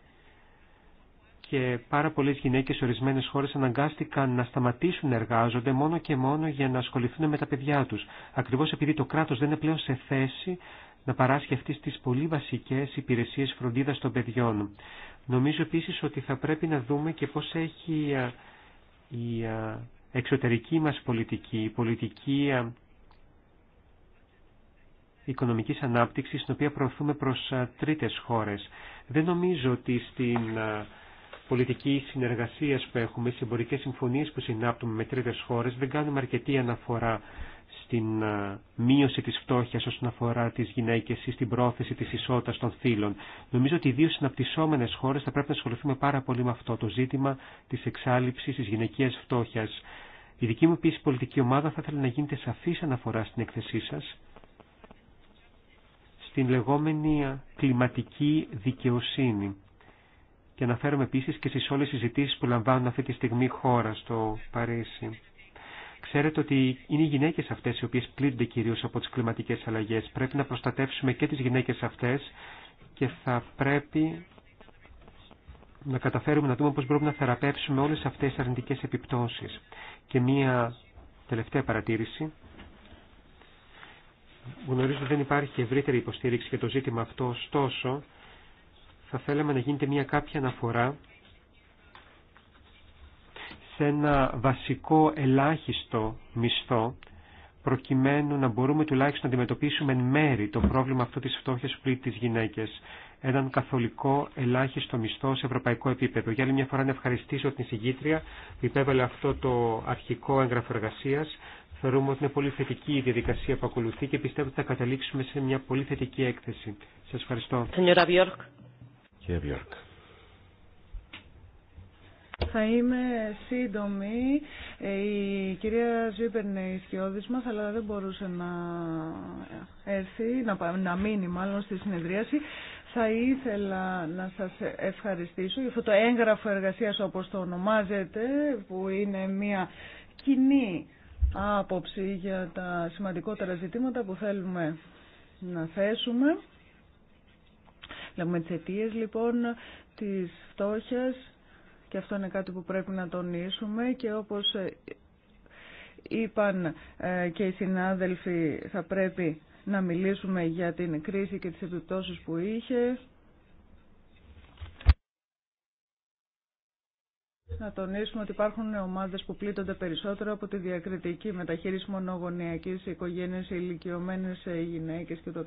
Speaker 1: και πάρα πολλές γυναίκες σε ορισμένες χώρες αναγκάστηκαν να σταματήσουν να εργάζονται μόνο και μόνο για να ασχοληθούν με τα παιδιά τους, ακριβώς επειδή το κράτος δεν είναι πλέον σε θέση να παράσχει αυτές τις πολύ βασικές υπηρεσίες φροντίδας των παιδιών. Νομίζω επίσης ότι θα πρέπει να δούμε και πώς έχει η εξωτερική μας πολιτική, η πολιτική οικονομική ανάπτυξης, στην οποία προωθούμε προς τρίτες χώρες. Δεν νομίζω ότι στην πολιτική συνεργασία που έχουμε, στι εμπορικέ συμφωνίε που συνάπτουμε με τρίτε χώρε, δεν κάνουμε αρκετή αναφορά στην ε, μείωση τη φτώχεια όσον αφορά τι γυναίκε ή στην πρόθεση τη ισότητα των φύλων. Νομίζω ότι οι δύο συναπτυσσόμενε χώρε θα πρέπει να ασχοληθούμε πάρα πολύ με αυτό το ζήτημα τη εξάλληψη τη γυναικεία φτώχεια. Η δική μου επίση πολιτική ομάδα θα ήθελε να γίνεται σαφή αναφορά στην προθεση τη ισοτητα των θυλων νομιζω οτι οι δυο συναπτυσσομενε χωρε θα πρεπει να ασχοληθουμε παρα πολυ με αυτο το ζητημα τη εξαλληψη τη γυναικεια φτωχεια η δικη μου επιση πολιτικη ομαδα θα ηθελε να γινεται σαφη αναφορα στην εκθεση σα στην λεγόμενη κλιματική δικαιοσύνη και αναφέρομαι επίσης και στις όλες τις συζητήσεις που λαμβάνουν αυτή τη στιγμή χώρα στο Παρίσι. Ξέρετε ότι είναι οι γυναίκες αυτές οι οποίες πλήττονται κυρίως από τις κλιματικές αλλαγές. Πρέπει να προστατεύσουμε και τις γυναίκες αυτές και θα πρέπει να καταφέρουμε να δούμε πώς μπορούμε να θεραπεύσουμε όλες αυτές τις αρνητικές επιπτώσεις. Και μία τελευταία παρατήρηση. Γνωρίζω ότι δεν υπάρχει ευρύτερη υποστήριξη για το ζήτημα αυτό, ωστόσο θα θέλαμε να γίνεται μια κάποια αναφορά σε ένα βασικό ελάχιστο μισθό προκειμένου να μπορούμε τουλάχιστον να αντιμετωπίσουμε εν μέρη το πρόβλημα αυτό της φτώχειας που πλήττει τις γυναίκες. Έναν καθολικό ελάχιστο μισθό σε ευρωπαϊκό επίπεδο. Για άλλη μια φορά να ευχαριστήσω την συγκήτρια που υπέβαλε αυτό το αρχικό έγγραφο εργασία. Θεωρούμε ότι είναι πολύ θετική η διαδικασία που ακολουθεί και πιστεύω ότι θα καταλήξουμε σε μια πολύ θετική έκθεση. Σας ευχαριστώ.
Speaker 2: Θα είμαι σύντομη. Ε, η κυρία Ζήπερνε είναι ισχυώδης μας, αλλά δεν μπορούσε να έρθει, να, να μείνει μάλλον στη συνεδρίαση. Θα ήθελα να σας ευχαριστήσω για αυτό το έγγραφο εργασίας όπως το ονομάζεται, που είναι μια κοινή άποψη για τα σημαντικότερα ζητήματα που θέλουμε να θέσουμε. Λέγουμε τι αιτίε λοιπόν τη φτώχεια και αυτό είναι κάτι που πρέπει να τονίσουμε και όπως ε, είπαν ε, και οι συνάδελφοι θα πρέπει να μιλήσουμε για την κρίση και τις επιπτώσεις που είχε. Να τονίσουμε ότι υπάρχουν ομάδες που πλήττονται περισσότερο από τη διακριτική μεταχείριση μονογονιακής οικογένειας, ηλικιωμένες ε, γυναίκες και το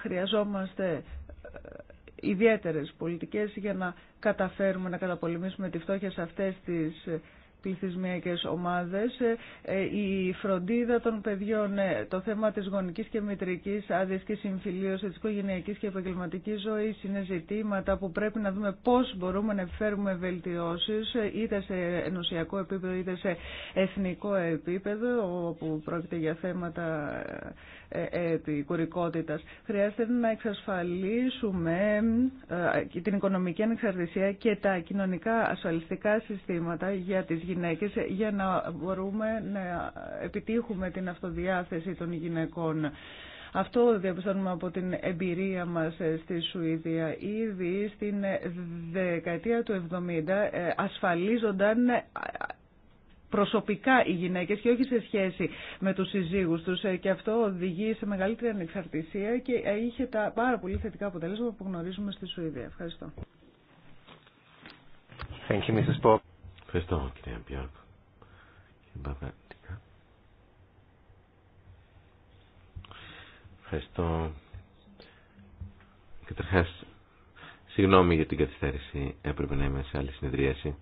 Speaker 2: χρειαζόμαστε ε, ιδιαίτερες πολιτικές για να καταφέρουμε να καταπολεμήσουμε τη φτώχεια σε αυτές τις ε, πληθυσμιακές ομάδες, ε, η φροντίδα των παιδιών, το θέμα της γονικής και μητρικής άδειας και συμφιλίωση της οικογενειακής και επαγγελματικής ζωής είναι ζητήματα που πρέπει να δούμε πώς μπορούμε να φέρουμε βελτιώσεις είτε σε ενωσιακό επίπεδο είτε σε εθνικό επίπεδο όπου πρόκειται για θέματα ε, ε, κορικότητας. Χρειάζεται να εξασφαλίσουμε ε, την οικονομική ανεξαρτησία και τα κοινωνικά ασφαλιστικά συστήματα για τις γυναίκες για να μπορούμε να επιτύχουμε την αυτοδιάθεση των γυναικών. Αυτό διαπιστώνουμε από την εμπειρία μας στη Σουηδία. Ήδη στην δεκαετία του 70 ασφαλίζονταν προσωπικά οι γυναίκες και όχι σε σχέση με τους συζύγους τους ε, και αυτό οδηγεί σε μεγαλύτερη ανεξαρτησία και είχε τα πάρα πολύ θετικά αποτελέσματα που γνωρίζουμε στη Σουηδία. Ευχαριστώ.
Speaker 3: Ευχαριστώ, κυρία Μπιόρκ. Ευχαριστώ. Καταρχάς, συγγνώμη για την καθυστέρηση. Έπρεπε να είμαι σε άλλη συνεδρίαση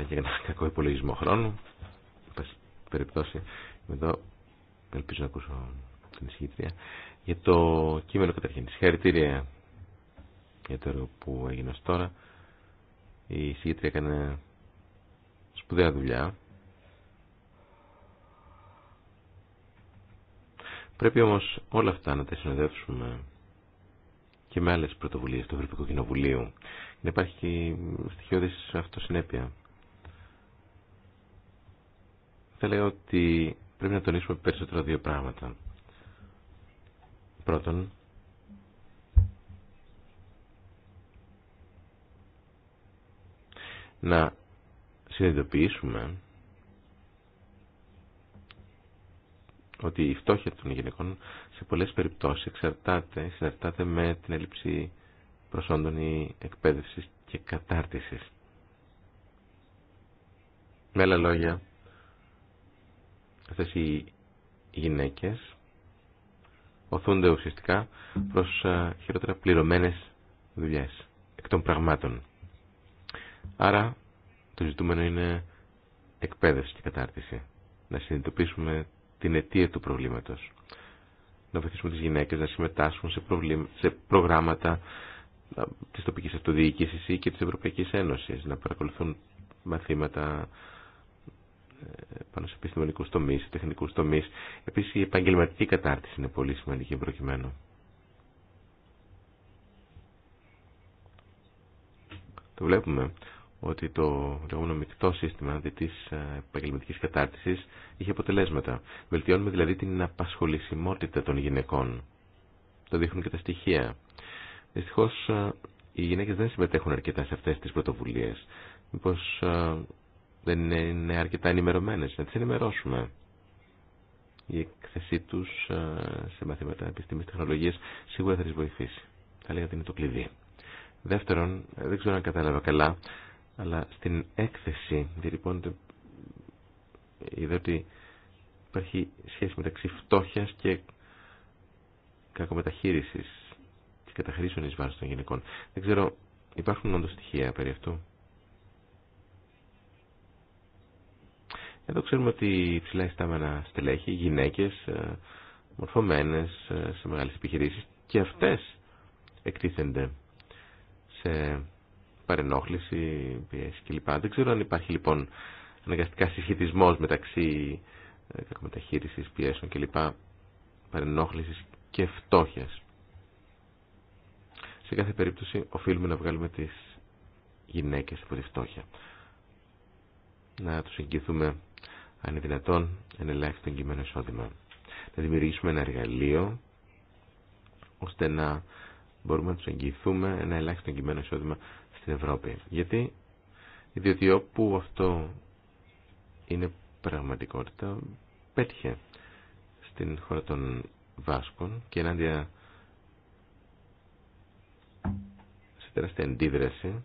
Speaker 3: για ένα κακό υπολογισμό χρόνου. Πάση περιπτώσει, εδώ ελπίζω να ακούσω την ισχύτρια. Για το κείμενο καταρχήν. Συγχαρητήρια για το έργο που έγινε τώρα. Η ισχύτρια έκανε σπουδαία δουλειά. Πρέπει όμως όλα αυτά να τα συνοδεύσουμε και με άλλε πρωτοβουλίε του Ευρωπαϊκού Κοινοβουλίου. Να υπάρχει στοιχειώδης αυτοσυνέπεια θα λέω ότι πρέπει να τονίσουμε περισσότερο δύο πράγματα. Πρώτον, να συνειδητοποιήσουμε ότι η φτώχεια των γυναικών σε πολλές περιπτώσεις εξαρτάται, συναρτάται με την έλλειψη προσόντων ή εκπαίδευσης και κατάρτισης. Με άλλα λόγια, αυτές οι γυναίκες οθούνται ουσιαστικά προς ε, χειρότερα πληρωμένες δουλειές εκ των πραγμάτων. Άρα το ζητούμενο είναι εκπαίδευση και κατάρτιση. Να συνειδητοποιήσουμε την αιτία του προβλήματος. Να βοηθήσουμε τις γυναίκες να συμμετάσχουν σε, σε προγράμματα ε, της τοπικής αυτοδιοίκησης ή και της Ευρωπαϊκής Ένωσης. Να παρακολουθούν μαθήματα πάνω σε επιστημονικούς τομείς, τεχνικούς τομείς. Επίσης η επαγγελματική κατάρτιση είναι πολύ σημαντική προκειμένου. Το βλέπουμε ότι το λεγόμενο μεικτό σύστημα τη ε, επαγγελματική κατάρτιση είχε αποτελέσματα. Βελτιώνουμε δηλαδή την απασχολησιμότητα των γυναικών. Το δείχνουν και τα στοιχεία. Δυστυχώ, ε, οι γυναίκε δεν συμμετέχουν αρκετά σε αυτέ τι πρωτοβουλίε δεν είναι αρκετά ενημερωμένες. Να τις ενημερώσουμε. Η εκθεσή τους ε, σε μαθήματα και τεχνολογίας σίγουρα θα τις βοηθήσει. Θα λέγατε είναι το κλειδί. Δεύτερον, ε, δεν ξέρω αν κατάλαβα καλά, αλλά στην έκθεση διατυπώνεται ότι υπάρχει σχέση μεταξύ φτώχειας και κακομεταχείρισης και καταχρήσεων εις των γυναικών. Δεν ξέρω, υπάρχουν όντως στοιχεία περί αυτού. Εδώ ξέρουμε ότι υψηλά ιστάμενα στελέχη, γυναίκες, ε, μορφωμένες ε, σε μεγάλες επιχειρήσεις και αυτές εκτίθενται σε παρενόχληση, πιέση κλπ. Δεν ξέρω αν υπάρχει λοιπόν αναγκαστικά συσχετισμός μεταξύ ε, κακομεταχείρισης, πιέσεων κλπ. παρενόχλησης και φτώχειας. Σε κάθε περίπτωση οφείλουμε να βγάλουμε τις γυναίκες από τη φτώχεια. Να τους εγγυηθούμε αν είναι δυνατόν, ένα ελάχιστο εγκυμένο εισόδημα. Να δημιουργήσουμε ένα εργαλείο ώστε να μπορούμε να του εγγυηθούμε ένα ελάχιστο κειμένο εισόδημα στην Ευρώπη. Γιατί, διότι όπου αυτό είναι πραγματικότητα, πέτυχε στην χώρα των Βάσκων και ενάντια σε τεράστια αντίδραση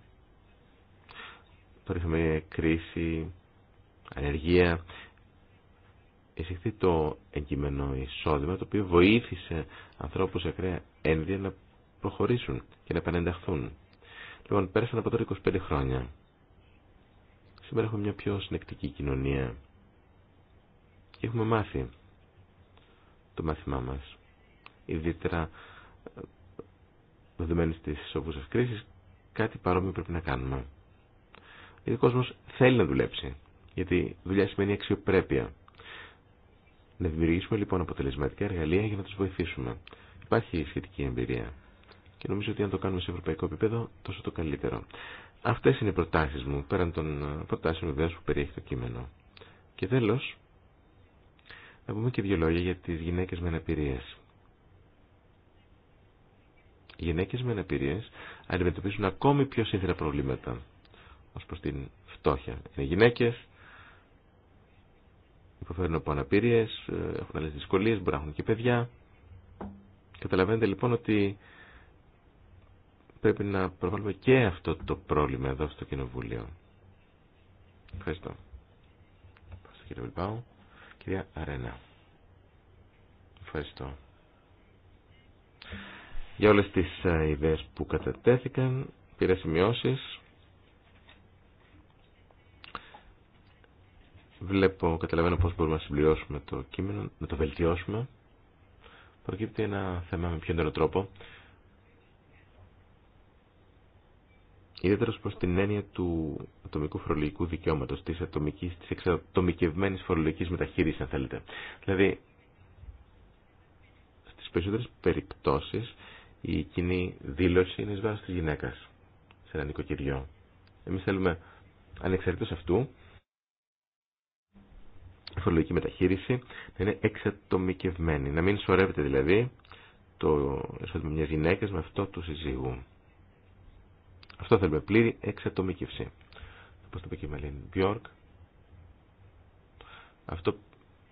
Speaker 3: τώρα είχαμε κρίση, ανεργία εισηχθεί το εγκείμενο εισόδημα το οποίο βοήθησε ανθρώπους σε ακραία ένδια να προχωρήσουν και να επανενταχθούν. Λοιπόν, πέρασαν από τώρα 25 χρόνια. Σήμερα έχουμε μια πιο συνεκτική κοινωνία και έχουμε μάθει το μάθημά μας. Ιδιαίτερα ε, δεδομένη στις σοβούσα κρίση, κάτι παρόμοιο πρέπει να κάνουμε. Γιατί ο κόσμο θέλει να δουλέψει. Γιατί δουλειά σημαίνει αξιοπρέπεια. Να δημιουργήσουμε λοιπόν αποτελεσματικά εργαλεία για να του βοηθήσουμε. Υπάρχει σχετική εμπειρία. Και νομίζω ότι αν το κάνουμε σε ευρωπαϊκό επίπεδο, τόσο το καλύτερο. Αυτέ είναι οι προτάσει μου, πέραν των ε, προτάσεων βεβαίω που περιέχει το κείμενο. Και τέλο, να πούμε και δύο λόγια για τι γυναίκε με αναπηρίε. Οι γυναίκε με αναπηρίε αντιμετωπίζουν ακόμη πιο σύνθερα προβλήματα ω προ την φτώχεια. Είναι γυναίκε, υποφέρουν από αναπηρίε, ε, έχουν άλλε δυσκολίε, μπορεί να έχουν και παιδιά. Καταλαβαίνετε λοιπόν ότι πρέπει να προβάλλουμε και αυτό το πρόβλημα εδώ στο Κοινοβούλιο. Ευχαριστώ. Πάω στο κύριο Βιλπάου. Κυρία Αρένα. Ευχαριστώ. Για όλες τις ε, ιδέες που κατατέθηκαν, πήρα σημειώσεις. Βλέπω, καταλαβαίνω πώς μπορούμε να συμπληρώσουμε το κείμενο, να το βελτιώσουμε. Προκύπτει ένα θέμα με πιο εντερό τρόπο. Ιδιαίτερος προς την έννοια του ατομικού φορολογικού δικαιώματος, της, ατομικής, της εξατομικευμένης φορολογικής μεταχείρισης, αν θέλετε. Δηλαδή, στις περισσότερες περιπτώσεις, η κοινή δήλωση είναι εις βάρος της γυναίκας σε ένα νοικοκυριό. Εμείς θέλουμε, ανεξαρτήτως αυτού, φορολογική μεταχείριση να είναι εξατομικευμένη. Να μην σωρεύεται δηλαδή το εισόδημα μια γυναίκα με αυτό του συζύγου. Αυτό θέλουμε. Πλήρη εξατομικευσή. Όπω το είπε και η Μπιόρκ. Αυτό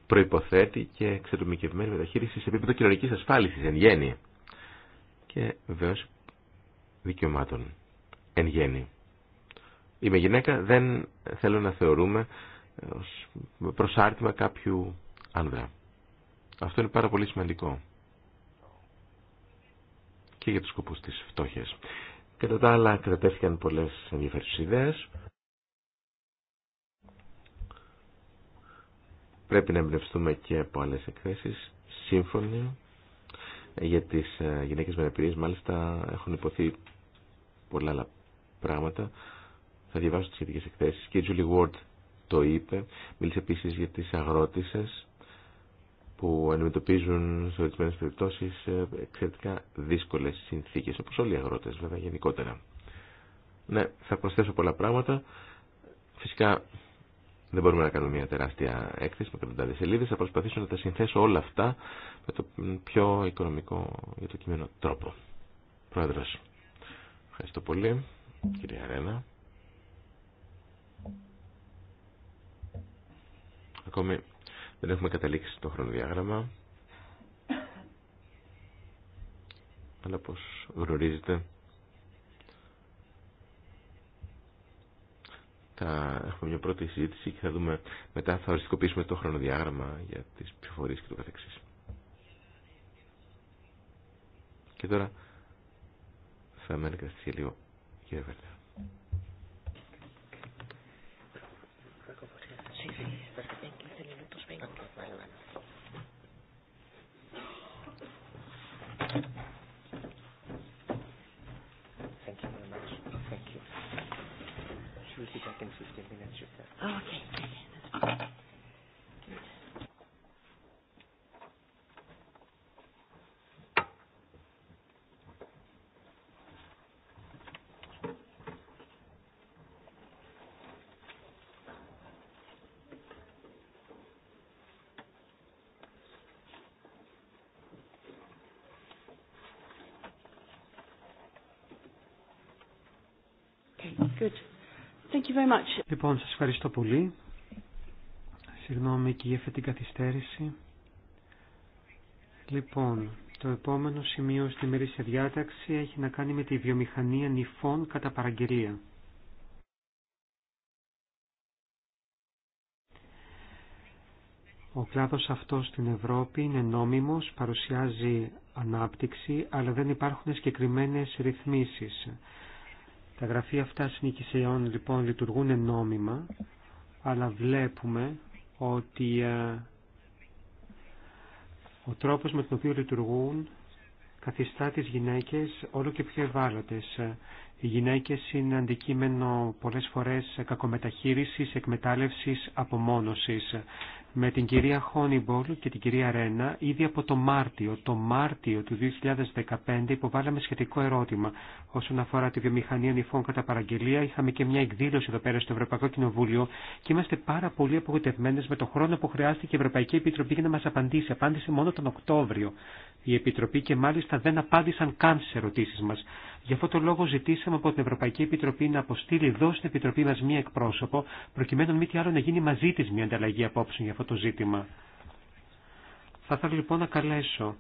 Speaker 3: προϋποθέτει και εξατομικευμένη μεταχείριση σε επίπεδο κοινωνικής ασφάλισης εν γέννη και βεβαίω δικαιωμάτων εν γέννη. Είμαι γυναίκα, δεν θέλω να θεωρούμε ως προσάρτημα κάποιου άνδρα. Αυτό είναι πάρα πολύ σημαντικό και για τους σκοπούς της φτώχειας. Κατά τα άλλα κρατέθηκαν πολλές ενδιαφέρουσες ιδέες. Πρέπει να εμπνευστούμε και από άλλες εκθέσεις. Σύμφωνοι για τις ε, γυναίκες με αναπηρίες μάλιστα έχουν υποθεί πολλά άλλα πράγματα. Θα διαβάσω τις σχετικές εκθέσεις και η Julie Ward το είπε. Μίλησε επίσης για τις αγρότησες που αντιμετωπίζουν σε ορισμένε περιπτώσει ε, εξαιρετικά δύσκολε συνθήκε, όπω όλοι οι αγρότε, βέβαια γενικότερα. Ναι, θα προσθέσω πολλά πράγματα. Φυσικά δεν μπορούμε να κάνουμε μια τεράστια έκθεση με 50 σελίδε. Θα προσπαθήσω να τα συνθέσω όλα αυτά με το πιο οικονομικό για το κείμενο τρόπο. Πρόεδρο, ευχαριστώ πολύ, κυρία Ρένα. Ακόμη δεν έχουμε καταλήξει το χρονοδιάγραμμα. Αλλά όπως γνωρίζετε θα έχουμε μια πρώτη συζήτηση και θα δούμε μετά θα οριστικοποιήσουμε το χρονοδιάγραμμα για τις ψηφορίες και το καθεξής. Και τώρα θα με εργαστεί λίγο κύριε
Speaker 1: Λοιπόν, σας ευχαριστώ πολύ. Συγγνώμη και για αυτή την καθυστέρηση. Λοιπόν, το επόμενο σημείο στη μερίσια διάταξη έχει να κάνει με τη βιομηχανία νυφών κατά παραγγελία. Ο κλάδος αυτός στην Ευρώπη είναι νόμιμος, παρουσιάζει ανάπτυξη, αλλά δεν υπάρχουν συγκεκριμένες ρυθμίσεις. Τα γραφεία αυτά συνοικισεών λοιπόν λειτουργούν νόμιμα, αλλά βλέπουμε ότι ε, ο τρόπος με τον οποίο λειτουργούν καθιστά τις γυναίκες όλο και πιο ευάλωτες. Οι γυναίκες είναι αντικείμενο πολλές φορές κακομεταχείρισης, εκμετάλλευσης, απομόνωσης με την κυρία Χόνιμπολ και την κυρία Ρένα ήδη από το Μάρτιο. Το Μάρτιο του 2015 υποβάλαμε σχετικό ερώτημα. Όσον αφορά τη βιομηχανία νηφών κατά παραγγελία, είχαμε και μια εκδήλωση εδώ πέρα στο Ευρωπαϊκό Κοινοβούλιο και είμαστε πάρα πολύ απογοητευμένε με το χρόνο που χρειάστηκε η Ευρωπαϊκή Επιτροπή για να μα απαντήσει. Απάντησε μόνο τον Οκτώβριο η Επιτροπή και μάλιστα δεν απάντησαν καν στι ερωτήσει μα. Γι' αυτό το λόγο ζητήσαμε από την Ευρωπαϊκή Επιτροπή να αποστείλει εδώ στην Επιτροπή μα μία εκπρόσωπο, προκειμένου μη τι άλλο να γίνει μαζί τη μία ανταλλαγή απόψεων για αυτό το ζήτημα. Θα ήθελα λοιπόν να καλέσω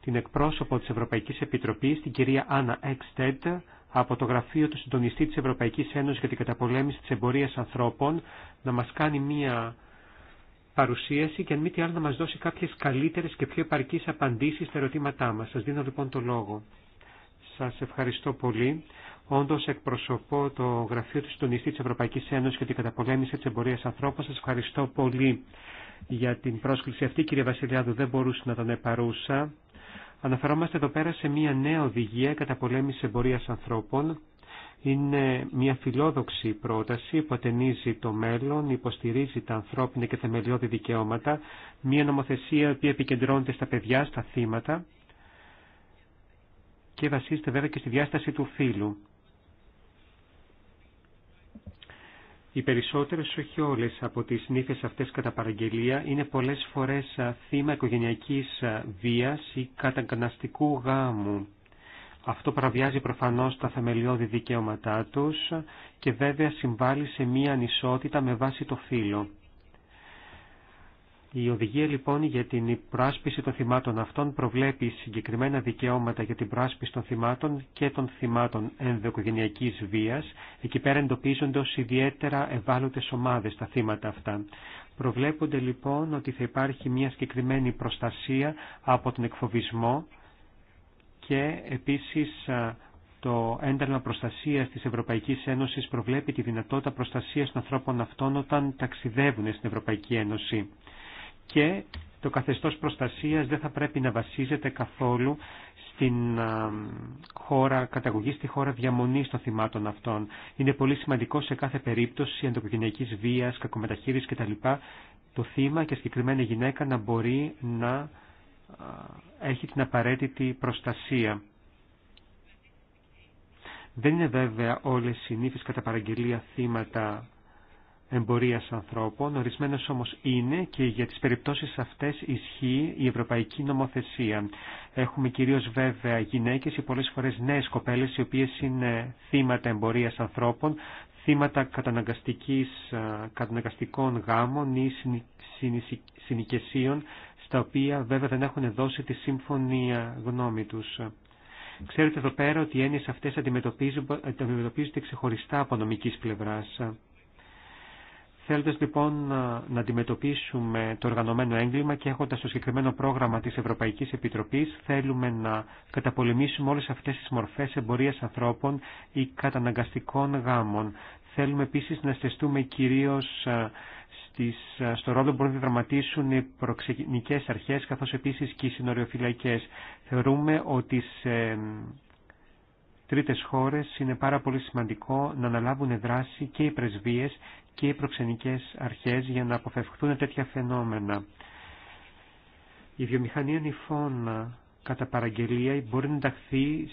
Speaker 1: την εκπρόσωπο τη Ευρωπαϊκή Επιτροπή, την κυρία Άννα Εξτέντ, από το γραφείο του συντονιστή τη Ευρωπαϊκή Ένωση για την καταπολέμηση τη εμπορία ανθρώπων, να μα κάνει μία παρουσίαση και αν μη τι άλλο να μα δώσει κάποιε καλύτερε και πιο επαρκεί απαντήσει στα ερωτήματά μα. Σα δίνω λοιπόν το λόγο. Σας ευχαριστώ πολύ. Όντω εκπροσωπώ το γραφείο του Συντονιστή τη Ευρωπαϊκή Ένωση για την καταπολέμηση τη εμπορία ανθρώπων. Σα ευχαριστώ πολύ για την πρόσκληση αυτή. Κύριε Βασιλιάδου, δεν μπορούσε να τον παρούσα. Αναφερόμαστε εδώ πέρα σε μια νέα οδηγία καταπολέμηση εμπορία ανθρώπων. Είναι μια φιλόδοξη πρόταση που ατενίζει το μέλλον, υποστηρίζει τα ανθρώπινα και θεμελιώδη δικαιώματα, μια νομοθεσία που επικεντρώνεται στα παιδιά, στα θύματα και βασίζεται βέβαια και στη διάσταση του φύλου. Οι περισσότερες, όχι όλες, από τις νύφες αυτές κατά παραγγελία είναι πολλές φορές θύμα οικογενειακής βίας ή καταγκαναστικού γάμου. Αυτό παραβιάζει προφανώς τα θεμελιώδη δικαιώματά τους και βέβαια συμβάλλει σε μία ανισότητα με βάση το φύλλο. Η οδηγία λοιπόν για την προάσπιση των θυμάτων αυτών προβλέπει συγκεκριμένα δικαιώματα για την προάσπιση των θυμάτων και των θυμάτων ενδοοικογενειακής βίας, εκεί πέρα εντοπίζονται ως ιδιαίτερα ευάλωτες ομάδες τα θύματα αυτά. Προβλέπονται λοιπόν ότι θα υπάρχει μια συγκεκριμένη προστασία από τον εκφοβισμό και επίσης το ένταλμα προστασία τη Ευρωπαϊκή Ένωση προβλέπει τη δυνατότητα προστασία των ανθρώπων αυτών όταν ταξιδεύουν στην Ευρωπαϊκή Ένωση και το καθεστώς προστασίας δεν θα πρέπει να βασίζεται καθόλου στην χώρα καταγωγή, στη χώρα διαμονής των θυμάτων αυτών. Είναι πολύ σημαντικό σε κάθε περίπτωση ενδοκογενειακής βίας, κακομεταχείρισης κτλ. το θύμα και συγκεκριμένα η γυναίκα να μπορεί να έχει την απαραίτητη προστασία. Δεν είναι βέβαια όλες οι νύφες κατά παραγγελία θύματα εμπορίας ανθρώπων, ορισμένος όμως είναι και για τις περιπτώσεις αυτές ισχύει η ευρωπαϊκή νομοθεσία. Έχουμε κυρίως βέβαια γυναίκες ή πολλές φορές νέες κοπέλες οι οποίες είναι θύματα εμπορίας ανθρώπων, θύματα καταναγκαστικής, καταναγκαστικών γάμων ή συνοικεσίων στα οποία βέβαια δεν έχουν δώσει τη σύμφωνη γνώμη τους. Ξέρετε εδώ πέρα ότι οι έννοιες αυτές αντιμετωπίζονται ξεχωριστά από νομικής πλευράς. Θέλοντα λοιπόν να αντιμετωπίσουμε το οργανωμένο έγκλημα και έχοντα το συγκεκριμένο πρόγραμμα τη Ευρωπαϊκή Επιτροπή, θέλουμε να καταπολεμήσουμε όλε αυτέ τι μορφέ εμπορία ανθρώπων ή καταναγκαστικών γάμων. Θέλουμε επίση να στεστούμε κυρίω ε, ε, στο ρόλο που μπορούν να δραματίσουν οι προξενικέ αρχέ καθώ επίση και οι συνοριοφυλακέ. Θεωρούμε ότι τρίτες χώρες είναι πάρα πολύ σημαντικό να αναλάβουν δράση και οι πρεσβείες και οι προξενικές αρχές για να αποφευχθούν τέτοια φαινόμενα. Η βιομηχανία νηφών κατά παραγγελία μπορεί να ενταχθεί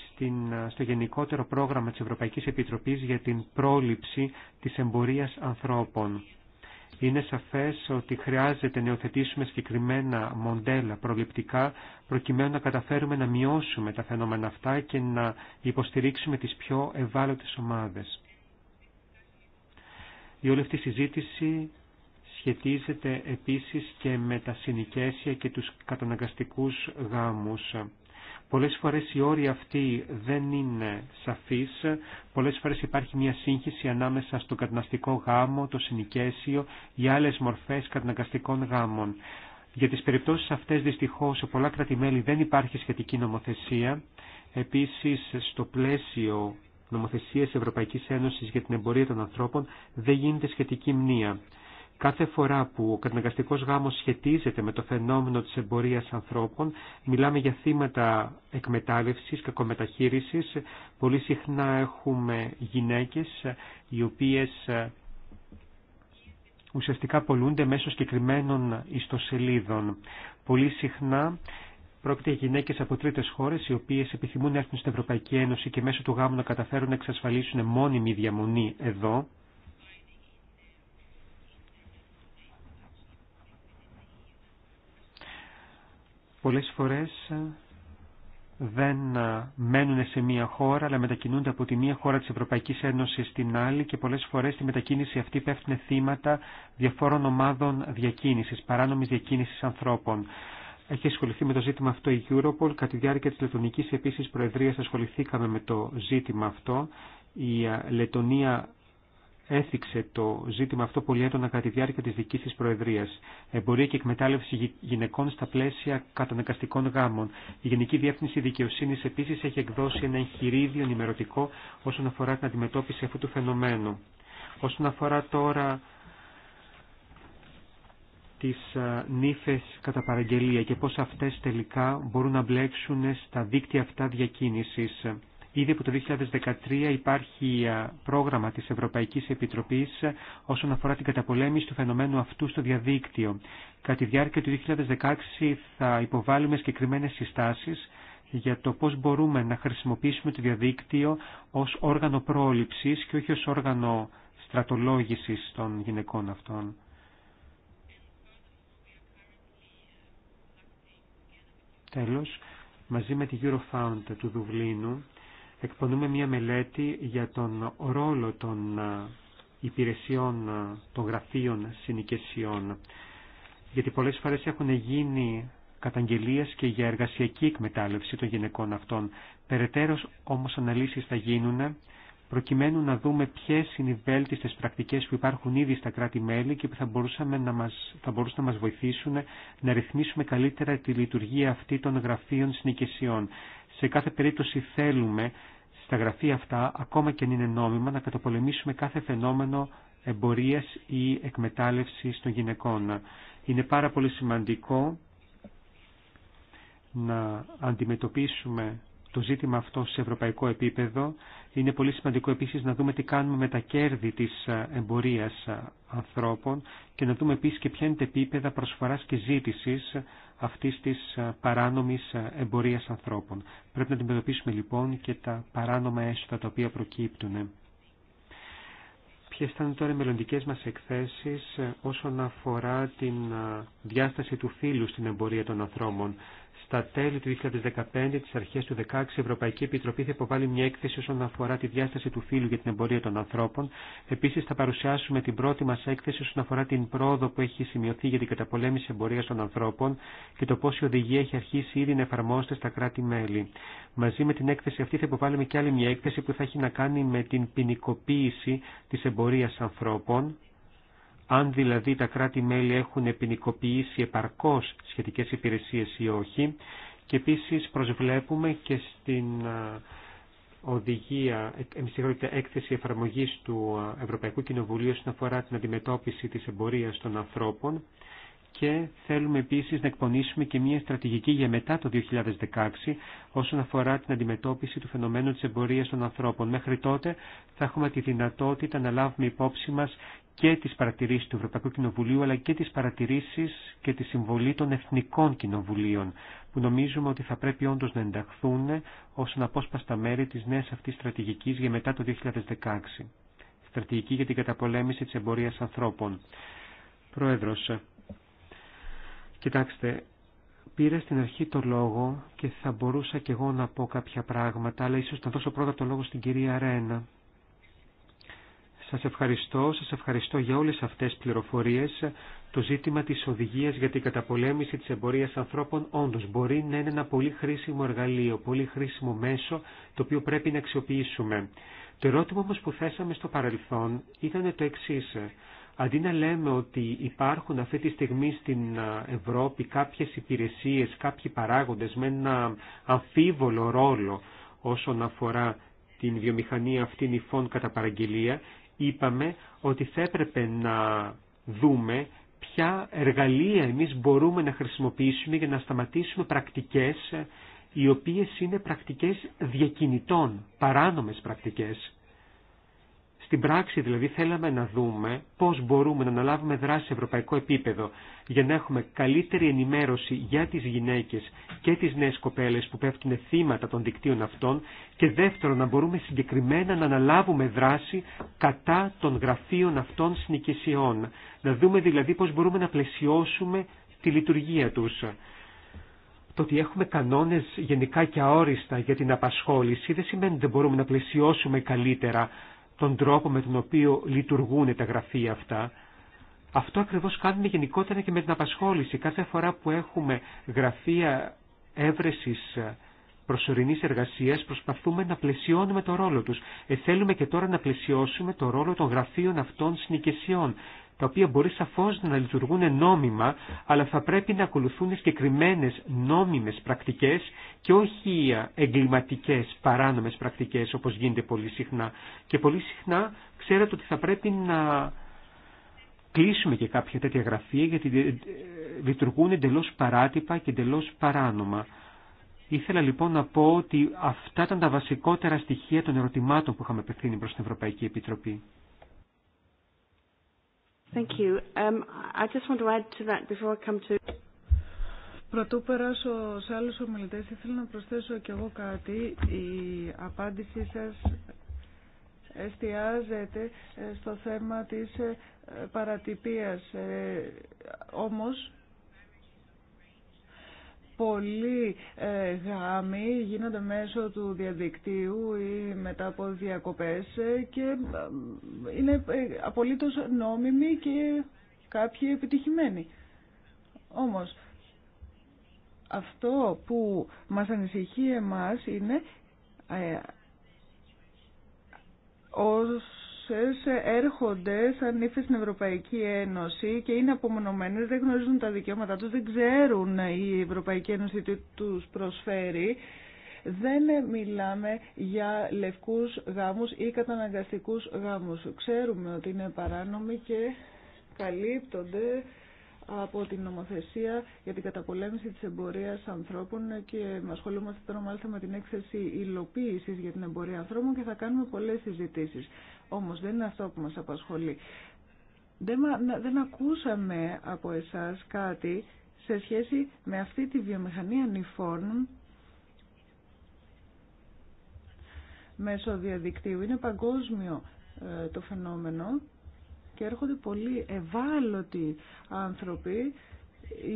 Speaker 1: στο γενικότερο πρόγραμμα της Ευρωπαϊκής Επιτροπής για την πρόληψη της εμπορίας ανθρώπων. Είναι σαφές ότι χρειάζεται να υιοθετήσουμε συγκεκριμένα μοντέλα προληπτικά προκειμένου να καταφέρουμε να μειώσουμε τα φαινόμενα αυτά και να υποστηρίξουμε τις πιο ευάλωτες ομάδες. Η όλη αυτή συζήτηση σχετίζεται επίσης και με τα συνοικέσια και τους καταναγκαστικούς γάμους. Πολλές φορές οι όροι αυτοί δεν είναι σαφείς, πολλές φορές υπάρχει μια σύγχυση ανάμεσα στο καταναστικό γάμο, το συνοικέσιο ή άλλες μορφές καταναγκαστικών γάμων. Για τις περιπτώσεις αυτές δυστυχώς σε πολλά κρατημέλη δεν υπάρχει σχετική νομοθεσία. Επίσης στο πλαίσιο νομοθεσίας Ευρωπαϊκής Ένωσης για την εμπορία των ανθρώπων δεν γίνεται σχετική μνήμα. Κάθε φορά που ο καταναγκαστικός γάμος σχετίζεται με το φαινόμενο της εμπορίας ανθρώπων, μιλάμε για θύματα εκμετάλλευσης, κακομεταχείρισης. Πολύ συχνά έχουμε γυναίκες οι οποίες ε, ουσιαστικά πολλούνται μέσω συγκεκριμένων ιστοσελίδων. Πολύ συχνά Πρόκειται για γυναίκε από τρίτες χώρες οι οποίες επιθυμούν να έρθουν στην Ευρωπαϊκή Ένωση και μέσω του γάμου να καταφέρουν να εξασφαλίσουν μόνιμη διαμονή εδώ. πολλές φορές ε, δεν ε, μένουν σε μία χώρα, αλλά μετακινούνται από τη μία χώρα της Ευρωπαϊκής Ένωσης στην άλλη και πολλές φορές στη μετακίνηση αυτή πέφτουν θύματα διαφόρων ομάδων διακίνησης, παράνομης διακίνησης ανθρώπων. Έχει ασχοληθεί με το ζήτημα αυτό η Europol. Κατά τη διάρκεια της Λετωνικής επίσης Προεδρίας ασχοληθήκαμε με το ζήτημα αυτό. Η ε, Λετωνία έθιξε το ζήτημα αυτό πολύ έντονα κατά τη διάρκεια της δικής της Προεδρίας. Εμπορία και εκμετάλλευση γυναικών στα πλαίσια καταναγκαστικών γάμων. Η Γενική Διεύθυνση Δικαιοσύνης επίσης έχει εκδώσει ένα εγχειρίδιο ενημερωτικό όσον αφορά την αντιμετώπιση αυτού του φαινομένου. Όσον αφορά τώρα τις νύφες κατά παραγγελία και πώς αυτές τελικά μπορούν να μπλέξουν στα δίκτυα αυτά διακίνησης. Ήδη από το 2013 υπάρχει πρόγραμμα της Ευρωπαϊκής Επιτροπής όσον αφορά την καταπολέμηση του φαινομένου αυτού στο διαδίκτυο. Κατά τη διάρκεια του 2016 θα υποβάλουμε συγκεκριμένες συστάσεις για το πώς μπορούμε να χρησιμοποιήσουμε το διαδίκτυο ως όργανο πρόληψης και όχι ως όργανο στρατολόγησης των γυναικών αυτών. Τέλος, μαζί με τη Eurofound του Δουβλίνου εκπονούμε μια μελέτη για τον ρόλο των ε, υπηρεσιών ε, των γραφείων συνοικεσιών. Γιατί πολλές φορές έχουν γίνει καταγγελίες και για εργασιακή εκμετάλλευση των γυναικών αυτών. Περαιτέρω όμως αναλύσεις θα γίνουν προκειμένου να δούμε ποιες είναι οι βέλτιστες πρακτικές που υπάρχουν ήδη στα κράτη-μέλη και που θα, μπορούσαμε να μας, θα μπορούσαν να μας βοηθήσουν να ρυθμίσουμε καλύτερα τη λειτουργία αυτή των γραφείων συνοικεσιών. Σε κάθε περίπτωση θέλουμε στα γραφεία αυτά, ακόμα και αν είναι νόμιμα, να καταπολεμήσουμε κάθε φαινόμενο εμπορίας ή εκμετάλλευσης των γυναικών. Είναι πάρα πολύ σημαντικό να αντιμετωπίσουμε το ζήτημα αυτό σε ευρωπαϊκό επίπεδο. Είναι πολύ σημαντικό επίσης να δούμε τι κάνουμε με τα κέρδη της εμπορίας ανθρώπων και να δούμε επίσης και ποια είναι τα επίπεδα προσφοράς και ζήτησης αυτής της ε, παράνομης ε, εμπορίας ανθρώπων. Πρέπει να αντιμετωπίσουμε λοιπόν και τα παράνομα έσοδα τα οποία προκύπτουν. Ποιες θα είναι τώρα οι μελλοντικές μας εκθέσεις ε, όσον αφορά την διάσταση του φύλου στην εμπορία των ανθρώπων. Στα τέλη του 2015, τις αρχές του 2016, η Ευρωπαϊκή Επιτροπή θα υποβάλει μια έκθεση όσον αφορά τη διάσταση του φύλου για την εμπορία των ανθρώπων. Επίσης θα παρουσιάσουμε την πρώτη μας έκθεση όσον αφορά την πρόοδο που έχει σημειωθεί για την καταπολέμηση εμπορία των ανθρώπων και το πώς η οδηγία έχει αρχίσει ήδη να εφαρμόζεται στα κράτη-μέλη. Μαζί με την έκθεση αυτή θα υποβάλουμε και άλλη μια έκθεση που θα έχει να κάνει με την ποινικοποίηση της εμπορίας ανθρώπων αν δηλαδή τα κράτη-μέλη έχουν επινικοποιήσει επαρκώς σχετικές υπηρεσίες ή όχι. Και επίσης προσβλέπουμε και στην οδηγία, έκθεση εφαρμογής του Ευρωπαϊκού Κοινοβουλίου όσον αφορά την αντιμετώπιση της εμπορίας των ανθρώπων και θέλουμε επίσης να εκπονήσουμε και μια στρατηγική για μετά το 2016 όσον αφορά την αντιμετώπιση του φαινομένου της εμπορίας των ανθρώπων. Μέχρι τότε θα έχουμε τη δυνατότητα να λάβουμε υπόψη μας και τις παρατηρήσεις του Ευρωπαϊκού Κοινοβουλίου αλλά και τις παρατηρήσεις και τη συμβολή των εθνικών κοινοβουλίων που νομίζουμε ότι θα πρέπει όντως να ενταχθούν ως αναπόσπαστα μέρη της νέας αυτής στρατηγικής για μετά το 2016. Στρατηγική για την καταπολέμηση της εμπορίας ανθρώπων. Πρόεδρος, κοιτάξτε, πήρα στην αρχή το λόγο και θα μπορούσα και εγώ να πω κάποια πράγματα, αλλά ίσως να δώσω πρώτα το λόγο στην κυρία Ρένα σας ευχαριστώ, σας ευχαριστώ για όλες αυτές τις πληροφορίες. Το ζήτημα της οδηγίας για την καταπολέμηση της εμπορίας ανθρώπων όντως μπορεί να είναι ένα πολύ χρήσιμο εργαλείο, πολύ χρήσιμο μέσο το οποίο πρέπει να αξιοποιήσουμε. Το ερώτημα όμως που θέσαμε στο παρελθόν ήταν το εξής. Αντί να λέμε ότι υπάρχουν αυτή τη στιγμή στην Ευρώπη κάποιες υπηρεσίες, κάποιοι παράγοντες με ένα αμφίβολο ρόλο όσον αφορά την βιομηχανία αυτήν υφών κατά παραγγελία, είπαμε ότι θα έπρεπε να δούμε ποια εργαλεία εμείς μπορούμε να χρησιμοποιήσουμε για να σταματήσουμε πρακτικές ε, οι οποίες είναι πρακτικές διακινητών, παράνομες πρακτικές. Στην πράξη δηλαδή θέλαμε να δούμε πώς μπορούμε να αναλάβουμε δράση σε ευρωπαϊκό επίπεδο για να έχουμε καλύτερη ενημέρωση για τις γυναίκες και τις νέες κοπέλες που πέφτουν θύματα των δικτύων αυτών και δεύτερον να μπορούμε συγκεκριμένα να αναλάβουμε δράση κατά των γραφείων αυτών συνοικησιών. Να δούμε δηλαδή πώς μπορούμε να πλαισιώσουμε τη λειτουργία τους. Το ότι έχουμε κανόνες γενικά και αόριστα για την απασχόληση δεν σημαίνει ότι δεν μπορούμε να πλαισιώσουμε καλύτερα τον τρόπο με τον οποίο λειτουργούν τα γραφεία αυτά. Αυτό ακριβώς κάνουμε γενικότερα και με την απασχόληση. Κάθε φορά που έχουμε γραφεία έβρεσης προσωρινής εργασίας προσπαθούμε να πλαισιώνουμε το ρόλο τους. Ε, θέλουμε και τώρα να πλαισιώσουμε το ρόλο των γραφείων αυτών συνοικεσιών τα οποία μπορεί σαφώς να λειτουργούν νόμιμα, αλλά θα πρέπει να ακολουθούν συγκεκριμένε νόμιμες πρακτικές και όχι εγκληματικές, παράνομες πρακτικές, όπως γίνεται πολύ συχνά. Και πολύ συχνά ξέρετε ότι θα πρέπει να κλείσουμε και κάποια τέτοια γραφεία, γιατί λειτουργούν εντελώ παράτυπα και εντελώ παράνομα. Ήθελα λοιπόν να πω ότι αυτά ήταν τα βασικότερα στοιχεία των ερωτημάτων που είχαμε απευθύνει προς την Ευρωπαϊκή Επιτροπή.
Speaker 2: Thank you. Um, I just want to add to that before I come to... Πρωτού περάσω σε άλλους ομιλητές, ήθελα να προσθέσω και εγώ κάτι. Η απάντησή σας εστιάζεται ε, στο θέμα της ε, παρατυπίας. Ε, όμως, πολλοί ε, γάμοι γίνονται μέσω του διαδικτύου ή μετά από διακοπές ε, και ε, είναι απολύτως νόμιμοι και κάποιοι επιτυχημένοι. Όμως, αυτό που μας ανησυχεί εμάς είναι ως πόσες έρχονται σαν ύφη στην Ευρωπαϊκή Ένωση και είναι απομονωμένοι, δεν γνωρίζουν τα δικαιώματά τους, δεν ξέρουν η Ευρωπαϊκή Ένωση τι τους προσφέρει. Δεν μιλάμε για λευκούς γάμους ή καταναγκαστικούς γάμους. Ξέρουμε ότι είναι παράνομοι και καλύπτονται από την νομοθεσία για την καταπολέμηση της εμπορίας ανθρώπων και ασχολούμαστε τώρα μάλιστα με την έκθεση υλοποίηση για την εμπορία ανθρώπων και θα κάνουμε πολλές συζητήσεις. Όμως δεν είναι αυτό που μας απασχολεί. Δεν, δεν ακούσαμε από εσάς κάτι σε σχέση με αυτή τη βιομηχανία νηφών μέσω διαδικτύου. Είναι παγκόσμιο ε, το φαινόμενο και έρχονται πολύ ευάλωτοι άνθρωποι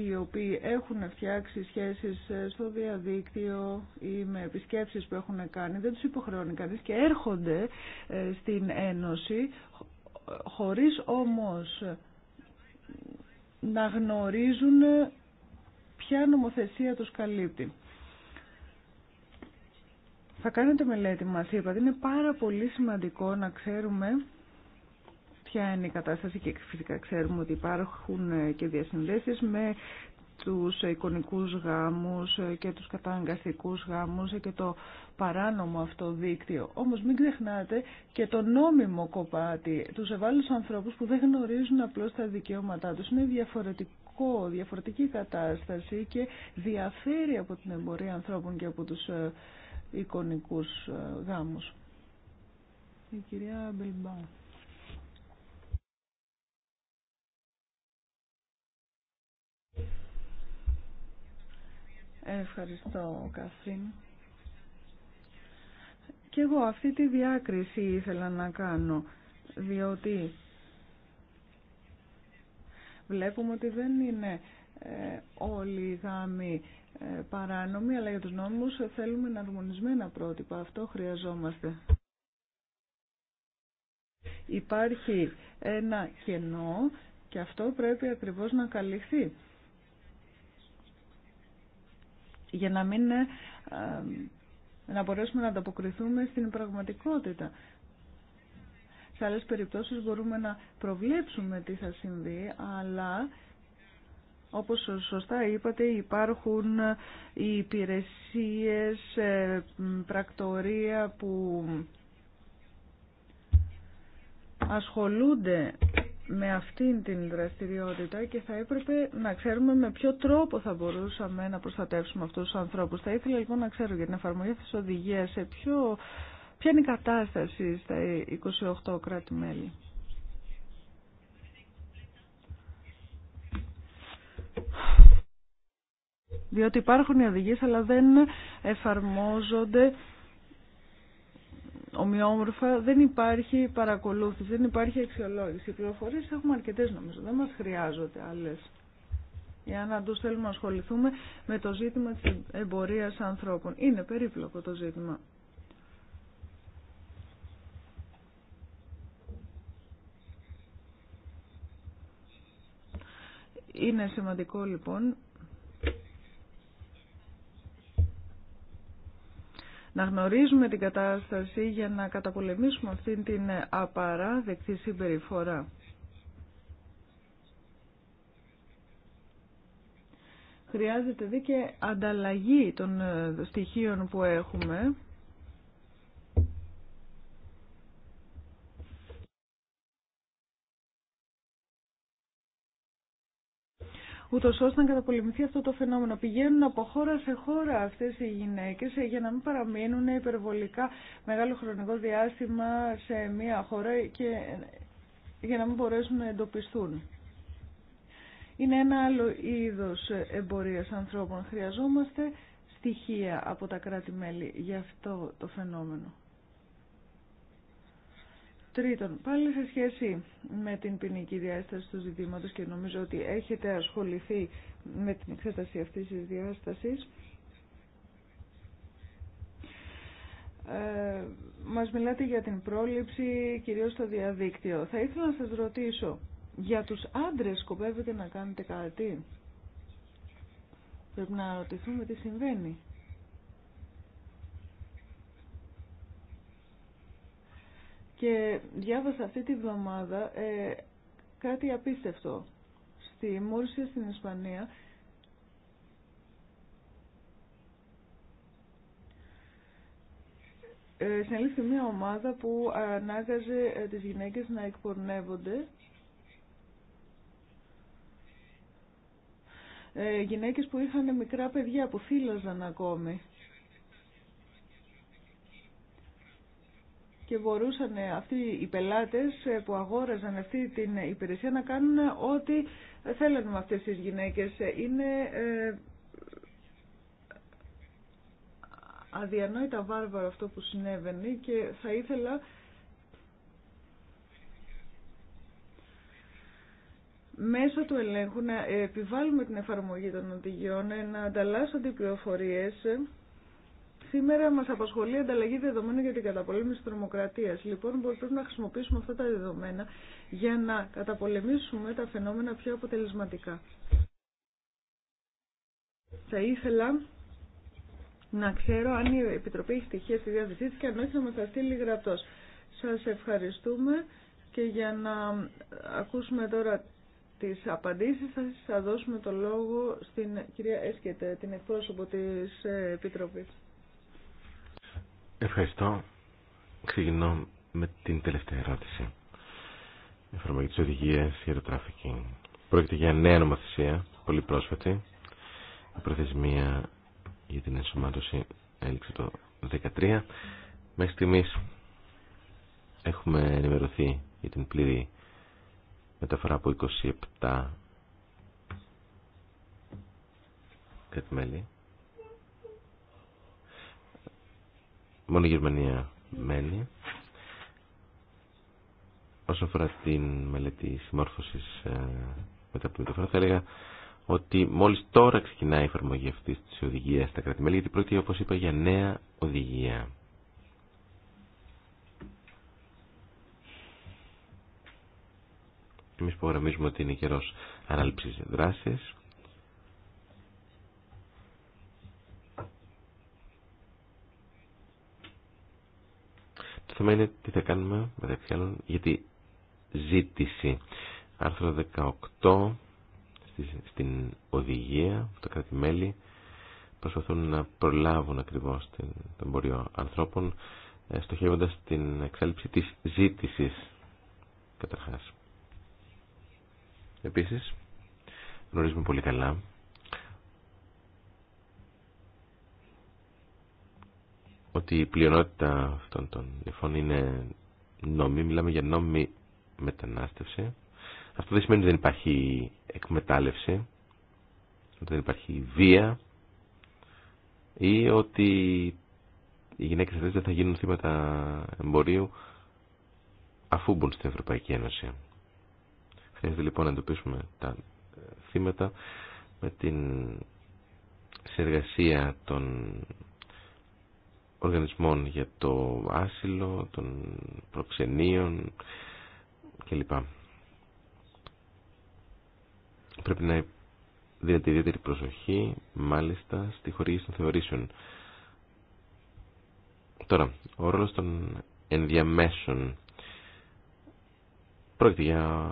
Speaker 2: οι οποίοι έχουν φτιάξει σχέσεις ε, στο διαδίκτυο ή με επισκέψεις που έχουν κάνει, δεν τους υποχρεώνει κανείς και έρχονται ε, στην Ένωση χωρίς όμως να γνωρίζουν ποια νομοθεσία τους καλύπτει. Θα κάνετε μελέτη μας είπατε, είναι πάρα πολύ σημαντικό να ξέρουμε ποια είναι η κατάσταση και φυσικά ξέρουμε ότι υπάρχουν και διασυνδέσεις με τους εικονικούς γάμους και τους καταγκαστικούς γάμους και το παράνομο αυτό δίκτυο. Όμως μην ξεχνάτε και το νόμιμο κοπάτι, τους ευάλωτους ανθρώπους που δεν γνωρίζουν απλώς τα δικαιώματά τους. Είναι διαφορετικό, διαφορετική κατάσταση και διαφέρει από την εμπορία ανθρώπων και από τους ε, εικονικούς ε, γάμους. Η κυρία Μπελμπάου. Ευχαριστώ, Καθρίν. Και εγώ αυτή τη διάκριση ήθελα να κάνω, διότι βλέπουμε ότι δεν είναι ε, όλοι οι γάμοι ε, παράνομοι, αλλά για τους νόμους θέλουμε αρμονισμένα πρότυπα. Αυτό χρειαζόμαστε. Υπάρχει ένα κενό και αυτό πρέπει ακριβώς να καλυφθεί για να μην ε, ε, να μπορέσουμε να ανταποκριθούμε στην πραγματικότητα. Σε άλλες περιπτώσεις μπορούμε να προβλέψουμε τι θα συμβεί, αλλά όπως σωστά είπατε υπάρχουν ε, οι υπηρεσίες, πρακτορία που ασχολούνται με αυτήν την δραστηριότητα και θα έπρεπε να ξέρουμε με ποιο τρόπο θα μπορούσαμε να προστατεύσουμε αυτούς τους ανθρώπους. Θα ήθελα λοιπόν να ξέρω για την εφαρμογή της οδηγίας σε ποια είναι η κατάσταση στα 28 κράτη-μέλη. Διότι υπάρχουν οι οδηγίες αλλά δεν εφαρμόζονται ομοιόμορφα δεν υπάρχει παρακολούθηση, δεν υπάρχει αξιολόγηση. Οι πληροφορίες έχουμε αρκετές νομίζω, δεν μας χρειάζονται άλλε. Για να του θέλουμε να ασχοληθούμε με το ζήτημα της εμπορίας ανθρώπων. Είναι περίπλοκο το ζήτημα. Είναι σημαντικό λοιπόν να γνωρίζουμε την κατάσταση για να καταπολεμήσουμε αυτήν την απαράδεκτη συμπεριφορά. Χρειάζεται δίκαιη ανταλλαγή των ε, στοιχείων που έχουμε. ούτως ώστε να καταπολεμηθεί αυτό το φαινόμενο. Πηγαίνουν από χώρα σε χώρα αυτές οι γυναίκες ε, για να μην παραμείνουν υπερβολικά μεγάλο χρονικό διάστημα σε μία χώρα και ε, για να μην μπορέσουν να εντοπιστούν. Είναι ένα άλλο είδος εμπορίας ανθρώπων. Χρειαζόμαστε στοιχεία από τα κράτη-μέλη για αυτό το φαινόμενο. Τρίτον, πάλι σε σχέση με την ποινική διάσταση του ζητήματο και νομίζω ότι έχετε ασχοληθεί με την εξέταση αυτής της διάστασης, ε, μας μιλάτε για την πρόληψη κυρίως στο διαδίκτυο. Θα ήθελα να σας ρωτήσω, για τους άντρες σκοπεύετε να κάνετε κάτι. Πρέπει να ρωτηθούμε τι συμβαίνει. Και διάβασα αυτή τη βδομάδα ε, κάτι απίστευτο. Στη Μούρσια στην Ισπανία ε, συνελήφθη μια ομάδα που ανάγκαζε ε, τις γυναίκες να εκπορνεύονται ε, γυναίκες που είχαν μικρά παιδιά που φύλαζαν ακόμη. και μπορούσαν αυτοί οι πελάτες που αγόραζαν αυτή την υπηρεσία να κάνουν ό,τι θέλουν με αυτές τις γυναίκες. Είναι ε, αδιανόητα βάρβαρο αυτό που συνέβαινε και θα ήθελα μέσω του ελέγχου να επιβάλλουμε την εφαρμογή των οδηγιών, να ανταλλάσσονται πληροφορίες Σήμερα μα απασχολεί η ανταλλαγή δεδομένων για την καταπολέμηση τρομοκρατία. Λοιπόν, μπορούμε να χρησιμοποιήσουμε αυτά τα δεδομένα για να καταπολεμήσουμε τα φαινόμενα πιο αποτελεσματικά. Θα ήθελα να ξέρω αν η Επιτροπή έχει στοιχεία στη διάθεσή τη και αν όχι να με τα στείλει γραπτό. Σα ευχαριστούμε και για να ακούσουμε τώρα τις απαντήσεις θα δώσουμε το λόγο στην κυρία Έσκετ, την εκπρόσωπο της Επιτροπής.
Speaker 3: Ευχαριστώ. Ξεκινώ με την τελευταία ερώτηση. Εφαρμογή τη οδηγία για το τράφικινγκ. Πρόκειται για νέα νομοθεσία, πολύ πρόσφατη. Η προθεσμία για την ενσωμάτωση έληξε το 2013. Μέχρι στιγμή έχουμε ενημερωθεί για την πλήρη μεταφορά από 27 μέλη Μόνο η Γερμανία μένει. Όσον αφορά τη μελέτη συμμόρφωσης ε, μετά από μεταφορά, θα έλεγα ότι μόλις τώρα ξεκινάει η εφαρμογή αυτή τη οδηγία στα κράτη-μέλη, γιατί πρόκειται, όπως είπα, για νέα οδηγία. Εμείς υπογραμμίζουμε ότι είναι καιρός ανάληψης δράσης. θέμα είναι τι θα κάνουμε μεταξύ άλλων για τη ζήτηση. Άρθρο 18 στην οδηγία τα κράτη-μέλη προσπαθούν να προλάβουν ακριβώς την, το εμπορίο ανθρώπων ε, στοχεύοντας την εξάλληψη της ζήτηση καταρχάς. Επίσης γνωρίζουμε πολύ καλά ότι η πλειονότητα αυτών των νηφών είναι νόμιμη μιλάμε για νόμιμη μετανάστευση. Αυτό δεν σημαίνει ότι δεν υπάρχει εκμετάλλευση, ότι δεν υπάρχει βία ή ότι οι γυναίκες αυτές δεν θα γίνουν θύματα εμπορίου αφού μπουν στην Ευρωπαϊκή Ένωση. Χρειάζεται λοιπόν να εντοπίσουμε τα θύματα με την συνεργασία των οργανισμών για το άσυλο, των προξενείων κλπ. Πρέπει να δίνεται ιδιαίτερη προσοχή, μάλιστα, στη χορήγηση των θεωρήσεων. Τώρα, ο ρόλος των ενδιαμέσων πρόκειται για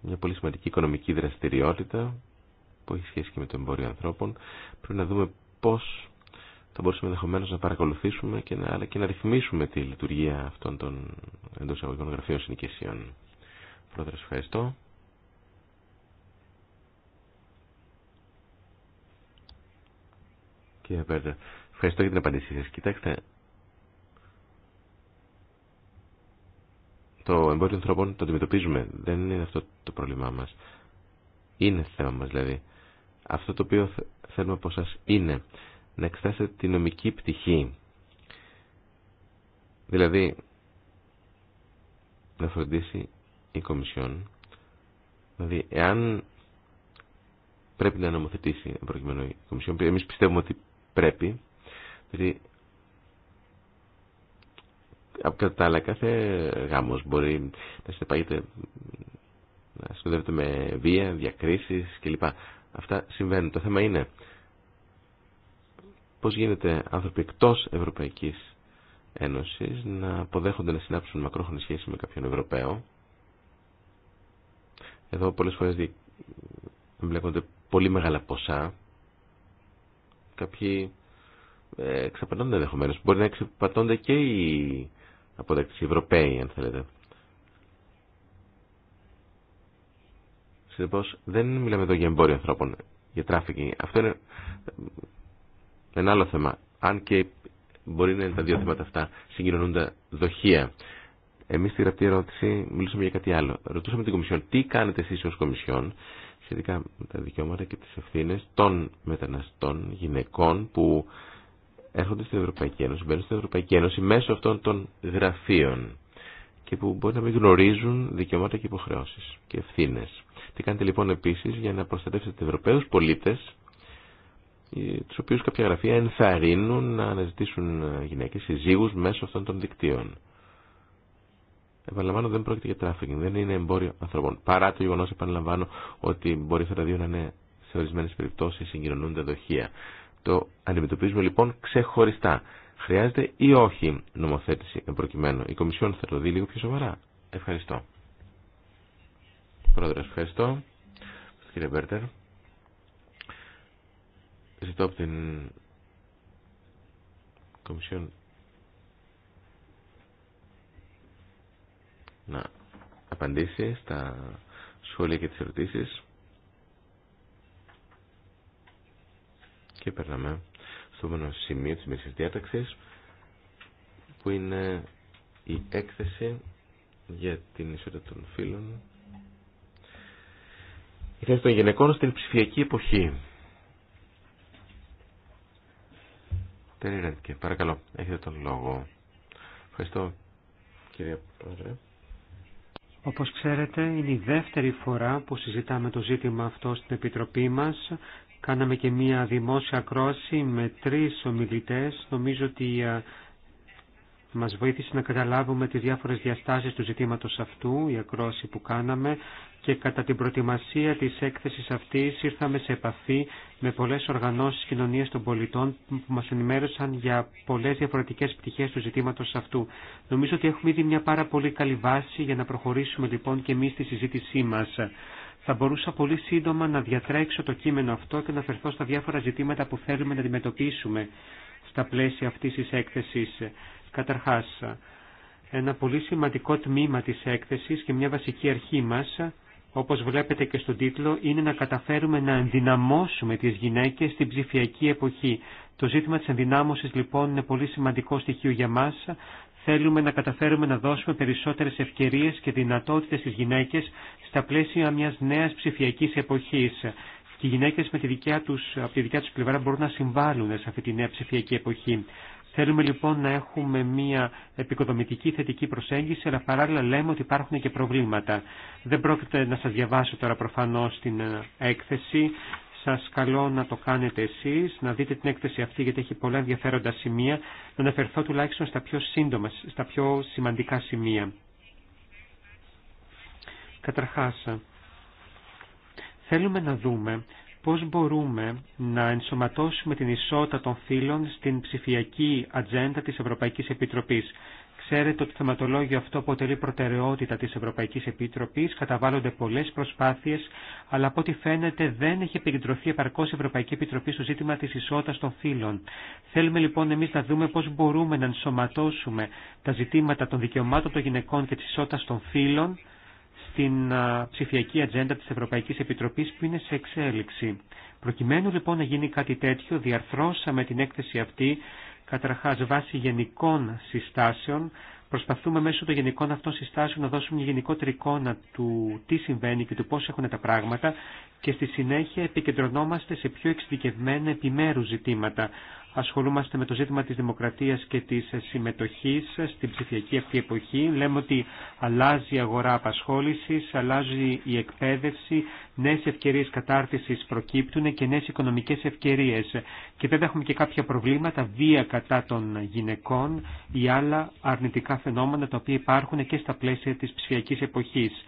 Speaker 3: μια πολύ σημαντική οικονομική δραστηριότητα που έχει σχέση και με το εμπόριο ανθρώπων. Πρέπει να δούμε πώς θα μπορούσαμε ενδεχομένω να παρακολουθήσουμε και να, αλλά και να ρυθμίσουμε τη λειτουργία αυτών των εντό αγωγικών γραφείων συνοικισιών. Πρόεδρε, ευχαριστώ. Κύριε Πέρντερ, ευχαριστώ για την απαντήσή σα. Κοιτάξτε, το εμπόριο ανθρώπων το αντιμετωπίζουμε. Δεν είναι αυτό το πρόβλημά μα. Είναι θέμα μα, δηλαδή. Αυτό το οποίο θέλουμε από σας είναι να εξετάσετε τη νομική πτυχή. Δηλαδή, να φροντίσει η Κομισιόν, δηλαδή εάν πρέπει να νομοθετήσει προκειμένου η Κομισιόν, εμείς πιστεύουμε ότι πρέπει, δηλαδή από κατά τα άλλα κάθε γάμος μπορεί να συνεπαγείται να συνοδεύεται με βία, διακρίσεις κλπ. Αυτά συμβαίνουν. Το θέμα είναι πώς γίνεται άνθρωποι εκτός Ευρωπαϊκής Ένωσης να αποδέχονται να συνάψουν μακρόχρονη σχέση με κάποιον Ευρωπαίο. Εδώ πολλές φορές εμπλέκονται πολύ μεγάλα ποσά. Κάποιοι εξαπατώνται ενδεχομένω. Μπορεί να εξαπατώνται και οι αποδέκτες οι Ευρωπαίοι, αν θέλετε. Συνεπώς δεν μιλάμε εδώ για εμπόριο ανθρώπων, για τράφικινγκ. Αυτό είναι ένα άλλο θέμα. Αν και μπορεί να είναι τα δύο θέματα αυτά συγκοινωνούντα δοχεία. Εμεί στη γραπτή ερώτηση μιλήσαμε για κάτι άλλο. Ρωτούσαμε την Κομισιόν τι κάνετε εσεί ω Κομισιόν σχετικά με τα δικαιώματα και τι ευθύνε των μεταναστών γυναικών που έρχονται στην Ευρωπαϊκή Ένωση, μπαίνουν στην Ευρωπαϊκή Ένωση μέσω αυτών των γραφείων και που μπορεί να μην γνωρίζουν δικαιώματα και υποχρεώσει και ευθύνε. Τι κάνετε λοιπόν επίση για να προστατεύσετε του Ευρωπαίου πολίτε τους οποίους κάποια γραφεία ενθαρρύνουν να αναζητήσουν ε, γυναίκες ή ζύγους μέσω αυτών των δικτύων. Επαναλαμβάνω δεν πρόκειται για τράφικινγκ, δεν είναι εμπόριο ανθρώπων. Παρά το γεγονός, επαναλαμβάνω, ότι μπορεί αυτά τα δύο να είναι σε ορισμένε περιπτώσεις συγκοινωνούντα δοχεία. Το αντιμετωπίζουμε λοιπόν ξεχωριστά. Χρειάζεται ή όχι νομοθέτηση εμπροκειμένου. Η μεσω αυτων των δικτυων επαναλαμβανω δεν προκειται για τραφικινγκ δεν ειναι εμποριο ανθρωπων παρα το γεγονος επαναλαμβανω οτι μπορει αυτα τα δυο να ειναι σε ορισμενε περιπτωσεις τα δοχεια το αντιμετωπιζουμε λοιπον ξεχωριστα χρειαζεται η οχι νομοθετηση εμπροκειμενου η κομισιον θα το δει λίγο πιο σοβαρά. Ευχαριστώ. Πρόεδρε, ευχαριστώ. Κύριε Μπέρτερ. Ζητώ από την Κομισιόν να απαντήσει στα σχόλια και τις ερωτήσεις και περνάμε στο επόμενο σημείο της μερικής διάταξης που είναι η έκθεση για την ισότητα των φίλων. η θέση των γυναικών στην ψηφιακή εποχή. παρακαλώ, έχετε τον λόγο. Ευχαριστώ, κύριε Πρόεδρε.
Speaker 1: Όπως ξέρετε, είναι η δεύτερη φορά που συζητάμε το ζήτημα αυτό στην Επιτροπή μας. Κάναμε και μία δημόσια κρόση με τρεις ομιλητές. Νομίζω ότι ε, μας βοήθησε να καταλάβουμε τις διάφορες διαστάσεις του ζητήματος αυτού, η ακρόση που κάναμε και κατά την προετοιμασία της έκθεσης αυτής ήρθαμε σε επαφή με πολλές οργανώσεις κοινωνίας των πολιτών που μας ενημέρωσαν για πολλές διαφορετικές πτυχές του ζητήματος αυτού. Νομίζω ότι έχουμε ήδη μια πάρα πολύ καλή βάση για να προχωρήσουμε λοιπόν και εμείς στη συζήτησή μας. Θα μπορούσα πολύ σύντομα να διατρέξω το κείμενο αυτό και να αφαιρθώ στα διάφορα ζητήματα που θέλουμε να αντιμετωπίσουμε στα πλαίσια αυτής της έκθεσης. Καταρχάς, ένα πολύ σημαντικό τμήμα της έκθεσης και μια βασική αρχή μας όπως βλέπετε και στον τίτλο, είναι να καταφέρουμε να ενδυναμώσουμε τις γυναίκες στην ψηφιακή εποχή. Το ζήτημα της ενδυνάμωσης λοιπόν είναι πολύ σημαντικό στοιχείο για μα. Θέλουμε να καταφέρουμε να δώσουμε περισσότερες ευκαιρίες και δυνατότητες στις γυναίκες στα πλαίσια μιας νέας ψηφιακής εποχής. Και οι γυναίκες με τη δικιά τους, από τη δικιά τους πλευρά μπορούν να συμβάλλουν σε αυτή τη νέα ψηφιακή εποχή. Θέλουμε λοιπόν να έχουμε μια επικοδομητική θετική προσέγγιση, αλλά παράλληλα λέμε ότι υπάρχουν και προβλήματα. Δεν πρόκειται να σας διαβάσω τώρα προφανώς την ε, έκθεση. Σας καλώ να το κάνετε εσείς, να δείτε την έκθεση αυτή γιατί έχει πολλά ενδιαφέροντα σημεία, να αναφερθώ τουλάχιστον στα πιο σύντομα, στα πιο σημαντικά σημεία. Καταρχάς, θέλουμε να δούμε πώς μπορούμε να ενσωματώσουμε την ισότητα των φύλων στην ψηφιακή ατζέντα της Ευρωπαϊκής Επιτροπής. Ξέρετε ότι το θεματολόγιο αυτό αποτελεί προτεραιότητα της Ευρωπαϊκής Επιτροπής, καταβάλλονται πολλές προσπάθειες, αλλά από ό,τι φαίνεται δεν έχει επικεντρωθεί επαρκώς η Ευρωπαϊκή Επιτροπή στο ζήτημα της ισότητας των φύλων. Θέλουμε λοιπόν εμείς να δούμε πώς μπορούμε να ενσωματώσουμε τα ζητήματα των δικαιωμάτων των γυναικών και της ισότητας των φύλων στην ψηφιακή ατζέντα της Ευρωπαϊκής Επιτροπής που είναι σε εξέλιξη. Προκειμένου λοιπόν να γίνει κάτι τέτοιο, διαρθρώσαμε την έκθεση αυτή, καταρχάς βάσει γενικών συστάσεων, Προσπαθούμε μέσω των γενικών αυτών συστάσεων να δώσουμε μια γενικότερη εικόνα του τι συμβαίνει και του πώς έχουν τα πράγματα και στη συνέχεια επικεντρωνόμαστε σε πιο εξειδικευμένα επιμέρου ζητήματα. Ασχολούμαστε με το ζήτημα της δημοκρατίας και της συμμετοχής στην ψηφιακή αυτή εποχή. Λέμε ότι αλλάζει η αγορά απασχόλησης, αλλάζει η εκπαίδευση, νέες ευκαιρίες κατάρτισης προκύπτουν και νέες οικονομικές ευκαιρίες. Και βέβαια έχουμε και κάποια προβλήματα, βία κατά των γυναικών ή άλλα αρνητικά φαινόμενα τα οποία υπάρχουν και στα πλαίσια της ψηφιακής εποχής.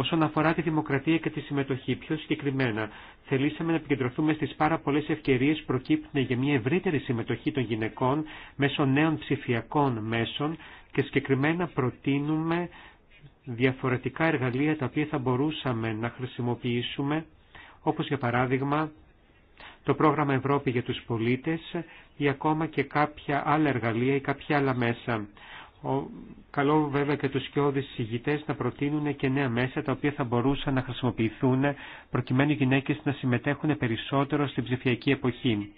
Speaker 1: Όσον αφορά τη δημοκρατία και τη συμμετοχή, πιο συγκεκριμένα, θελήσαμε να επικεντρωθούμε στι πάρα πολλέ ευκαιρίε που προκύπτουν για μια ευρύτερη συμμετοχή των γυναικών μέσω νέων ψηφιακών μέσων και συγκεκριμένα προτείνουμε διαφορετικά εργαλεία τα οποία θα μπορούσαμε να χρησιμοποιήσουμε, όπως για παράδειγμα το πρόγραμμα Ευρώπη για τους πολίτες ή ακόμα και κάποια άλλα εργαλεία ή κάποια άλλα μέσα. Καλό βέβαια και τους σκιώδεις συγητές να προτείνουν και νέα μέσα τα οποία θα μπορούσαν να χρησιμοποιηθούν προκειμένου οι γυναίκες να συμμετέχουν περισσότερο στην ψηφιακή εποχή.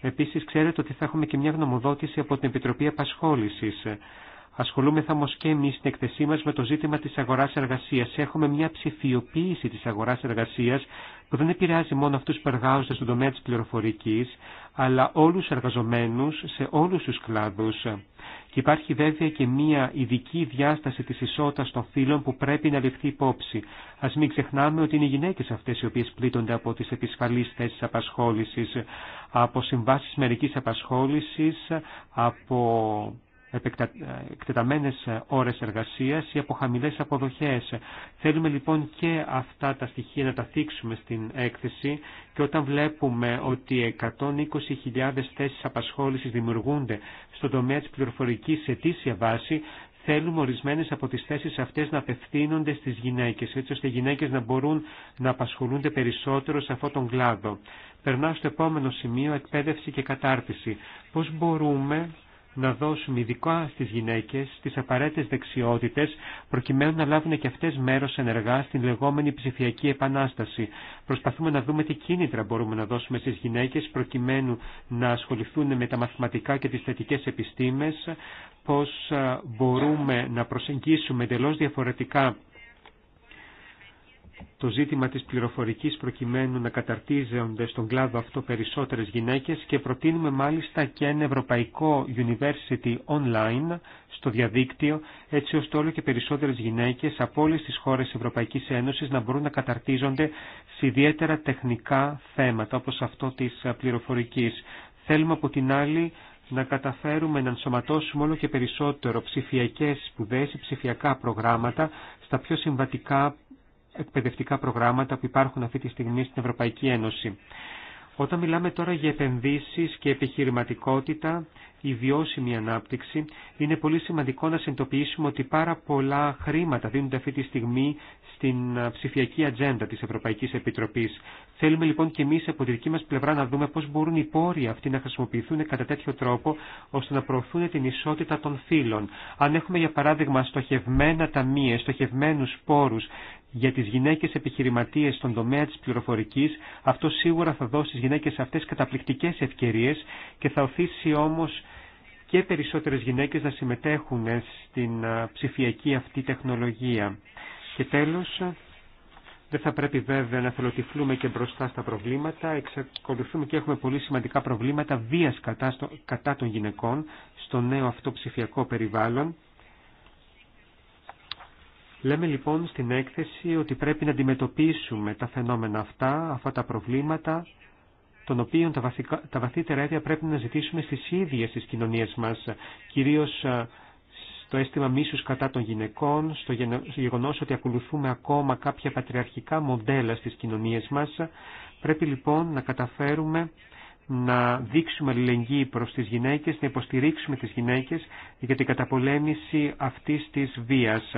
Speaker 1: Επίσης ξέρετε ότι θα έχουμε και μια γνωμοδότηση από την Επιτροπή Απασχόλησης Ασχολούμεθα όμω και εμεί στην εκθεσή μα με το ζήτημα τη αγορά-εργασία. Έχουμε μια ψηφιοποίηση τη αγορά-εργασία που δεν επηρεάζει μόνο αυτού που εργάζονται στον τομέα τη πληροφορική, αλλά όλου του εργαζομένου σε όλου του κλάδου. Και υπάρχει βέβαια και μια ειδική διάσταση τη ισότητα των φύλων που πρέπει να ληφθεί υπόψη. Α μην ξεχνάμε ότι είναι οι γυναίκε αυτέ οι οποίε πλήττονται από τι επισφαλεί θέσει απασχόληση, από συμβάσει μερική απασχόληση, από εκτεταμένες ε, ώρες εργασίας ή από χαμηλές αποδοχές. Θέλουμε λοιπόν και αυτά τα στοιχεία να τα θίξουμε στην έκθεση και όταν βλέπουμε ότι 120.000 θέσεις απασχόλησης δημιουργούνται στον τομέα της πληροφορικής σε αιτήσια βάση, θέλουμε ορισμένες από τις θέσεις αυτές να απευθύνονται στις γυναίκες, έτσι ώστε οι γυναίκες να μπορούν να απασχολούνται περισσότερο σε αυτόν τον κλάδο. Περνάω στο επόμενο σημείο, εκπαίδευση και κατάρτιση. Πώς μπορούμε να δώσουμε ειδικά στις γυναίκες τις απαραίτητες δεξιότητες προκειμένου να λάβουν και αυτές μέρος ενεργά στην λεγόμενη ψηφιακή επανάσταση. Προσπαθούμε να δούμε τι κίνητρα μπορούμε να δώσουμε στις γυναίκες προκειμένου να ασχοληθούν με τα μαθηματικά και τις θετικές επιστήμες, πώς μπορούμε να προσεγγίσουμε εντελώ διαφορετικά το ζήτημα της πληροφορικής προκειμένου να καταρτίζονται στον κλάδο αυτό περισσότερες γυναίκες και προτείνουμε μάλιστα και ένα ευρωπαϊκό University Online στο διαδίκτυο έτσι ώστε όλο και περισσότερες γυναίκες από όλες τις χώρες Ευρωπαϊκής Ένωσης να μπορούν να καταρτίζονται σε ιδιαίτερα τεχνικά θέματα όπως αυτό της πληροφορικής. Θέλουμε από την άλλη να καταφέρουμε να ενσωματώσουμε όλο και περισσότερο ψηφιακές σπουδές ή ψηφιακά προγράμματα στα πιο συμβατικά εκπαιδευτικά προγράμματα που υπάρχουν αυτή τη στιγμή στην Ευρωπαϊκή Ένωση. Όταν μιλάμε τώρα για επενδύσεις και επιχειρηματικότητα, η βιώσιμη ανάπτυξη, είναι πολύ σημαντικό να συνειδητοποιήσουμε ότι πάρα πολλά χρήματα δίνονται αυτή τη στιγμή στην ε, ψηφιακή ατζέντα της Ευρωπαϊκής Επιτροπής. Θέλουμε λοιπόν και εμείς από τη δική μα πλευρά να δούμε πώς μπορούν οι πόροι αυτοί να χρησιμοποιηθούν κατά τέτοιο τρόπο ώστε να προωθούν την ισότητα των φύλων. Αν έχουμε για παράδειγμα στοχευμένα ταμεία, στοχευμένου πόρους για τις γυναίκες επιχειρηματίες στον τομέα της πληροφορική, αυτό σίγουρα θα δώσει στις γυναίκες αυτές καταπληκτικές ευκαιρίες και θα οθήσει όμως και περισσότερες γυναίκες να συμμετέχουν στην ε, ψηφιακή αυτή τεχνολογία. Και τέλος, δεν θα πρέπει βέβαια να θελοτυφλούμε και μπροστά στα προβλήματα. Εξακολουθούμε και έχουμε πολύ σημαντικά προβλήματα βίας κατά, στο, κατά των γυναικών στο νέο αυτό ψηφιακό περιβάλλον. Λέμε λοιπόν στην έκθεση ότι πρέπει να αντιμετωπίσουμε τα φαινόμενα αυτά, αυτά τα προβλήματα, των οποίων τα, βαθικά, τα βαθύτερα αίτια πρέπει να ζητήσουμε στις ίδιες τις κοινωνίες μας, κυρίως στο αίσθημα μίσους κατά των γυναικών, στο γεγονός ότι ακολουθούμε ακόμα κάποια πατριαρχικά μοντέλα στις κοινωνίες μας. Πρέπει λοιπόν να καταφέρουμε να δείξουμε αλληλεγγύη προς τις γυναίκες, να υποστηρίξουμε τις γυναίκες για την καταπολέμηση αυτής της βίας.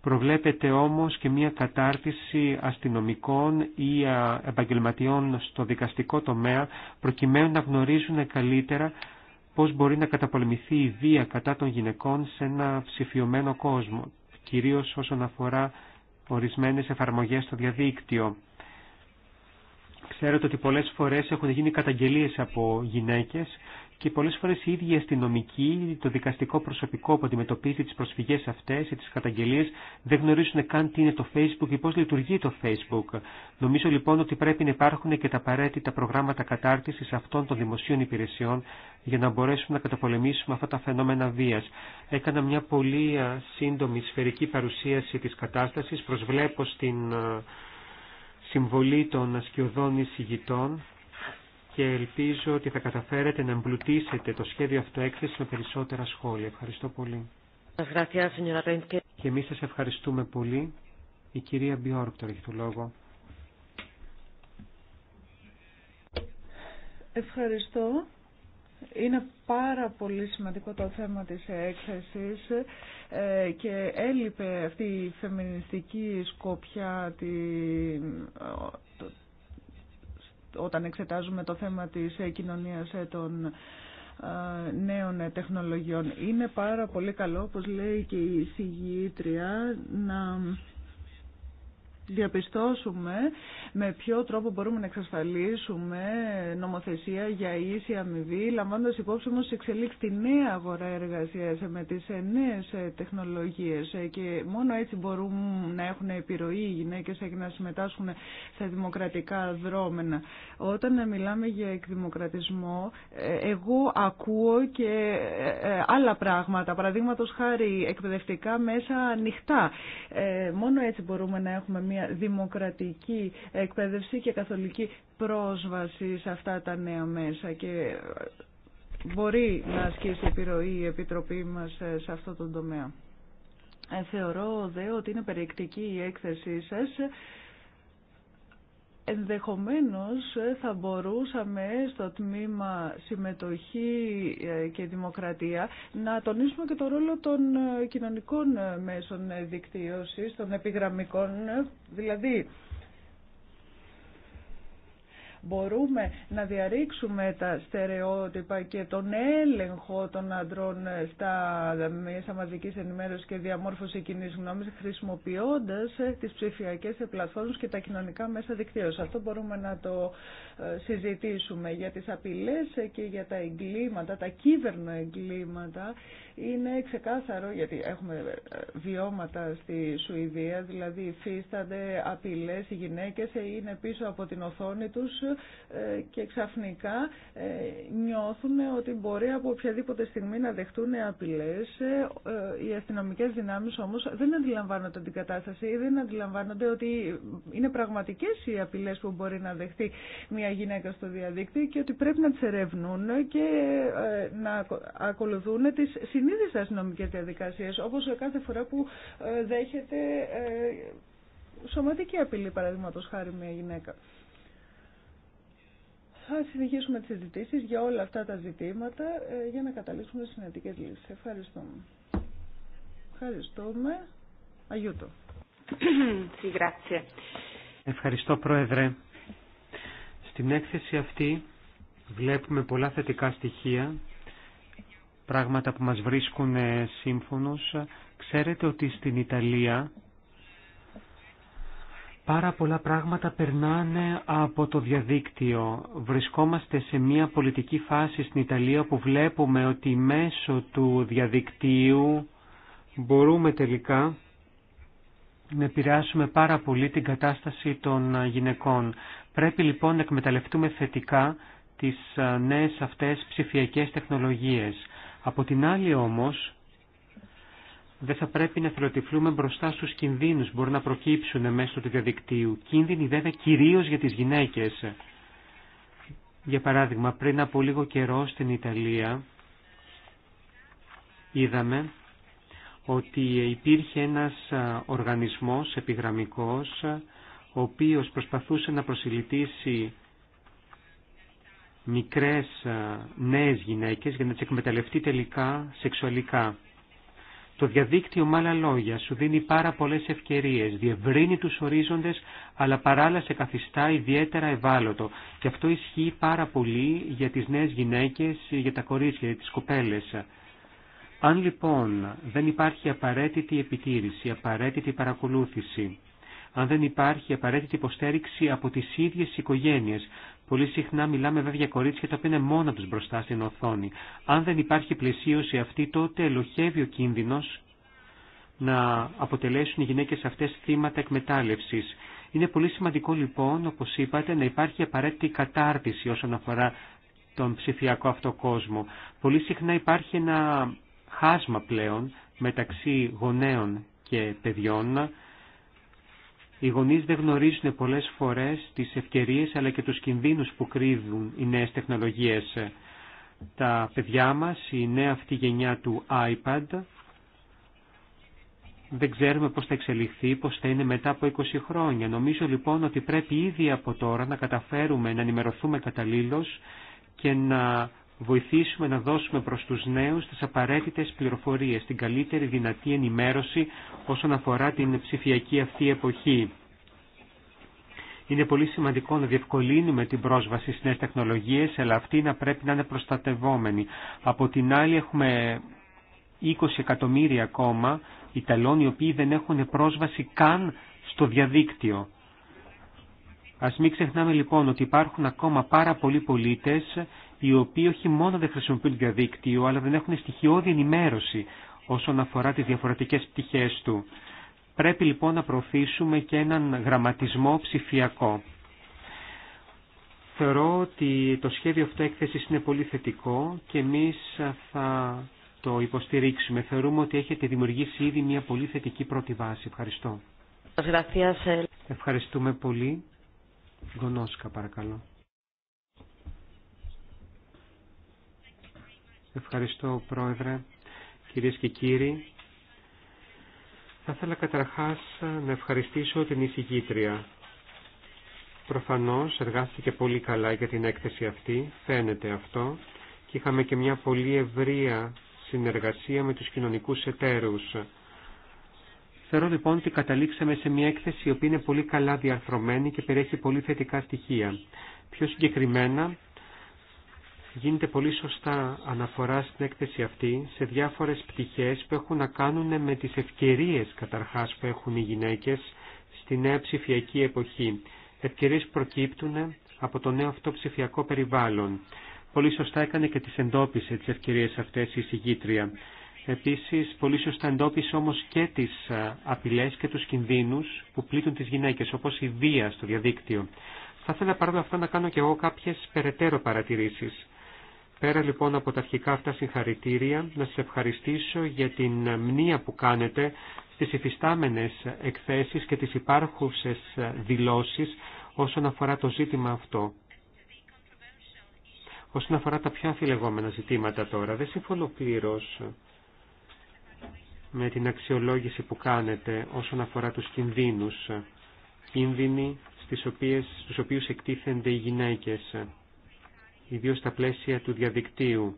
Speaker 1: Προβλέπεται όμως και μια κατάρτιση αστυνομικών ή επαγγελματιών στο δικαστικό τομέα προκειμένου να γνωρίζουν καλύτερα πώς μπορεί να καταπολεμηθεί η βία κατά των γυναικών σε ένα ψηφιωμένο κόσμο, κυρίως όσον αφορά ορισμένες εφαρμογές στο διαδίκτυο. Ξέρετε ότι πολλές φορές έχουν γίνει καταγγελίες από γυναίκες και πολλέ φορέ οι ίδιοι αστυνομικοί, το δικαστικό προσωπικό που αντιμετωπίζει τι προσφυγέ αυτέ ή τι καταγγελίε, δεν γνωρίζουν καν τι είναι το Facebook ή πώ λειτουργεί το Facebook. Νομίζω λοιπόν ότι πρέπει να υπάρχουν και τα απαραίτητα προγράμματα κατάρτιση αυτών των δημοσίων υπηρεσιών για να μπορέσουμε να καταπολεμήσουμε αυτά τα φαινόμενα βία. Έκανα μια πολύ σύντομη σφαιρική παρουσίαση τη κατάσταση. προσβλέπω στην συμβολή των ασκιωδών εισηγητών και ελπίζω ότι θα καταφέρετε να εμπλουτίσετε το σχέδιο αυτό έκθεση με περισσότερα σχόλια. Ευχαριστώ πολύ. Και εμείς σας ευχαριστούμε πολύ. Η κυρία Μπιόρκ τώρα έχει το λόγο.
Speaker 2: Ευχαριστώ. Είναι πάρα πολύ σημαντικό το θέμα της έκθεσης ε, και έλειπε αυτή η φεμινιστική σκόπια όταν εξετάζουμε το θέμα της ε, κοινωνίας ε, των ε, νέων τεχνολογιών. Είναι πάρα πολύ καλό, όπως λέει και η συγγύητρια, να διαπιστώσουμε με ποιο τρόπο μπορούμε να εξασφαλίσουμε νομοθεσία για ίση αμοιβή, λαμβάνοντα υπόψη όμω εξελίξει τη νέα αγορά εργασία με τι νέε τεχνολογίε. Ε, και μόνο έτσι μπορούν να έχουν επιρροή οι γυναίκε και να συμμετάσχουν στα δημοκρατικά δρόμενα. Όταν μιλάμε για εκδημοκρατισμό, ε, εγώ ακούω και ε, άλλα πράγματα. Παραδείγματο χάρη εκπαιδευτικά μέσα ανοιχτά. Μόνο έτσι μπορούμε να έχουμε μια δημοκρατική εκπαίδευση και καθολική πρόσβαση σε αυτά τα νέα μέσα και μπορεί να ασκήσει επιρροή η Επιτροπή μας ε, σε αυτό τον τομέα. Ε, θεωρώ δε ότι είναι περιεκτική η έκθεσή σας Ενδεχομένως ε, θα μπορούσαμε στο τμήμα συμμετοχή ε, και δημοκρατία να τονίσουμε και το ρόλο των ε, κοινωνικών μέσων δικτύωσης, των επιγραμμικών, δηλαδή Μπορούμε να διαρρήξουμε τα στερεότυπα και τον έλεγχο των αντρών στα μέσα μαζικής ενημέρωσης και διαμόρφωση κοινή γνώμη, χρησιμοποιώντας ε, τις ψηφιακές πλατφόρμες και τα κοινωνικά μέσα δικτύωσης. Αυτό μπορούμε να το ε, συζητήσουμε για τις απειλές ε, και για τα εγκλήματα, τα κύβερνα εγκλήματα είναι ξεκάθαρο, γιατί έχουμε ε, βιώματα στη Σουηδία, δηλαδή υφίστανται απειλές, οι γυναίκες ε, είναι πίσω από την οθόνη τους ε, και ξαφνικά νιώθουν ότι μπορεί από οποιαδήποτε στιγμή να δεχτούν απειλές. Οι αστυνομικές δυνάμεις όμως δεν αντιλαμβάνονται την κατάσταση δεν αντιλαμβάνονται ότι είναι πραγματικές οι απειλές που μπορεί να δεχτεί μια γυναίκα στο διαδίκτυο και ότι πρέπει να τις ερευνούν και να ακολουθούν τις συνέπειες συνήθει στις αστυνομικές διαδικασίες, όπως κάθε φορά που ε, δέχεται ε, σωματική απειλή, παραδείγματος χάρη μια γυναίκα. Θα συνεχίσουμε τις συζητήσεις για όλα αυτά τα ζητήματα ε, για να καταλήξουμε στι συναντικές λύσεις. Ευχαριστούμε. Ευχαριστούμε. Αγιούτο.
Speaker 1: Ευχαριστώ Πρόεδρε. Στην έκθεση αυτή βλέπουμε πολλά θετικά στοιχεία πράγματα που μας βρίσκουν ε, σύμφωνος. Ξέρετε ότι στην Ιταλία πάρα πολλά πράγματα περνάνε από το διαδίκτυο. Βρισκόμαστε σε μια πολιτική φάση στην Ιταλία που βλέπουμε ότι μέσω του διαδικτύου μπορούμε τελικά να επηρεάσουμε πάρα πολύ την κατάσταση των ε, γυναικών. Πρέπει λοιπόν να εκμεταλλευτούμε θετικά τις ε, νέες αυτές ψηφιακές τεχνολογίες. Από την άλλη όμως, δεν θα πρέπει να θελοτυφλούμε μπροστά στους κινδύνους που μπορούν να προκύψουν μέσω του διαδικτύου. Κίνδυνοι βέβαια κυρίως για τις γυναίκες. Για παράδειγμα, πριν από λίγο καιρό στην Ιταλία είδαμε ότι υπήρχε ένας οργανισμός επιγραμμικός ο οποίος προσπαθούσε να προσιλητήσει μικρές ε, νέες γυναίκες για να τις εκμεταλλευτεί τελικά σεξουαλικά. Το διαδίκτυο με άλλα λόγια σου δίνει πάρα πολλές ευκαιρίες, διευρύνει τους ορίζοντες, αλλά παράλληλα σε καθιστά ιδιαίτερα ευάλωτο. Και αυτό ισχύει πάρα πολύ για τις νέες γυναίκες, για τα κορίτσια, για τις κοπέλες. Αν λοιπόν δεν υπάρχει απαραίτητη επιτήρηση, απαραίτητη παρακολούθηση, αν δεν υπάρχει απαραίτητη υποστέριξη από τις ίδιες οικογένειες, Πολύ συχνά μιλάμε βέβαια για κορίτσια τα οποία είναι μόνα τους μπροστά στην οθόνη. Αν δεν υπάρχει πλαισίωση αυτή, τότε ελοχεύει ο κίνδυνος να αποτελέσουν οι γυναίκες αυτές θύματα εκμετάλλευσης. Είναι πολύ σημαντικό λοιπόν, όπως είπατε, να υπάρχει απαραίτητη κατάρτιση όσον αφορά τον ψηφιακό αυτό κόσμο. Πολύ συχνά υπάρχει ένα χάσμα πλέον μεταξύ γονέων και παιδιών οι γονείς δεν γνωρίζουν πολλές φορές τις ευκαιρίες αλλά και τους κινδύνους που κρύβουν οι νέες τεχνολογίες. Τα παιδιά μας, η νέα αυτή γενιά του iPad, δεν ξέρουμε πώς θα εξελιχθεί, πώς θα είναι μετά από 20 χρόνια. Νομίζω λοιπόν ότι πρέπει ήδη από τώρα να καταφέρουμε να ενημερωθούμε καταλήλως και να βοηθήσουμε να δώσουμε προς τους νέους τις απαραίτητες πληροφορίες, την καλύτερη δυνατή ενημέρωση όσον αφορά την ψηφιακή αυτή εποχή. Είναι πολύ σημαντικό να διευκολύνουμε την πρόσβαση στις νέες τεχνολογίες, αλλά αυτή να πρέπει να είναι προστατευόμενη. Από την άλλη έχουμε 20 εκατομμύρια ακόμα Ιταλών οι οποίοι δεν έχουν πρόσβαση καν στο διαδίκτυο. Ας μην ξεχνάμε λοιπόν ότι υπάρχουν ακόμα πάρα πολλοί πολίτες οι οποίοι όχι μόνο δεν χρησιμοποιούν το διαδίκτυο, αλλά δεν έχουν στοιχειώδη ενημέρωση όσον αφορά τις διαφορετικές πτυχές του. Πρέπει λοιπόν να προωθήσουμε και έναν γραμματισμό ψηφιακό. Θεωρώ ότι το σχέδιο αυτό έκθεσης είναι πολύ θετικό και εμείς θα το υποστηρίξουμε. Θεωρούμε ότι έχετε δημιουργήσει ήδη μια πολύ θετική πρώτη βάση. Ευχαριστώ. Eh. Ευχαριστούμε πολύ παρακαλώ. Ευχαριστώ Πρόεδρε, κυρίες και κύριοι. Θα ήθελα καταρχάς να ευχαριστήσω την εισηγήτρια. Προφανώς εργάστηκε πολύ καλά για την έκθεση αυτή, φαίνεται αυτό, και είχαμε και μια πολύ ευρεία συνεργασία με τους κοινωνικούς εταίρους. Θεωρώ λοιπόν ότι καταλήξαμε σε μια έκθεση η οποία είναι πολύ καλά διαρθρωμένη και περιέχει πολύ θετικά στοιχεία. Πιο συγκεκριμένα, γίνεται πολύ σωστά αναφορά στην έκθεση αυτή σε διάφορες πτυχές που έχουν να κάνουν με τις ευκαιρίες καταρχάς που έχουν οι γυναίκες στη νέα ψηφιακή εποχή. Ευκαιρίες προκύπτουν από το νέο αυτό ψηφιακό περιβάλλον. Πολύ σωστά έκανε και τις εντόπισε τις ευκαιρίες αυτές η συγγήτρια. Επίσης, πολύ σωστά εντόπισε όμως και τις απειλές και τους κινδύνους που πλήττουν τις γυναίκες, όπως η βία στο διαδίκτυο. Θα ήθελα παρόλα αυτά να κάνω και εγώ κάποιες περαιτέρω παρατηρήσεις. Πέρα λοιπόν από τα αρχικά αυτά συγχαρητήρια, να σας ευχαριστήσω για την μνήα που κάνετε στις υφιστάμενες εκθέσεις και τις υπάρχουσες δηλώσεις όσον αφορά το ζήτημα αυτό. Όσον αφορά τα πιο αφιλεγόμενα ζητήματα τώρα, δεν συμφωνώ πλήρως με την αξιολόγηση που κάνετε όσον αφορά τους κινδύνους, κίνδυνοι στις οποίες, στους οποίους εκτίθενται οι γυναίκες, ιδίως στα πλαίσια του διαδικτύου.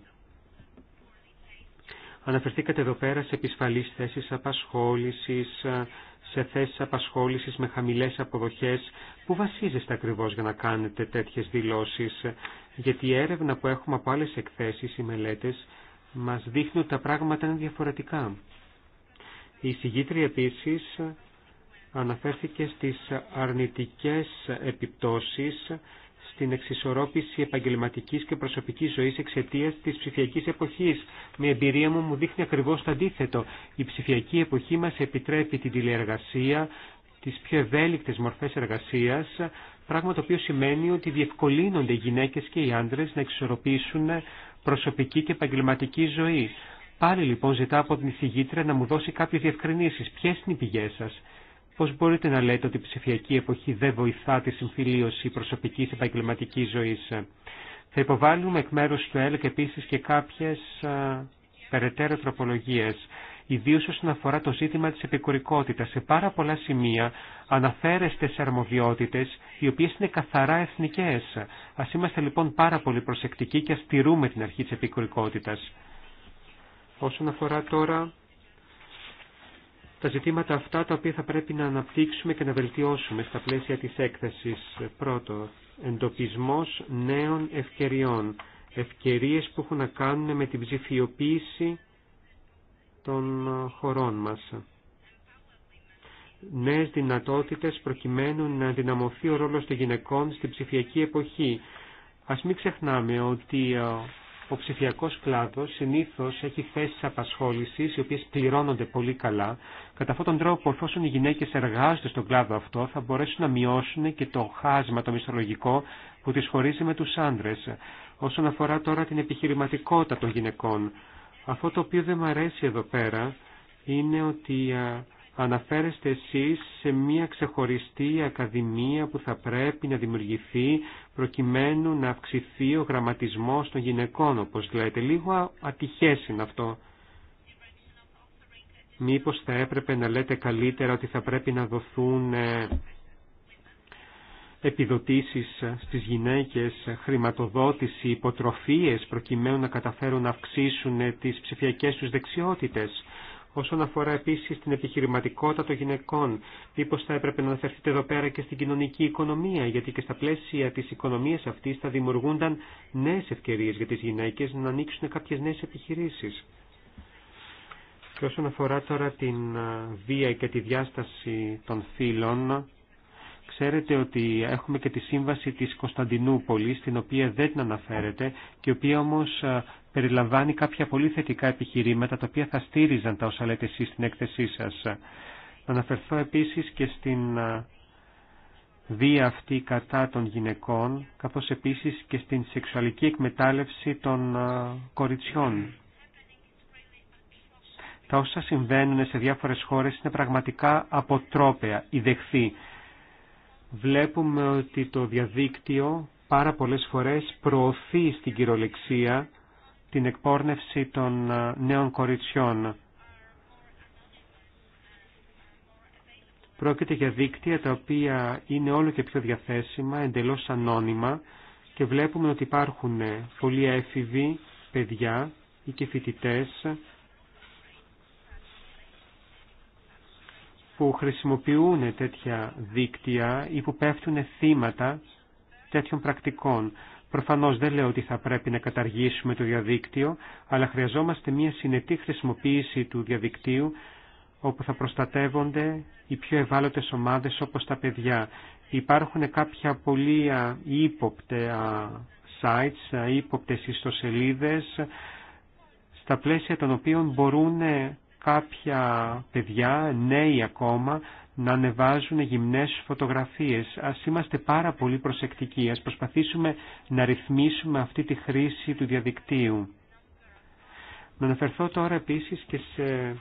Speaker 1: Αναφερθήκατε εδώ πέρα σε επισφαλείς θέσεις απασχόλησης, σε θέσεις απασχόλησης με χαμηλές αποδοχές. Πού βασίζεστε ακριβώς για να κάνετε τέτοιες δηλώσεις, γιατί η έρευνα που έχουμε από άλλες εκθέσεις, ή μελέτες, μας δείχνουν ότι τα πράγματα είναι διαφορετικά. Η συγγήτρια επίσης αναφέρθηκε στις αρνητικές επιπτώσεις στην εξισορρόπηση επαγγελματικής και προσωπικής ζωής εξαιτίας της ψηφιακής εποχής. Με εμπειρία μου μου δείχνει ακριβώς το αντίθετο. Η ψηφιακή εποχή μας επιτρέπει την τηλεεργασία, τις πιο ευέλικτες μορφές εργασίας, πράγμα το οποίο σημαίνει ότι διευκολύνονται οι γυναίκες και οι άντρες να εξισορροπήσουν προσωπική και επαγγελματική ζωή. Πάλι λοιπόν ζητάω από την εισηγήτρια να μου δώσει κάποιες διευκρινήσεις. Ποιες είναι οι πηγές σας. Πώς μπορείτε να λέτε ότι η ψηφιακή εποχή δεν βοηθά τη συμφιλίωση προσωπικής επαγγελματικής ζωής. Θα υποβάλουμε εκ μέρους του ΕΛΚ επίσης και κάποιες α, περαιτέρω τροπολογίες. Ιδίως όσον αφορά το ζήτημα της επικουρικότητας. Σε πάρα πολλά σημεία αναφέρεστε σε αρμοδιότητες οι οποίες είναι καθαρά εθνικές. Ας είμαστε λοιπόν πάρα πολύ προσεκτικοί και ας την αρχή της επικουρικότητας. Όσον αφορά τώρα τα ζητήματα αυτά τα οποία θα πρέπει να αναπτύξουμε και να βελτιώσουμε στα πλαίσια της έκθεσης. Πρώτο, εντοπισμός νέων ευκαιριών. Ευκαιρίες που έχουν να κάνουν με την ψηφιοποίηση των χωρών μας. Νέες δυνατότητες προκειμένου να δυναμωθεί ο ρόλος των γυναικών στην ψηφιακή εποχή. Ας μην ξεχνάμε ότι ε, ο ψηφιακό κλάδος συνήθως έχει θέσει απασχόληση, οι οποίες πληρώνονται πολύ καλά. Κατά αυτόν τον τρόπο, εφόσον οι γυναίκε εργάζονται στον κλάδο αυτό, θα μπορέσουν να μειώσουν και το χάσμα το μισθολογικό που τις χωρίζει με τους άντρε. Όσον αφορά τώρα την επιχειρηματικότητα των γυναικών, αυτό το οποίο δεν μου αρέσει εδώ πέρα είναι ότι αναφέρεστε εσείς σε μια ξεχωριστή ακαδημία που θα πρέπει να δημιουργηθεί προκειμένου να αυξηθεί ο γραμματισμός των γυναικών, όπως λέτε. Λίγο ατυχές είναι αυτό. Μήπως θα έπρεπε να λέτε καλύτερα ότι θα πρέπει να δοθούν ε, επιδοτήσεις στις γυναίκες, χρηματοδότηση, υποτροφίες προκειμένου να καταφέρουν να αυξήσουν ε, τις ψηφιακές τους δεξιότητες όσον αφορά επίση την επιχειρηματικότητα των γυναικών. Μήπω θα έπρεπε να αναφερθείτε εδώ πέρα και στην κοινωνική οικονομία, γιατί και στα πλαίσια τη οικονομία αυτή θα δημιουργούνταν νέε ευκαιρίε για τι γυναίκε να ανοίξουν κάποιε νέε επιχειρήσει. Και όσον αφορά τώρα την ε, βία και τη διάσταση των φύλων, Ξέρετε ότι έχουμε και τη σύμβαση της Κωνσταντινούπολης, την οποία δεν αναφέρεται και η οποία όμως ε, περιλαμβάνει κάποια πολύ θετικά επιχειρήματα τα οποία θα στήριζαν τα όσα λέτε εσείς στην έκθεσή σας. Να αναφερθώ επίσης και στην ε, βία αυτή κατά των γυναικών, καθώς επίσης και στην σεξουαλική εκμετάλλευση των ε, κοριτσιών. Τα όσα συμβαίνουν σε διάφορες χώρες είναι πραγματικά αποτρόπαια, η βλέπουμε ότι το διαδίκτυο πάρα πολλές φορές προωθεί στην κυρολεξία την εκπόρνευση των ε, νέων κοριτσιών. Πρόκειται για δίκτυα τα οποία είναι όλο και πιο διαθέσιμα, εντελώς ανώνυμα και βλέπουμε ότι υπάρχουν ε, πολλοί έφηβοι, παιδιά ή και φοιτητές που χρησιμοποιούν τέτοια δίκτυα ή που πέφτουν θύματα τέτοιων πρακτικών. Προφανώς δεν λέω ότι θα πρέπει να καταργήσουμε το διαδίκτυο, αλλά χρειαζόμαστε μια συνετή χρησιμοποίηση του διαδικτύου όπου θα προστατεύονται οι πιο ευάλωτες ομάδες όπως τα παιδιά. Υπάρχουν κάποια πολύ ύποπτε sites, ύποπτε ιστοσελίδες, στα πλαίσια των οποίων μπορούν κάποια παιδιά, νέοι ακόμα, να ανεβάζουν γυμνές φωτογραφίες. Ας είμαστε πάρα πολύ προσεκτικοί, ας προσπαθήσουμε να ρυθμίσουμε αυτή τη χρήση του διαδικτύου. Να αναφερθώ τώρα επίσης και σε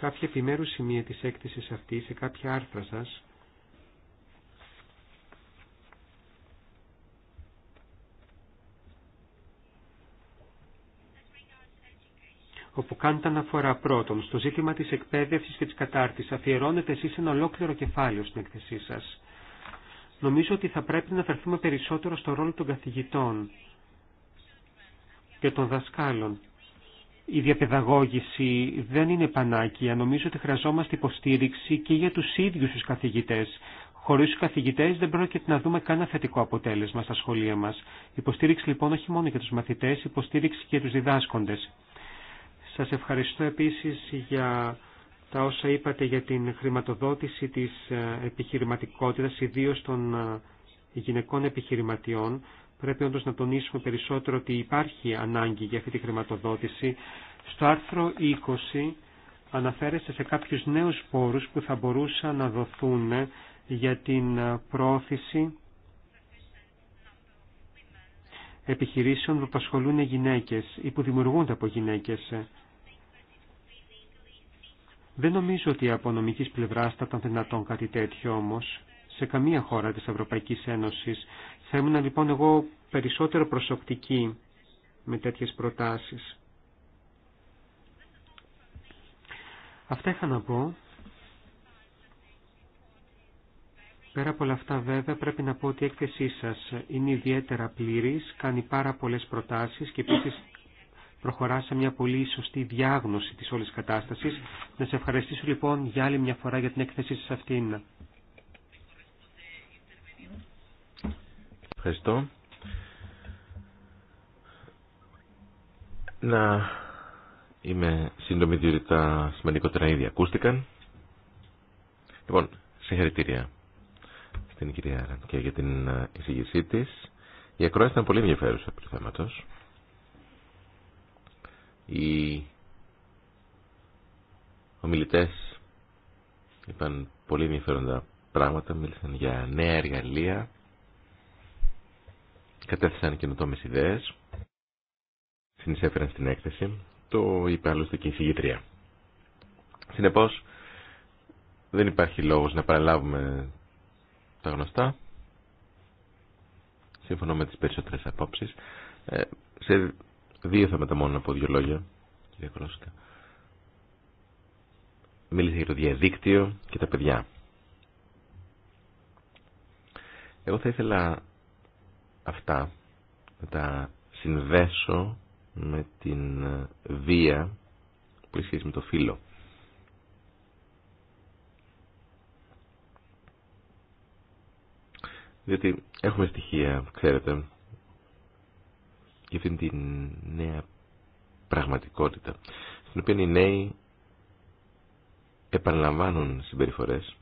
Speaker 1: κάποια επιμέρους σημεία της έκθεσης αυτής, σε κάποια άρθρα σας. όπου κάνετε αναφορά πρώτον στο ζήτημα της εκπαίδευσης και της κατάρτισης. αφιερώνεται εσείς ένα ολόκληρο κεφάλαιο στην εκθεσή σας. Νομίζω ότι θα πρέπει να αφαιρθούμε περισσότερο στο ρόλο των καθηγητών και των δασκάλων. Η διαπαιδαγώγηση δεν είναι πανάκια. Νομίζω ότι χρειαζόμαστε υποστήριξη και για τους ίδιους τους καθηγητές. Χωρίς τους καθηγητές δεν πρόκειται να δούμε κανένα θετικό αποτέλεσμα στα σχολεία μας. Υποστήριξη λοιπόν όχι μόνο για τους μαθητές, υποστήριξη και για τους διδάσκοντες. Σας ευχαριστώ επίσης για τα όσα είπατε για την χρηματοδότηση της ε, επιχειρηματικότητας, ιδίως των ε, γυναικών επιχειρηματιών. Πρέπει όντως να τονίσουμε περισσότερο ότι υπάρχει ανάγκη για αυτή τη χρηματοδότηση. Στο άρθρο 20 αναφέρεστε σε κάποιους νέους πόρους που θα μπορούσαν να δοθούν για την ε, πρόθεση επιχειρήσεων που απασχολούν γυναίκες ή που δημιουργούνται από γυναίκες. Δεν νομίζω ότι από νομικής πλευράς θα ήταν δυνατόν κάτι τέτοιο όμως σε καμία χώρα της Ευρωπαϊκής Ένωσης. Θα ήμουν λοιπόν εγώ περισσότερο προσωπική με τέτοιες προτάσεις. Αυτά είχα να πω. Πέρα από όλα αυτά βέβαια πρέπει να πω ότι η έκθεσή σας είναι ιδιαίτερα πλήρης, κάνει πάρα πολλές προτάσεις και επίσης προχωρά σε μια πολύ σωστή διάγνωση της όλης κατάστασης. Να σε ευχαριστήσω λοιπόν για άλλη μια φορά για την έκθεσή σας αυτήν.
Speaker 3: Ευχαριστώ. Να είμαι σύντομη διότι τα σημαντικότερα ήδη ακούστηκαν. Λοιπόν, συγχαρητήρια στην κυρία και για την ε, εισηγησή της. Η ακρόαση ήταν πολύ ενδιαφέρουσα το του θέματος. Οι ομιλητές είπαν πολύ ενδιαφέροντα πράγματα, μίλησαν για νέα εργαλεία, κατέθεσαν καινοτόμες ιδέες, συνεισέφεραν στην έκθεση, το είπε άλλωστε και η συγγήτρια. Συνεπώς, δεν υπάρχει λόγος να παραλάβουμε τα γνωστά, σύμφωνα με τις περισσότερες απόψεις. Ε, σε Δύο θέματα μόνο να δύο λόγια, κυρία Μίλησε για το διαδίκτυο και τα παιδιά. Εγώ θα ήθελα αυτά να τα συνδέσω με την βία που έχει με το φύλλο. Διότι έχουμε στοιχεία, ξέρετε, αυτήν την νέα πραγματικότητα στην οποία οι νέοι επαναλαμβάνουν συμπεριφορές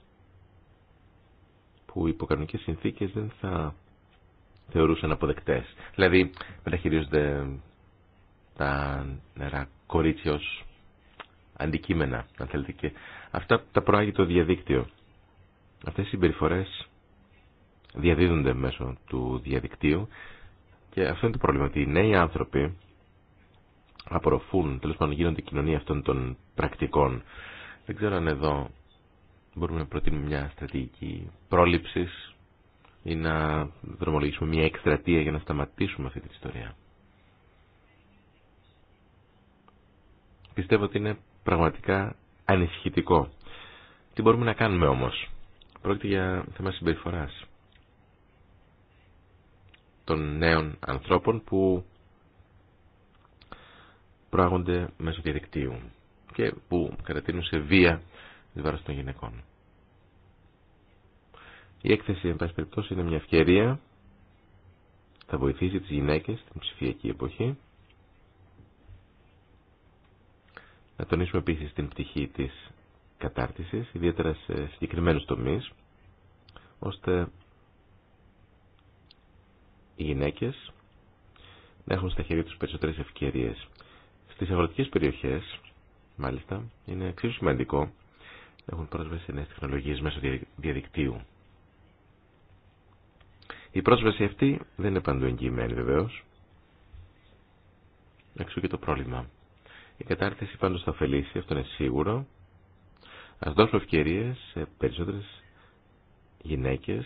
Speaker 3: που υπό κανονικές συνθήκες δεν θα θεωρούσαν αποδεκτές. Δηλαδή μεταχειρίζονται τα νερά κορίτσια ως αντικείμενα, αν θέλετε. Και αυτά τα προάγει το διαδίκτυο. Αυτές οι συμπεριφορές διαδίδονται μέσω του διαδικτύου και αυτό είναι το πρόβλημα, ότι οι νέοι άνθρωποι απορροφούν, τέλος πάντων γίνονται κοινωνία αυτών των πρακτικών. Δεν ξέρω αν εδώ μπορούμε να προτείνουμε μια στρατηγική πρόληψης ή να δρομολογήσουμε μια εκστρατεία για να σταματήσουμε αυτή την ιστορία. Πιστεύω ότι είναι πραγματικά ανησυχητικό. Τι μπορούμε να κάνουμε όμως. Πρόκειται για θέμα συμπεριφοράς των νέων ανθρώπων που προάγονται μέσω διαδικτύου και που κατατείνουν σε βία βαρας των γυναικών. Η έκθεση, εν πάση περιπτώσει, είναι μια ευκαιρία θα βοηθήσει τις γυναίκες στην ψηφιακή εποχή. Να τονίσουμε επίσης την πτυχή της κατάρτισης, ιδιαίτερα σε συγκεκριμένους τομείς, ώστε οι γυναίκε να έχουν στα χέρια του περισσότερε ευκαιρίε στι αγροτικέ περιοχέ μάλιστα, είναι εξίσου σημαντικό να έχουν πρόσβαση σε νέε τεχνολογίε μέσω διαδικτύου. Η πρόσβαση αυτή δεν είναι παντού εγγυημένη βεβαίω, Εξού και το πρόβλημα. Η κατάρτιση πάντω θα ωφελήσει, αυτό είναι σίγουρο. Α δώσουμε ευκαιρίε, σε περισσότερε γυναίκε,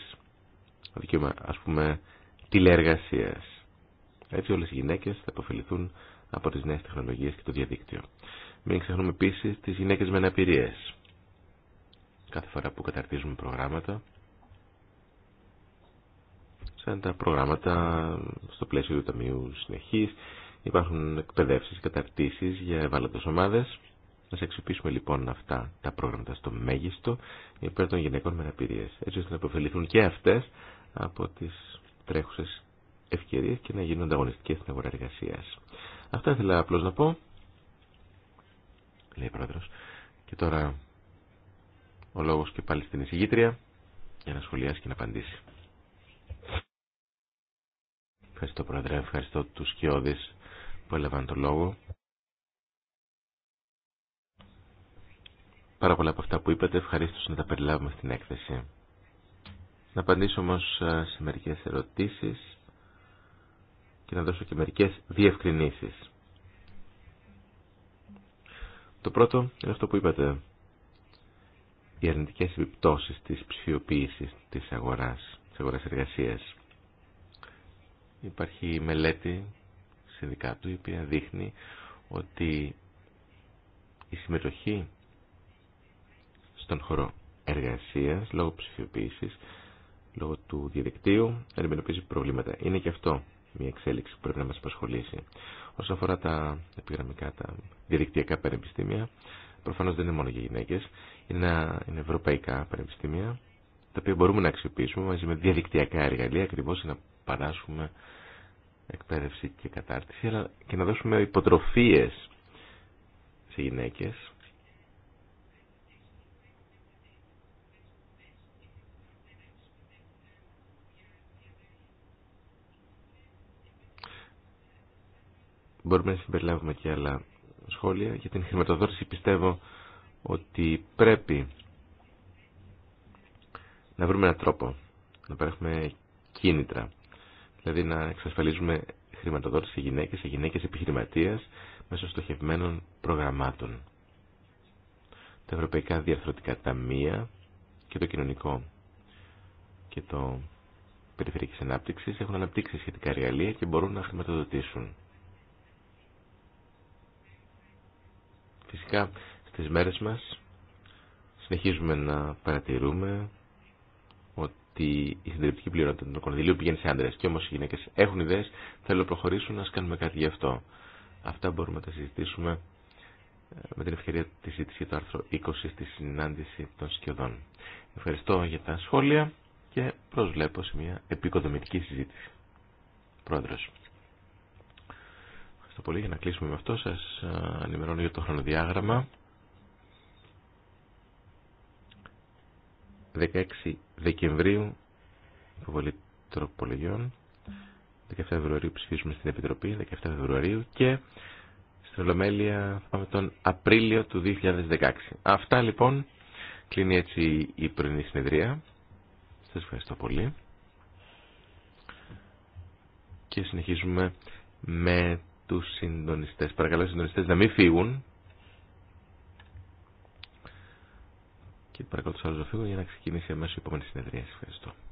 Speaker 3: α πούμε τηλεεργασίας. Έτσι όλες οι γυναίκες θα υποφεληθούν από τις νέες τεχνολογίες και το διαδίκτυο. Μην ξεχνούμε επίσης τις γυναίκες με αναπηρίες. Κάθε φορά που καταρτίζουμε προγράμματα, σαν τα προγράμματα στο πλαίσιο του Ταμείου Συνεχής, υπάρχουν εκπαιδεύσεις, καταρτήσεις για ευάλωτες ομάδες. Να σε αξιοποιήσουμε λοιπόν αυτά τα πρόγραμματα στο μέγιστο υπέρ των γυναικών με αναπηρίες, έτσι ώστε να υποφεληθούν και αυτές από τις τρέχουσες ευκαιρίες και να γίνουν ανταγωνιστικέ στην αγορά εργασία. Αυτά ήθελα απλώ να πω, λέει ο πρόεδρος. Και τώρα ο λόγος και πάλι στην εισηγήτρια για να σχολιάσει και να απαντήσει. Ευχαριστώ πρόεδρε, ευχαριστώ τους σκιώδει που έλαβαν τον λόγο. Πάρα πολλά από αυτά που είπατε ευχαρίστως να τα περιλάβουμε στην έκθεση. Να απαντήσω όμως ε, σε μερικές ερωτήσεις και να δώσω και μερικές διευκρινήσεις. Το πρώτο είναι αυτό που είπατε. Οι αρνητικές επιπτώσεις της ψηφιοποίησης της αγοράς, της αγοράς εργασίας. Υπάρχει μελέτη συνδικάτου η οποία δείχνει ότι η συμμετοχή στον χώρο εργασίας λόγω ψηφιοποίησης λόγω του διαδικτύου αντιμετωπίζει προβλήματα. Είναι και αυτό μια εξέλιξη που πρέπει να μα απασχολήσει. Όσον αφορά τα επιγραμμικά, τα διαδικτυακά πανεπιστήμια, Προφανώ δεν είναι μόνο για γυναίκε, είναι, είναι ευρωπαϊκά πανεπιστήμια, τα οποία μπορούμε να αξιοποιήσουμε μαζί με διαδικτυακά εργαλεία, ακριβώς να παράσουμε εκπαίδευση και κατάρτιση, αλλά και να δώσουμε υποτροφίε σε γυναίκε. μπορούμε να συμπεριλάβουμε και άλλα σχόλια. Για την χρηματοδότηση πιστεύω ότι πρέπει να βρούμε έναν τρόπο να παρέχουμε κίνητρα. Δηλαδή να εξασφαλίζουμε χρηματοδότηση σε γυναίκες, σε γυναίκες επιχειρηματίας μέσω στοχευμένων προγραμμάτων. Τα ευρωπαϊκά διαρθρωτικά ταμεία και το κοινωνικό και το περιφερειακής ανάπτυξης έχουν αναπτύξει σχετικά εργαλεία και μπορούν να χρηματοδοτήσουν. Φυσικά στις μέρες μας συνεχίζουμε να παρατηρούμε ότι η συντριπτική πληρότητα των κονδυλίων πηγαίνει σε άντρε. Και όμω οι γυναίκε έχουν ιδέες, θέλουν να προχωρήσουν, να κάνουμε κάτι γι' αυτό. Αυτά μπορούμε να τα συζητήσουμε ε, με την ευκαιρία της ζήτησης για το άρθρο 20 στη συνάντηση των σκιωδών. Ευχαριστώ για τα σχόλια και προσβλέπω σε μια επικοδομητική συζήτηση. Πρόεδρος. Ευχαριστώ πολύ για να κλείσουμε με αυτό. σα ε, ενημερώνω για το χρονοδιάγραμμα. 16 Δεκεμβρίου υποβολή τροπολογιών. 17 Φεβρουαρίου ψηφίζουμε στην Επιτροπή. 17 Φεβρουαρίου και στην Ολομέλεια θα πάμε τον Απρίλιο του 2016. Αυτά λοιπόν. Κλείνει έτσι η πρωινή συνεδρία. Σα ευχαριστώ πολύ. Και συνεχίζουμε με τους συντονιστές. Παρακαλώ οι συντονιστές να μην φύγουν. Και παρακαλώ τους άλλους να φύγουν για να ξεκινήσει αμέσως η επόμενη συνεδρία. Ευχαριστώ.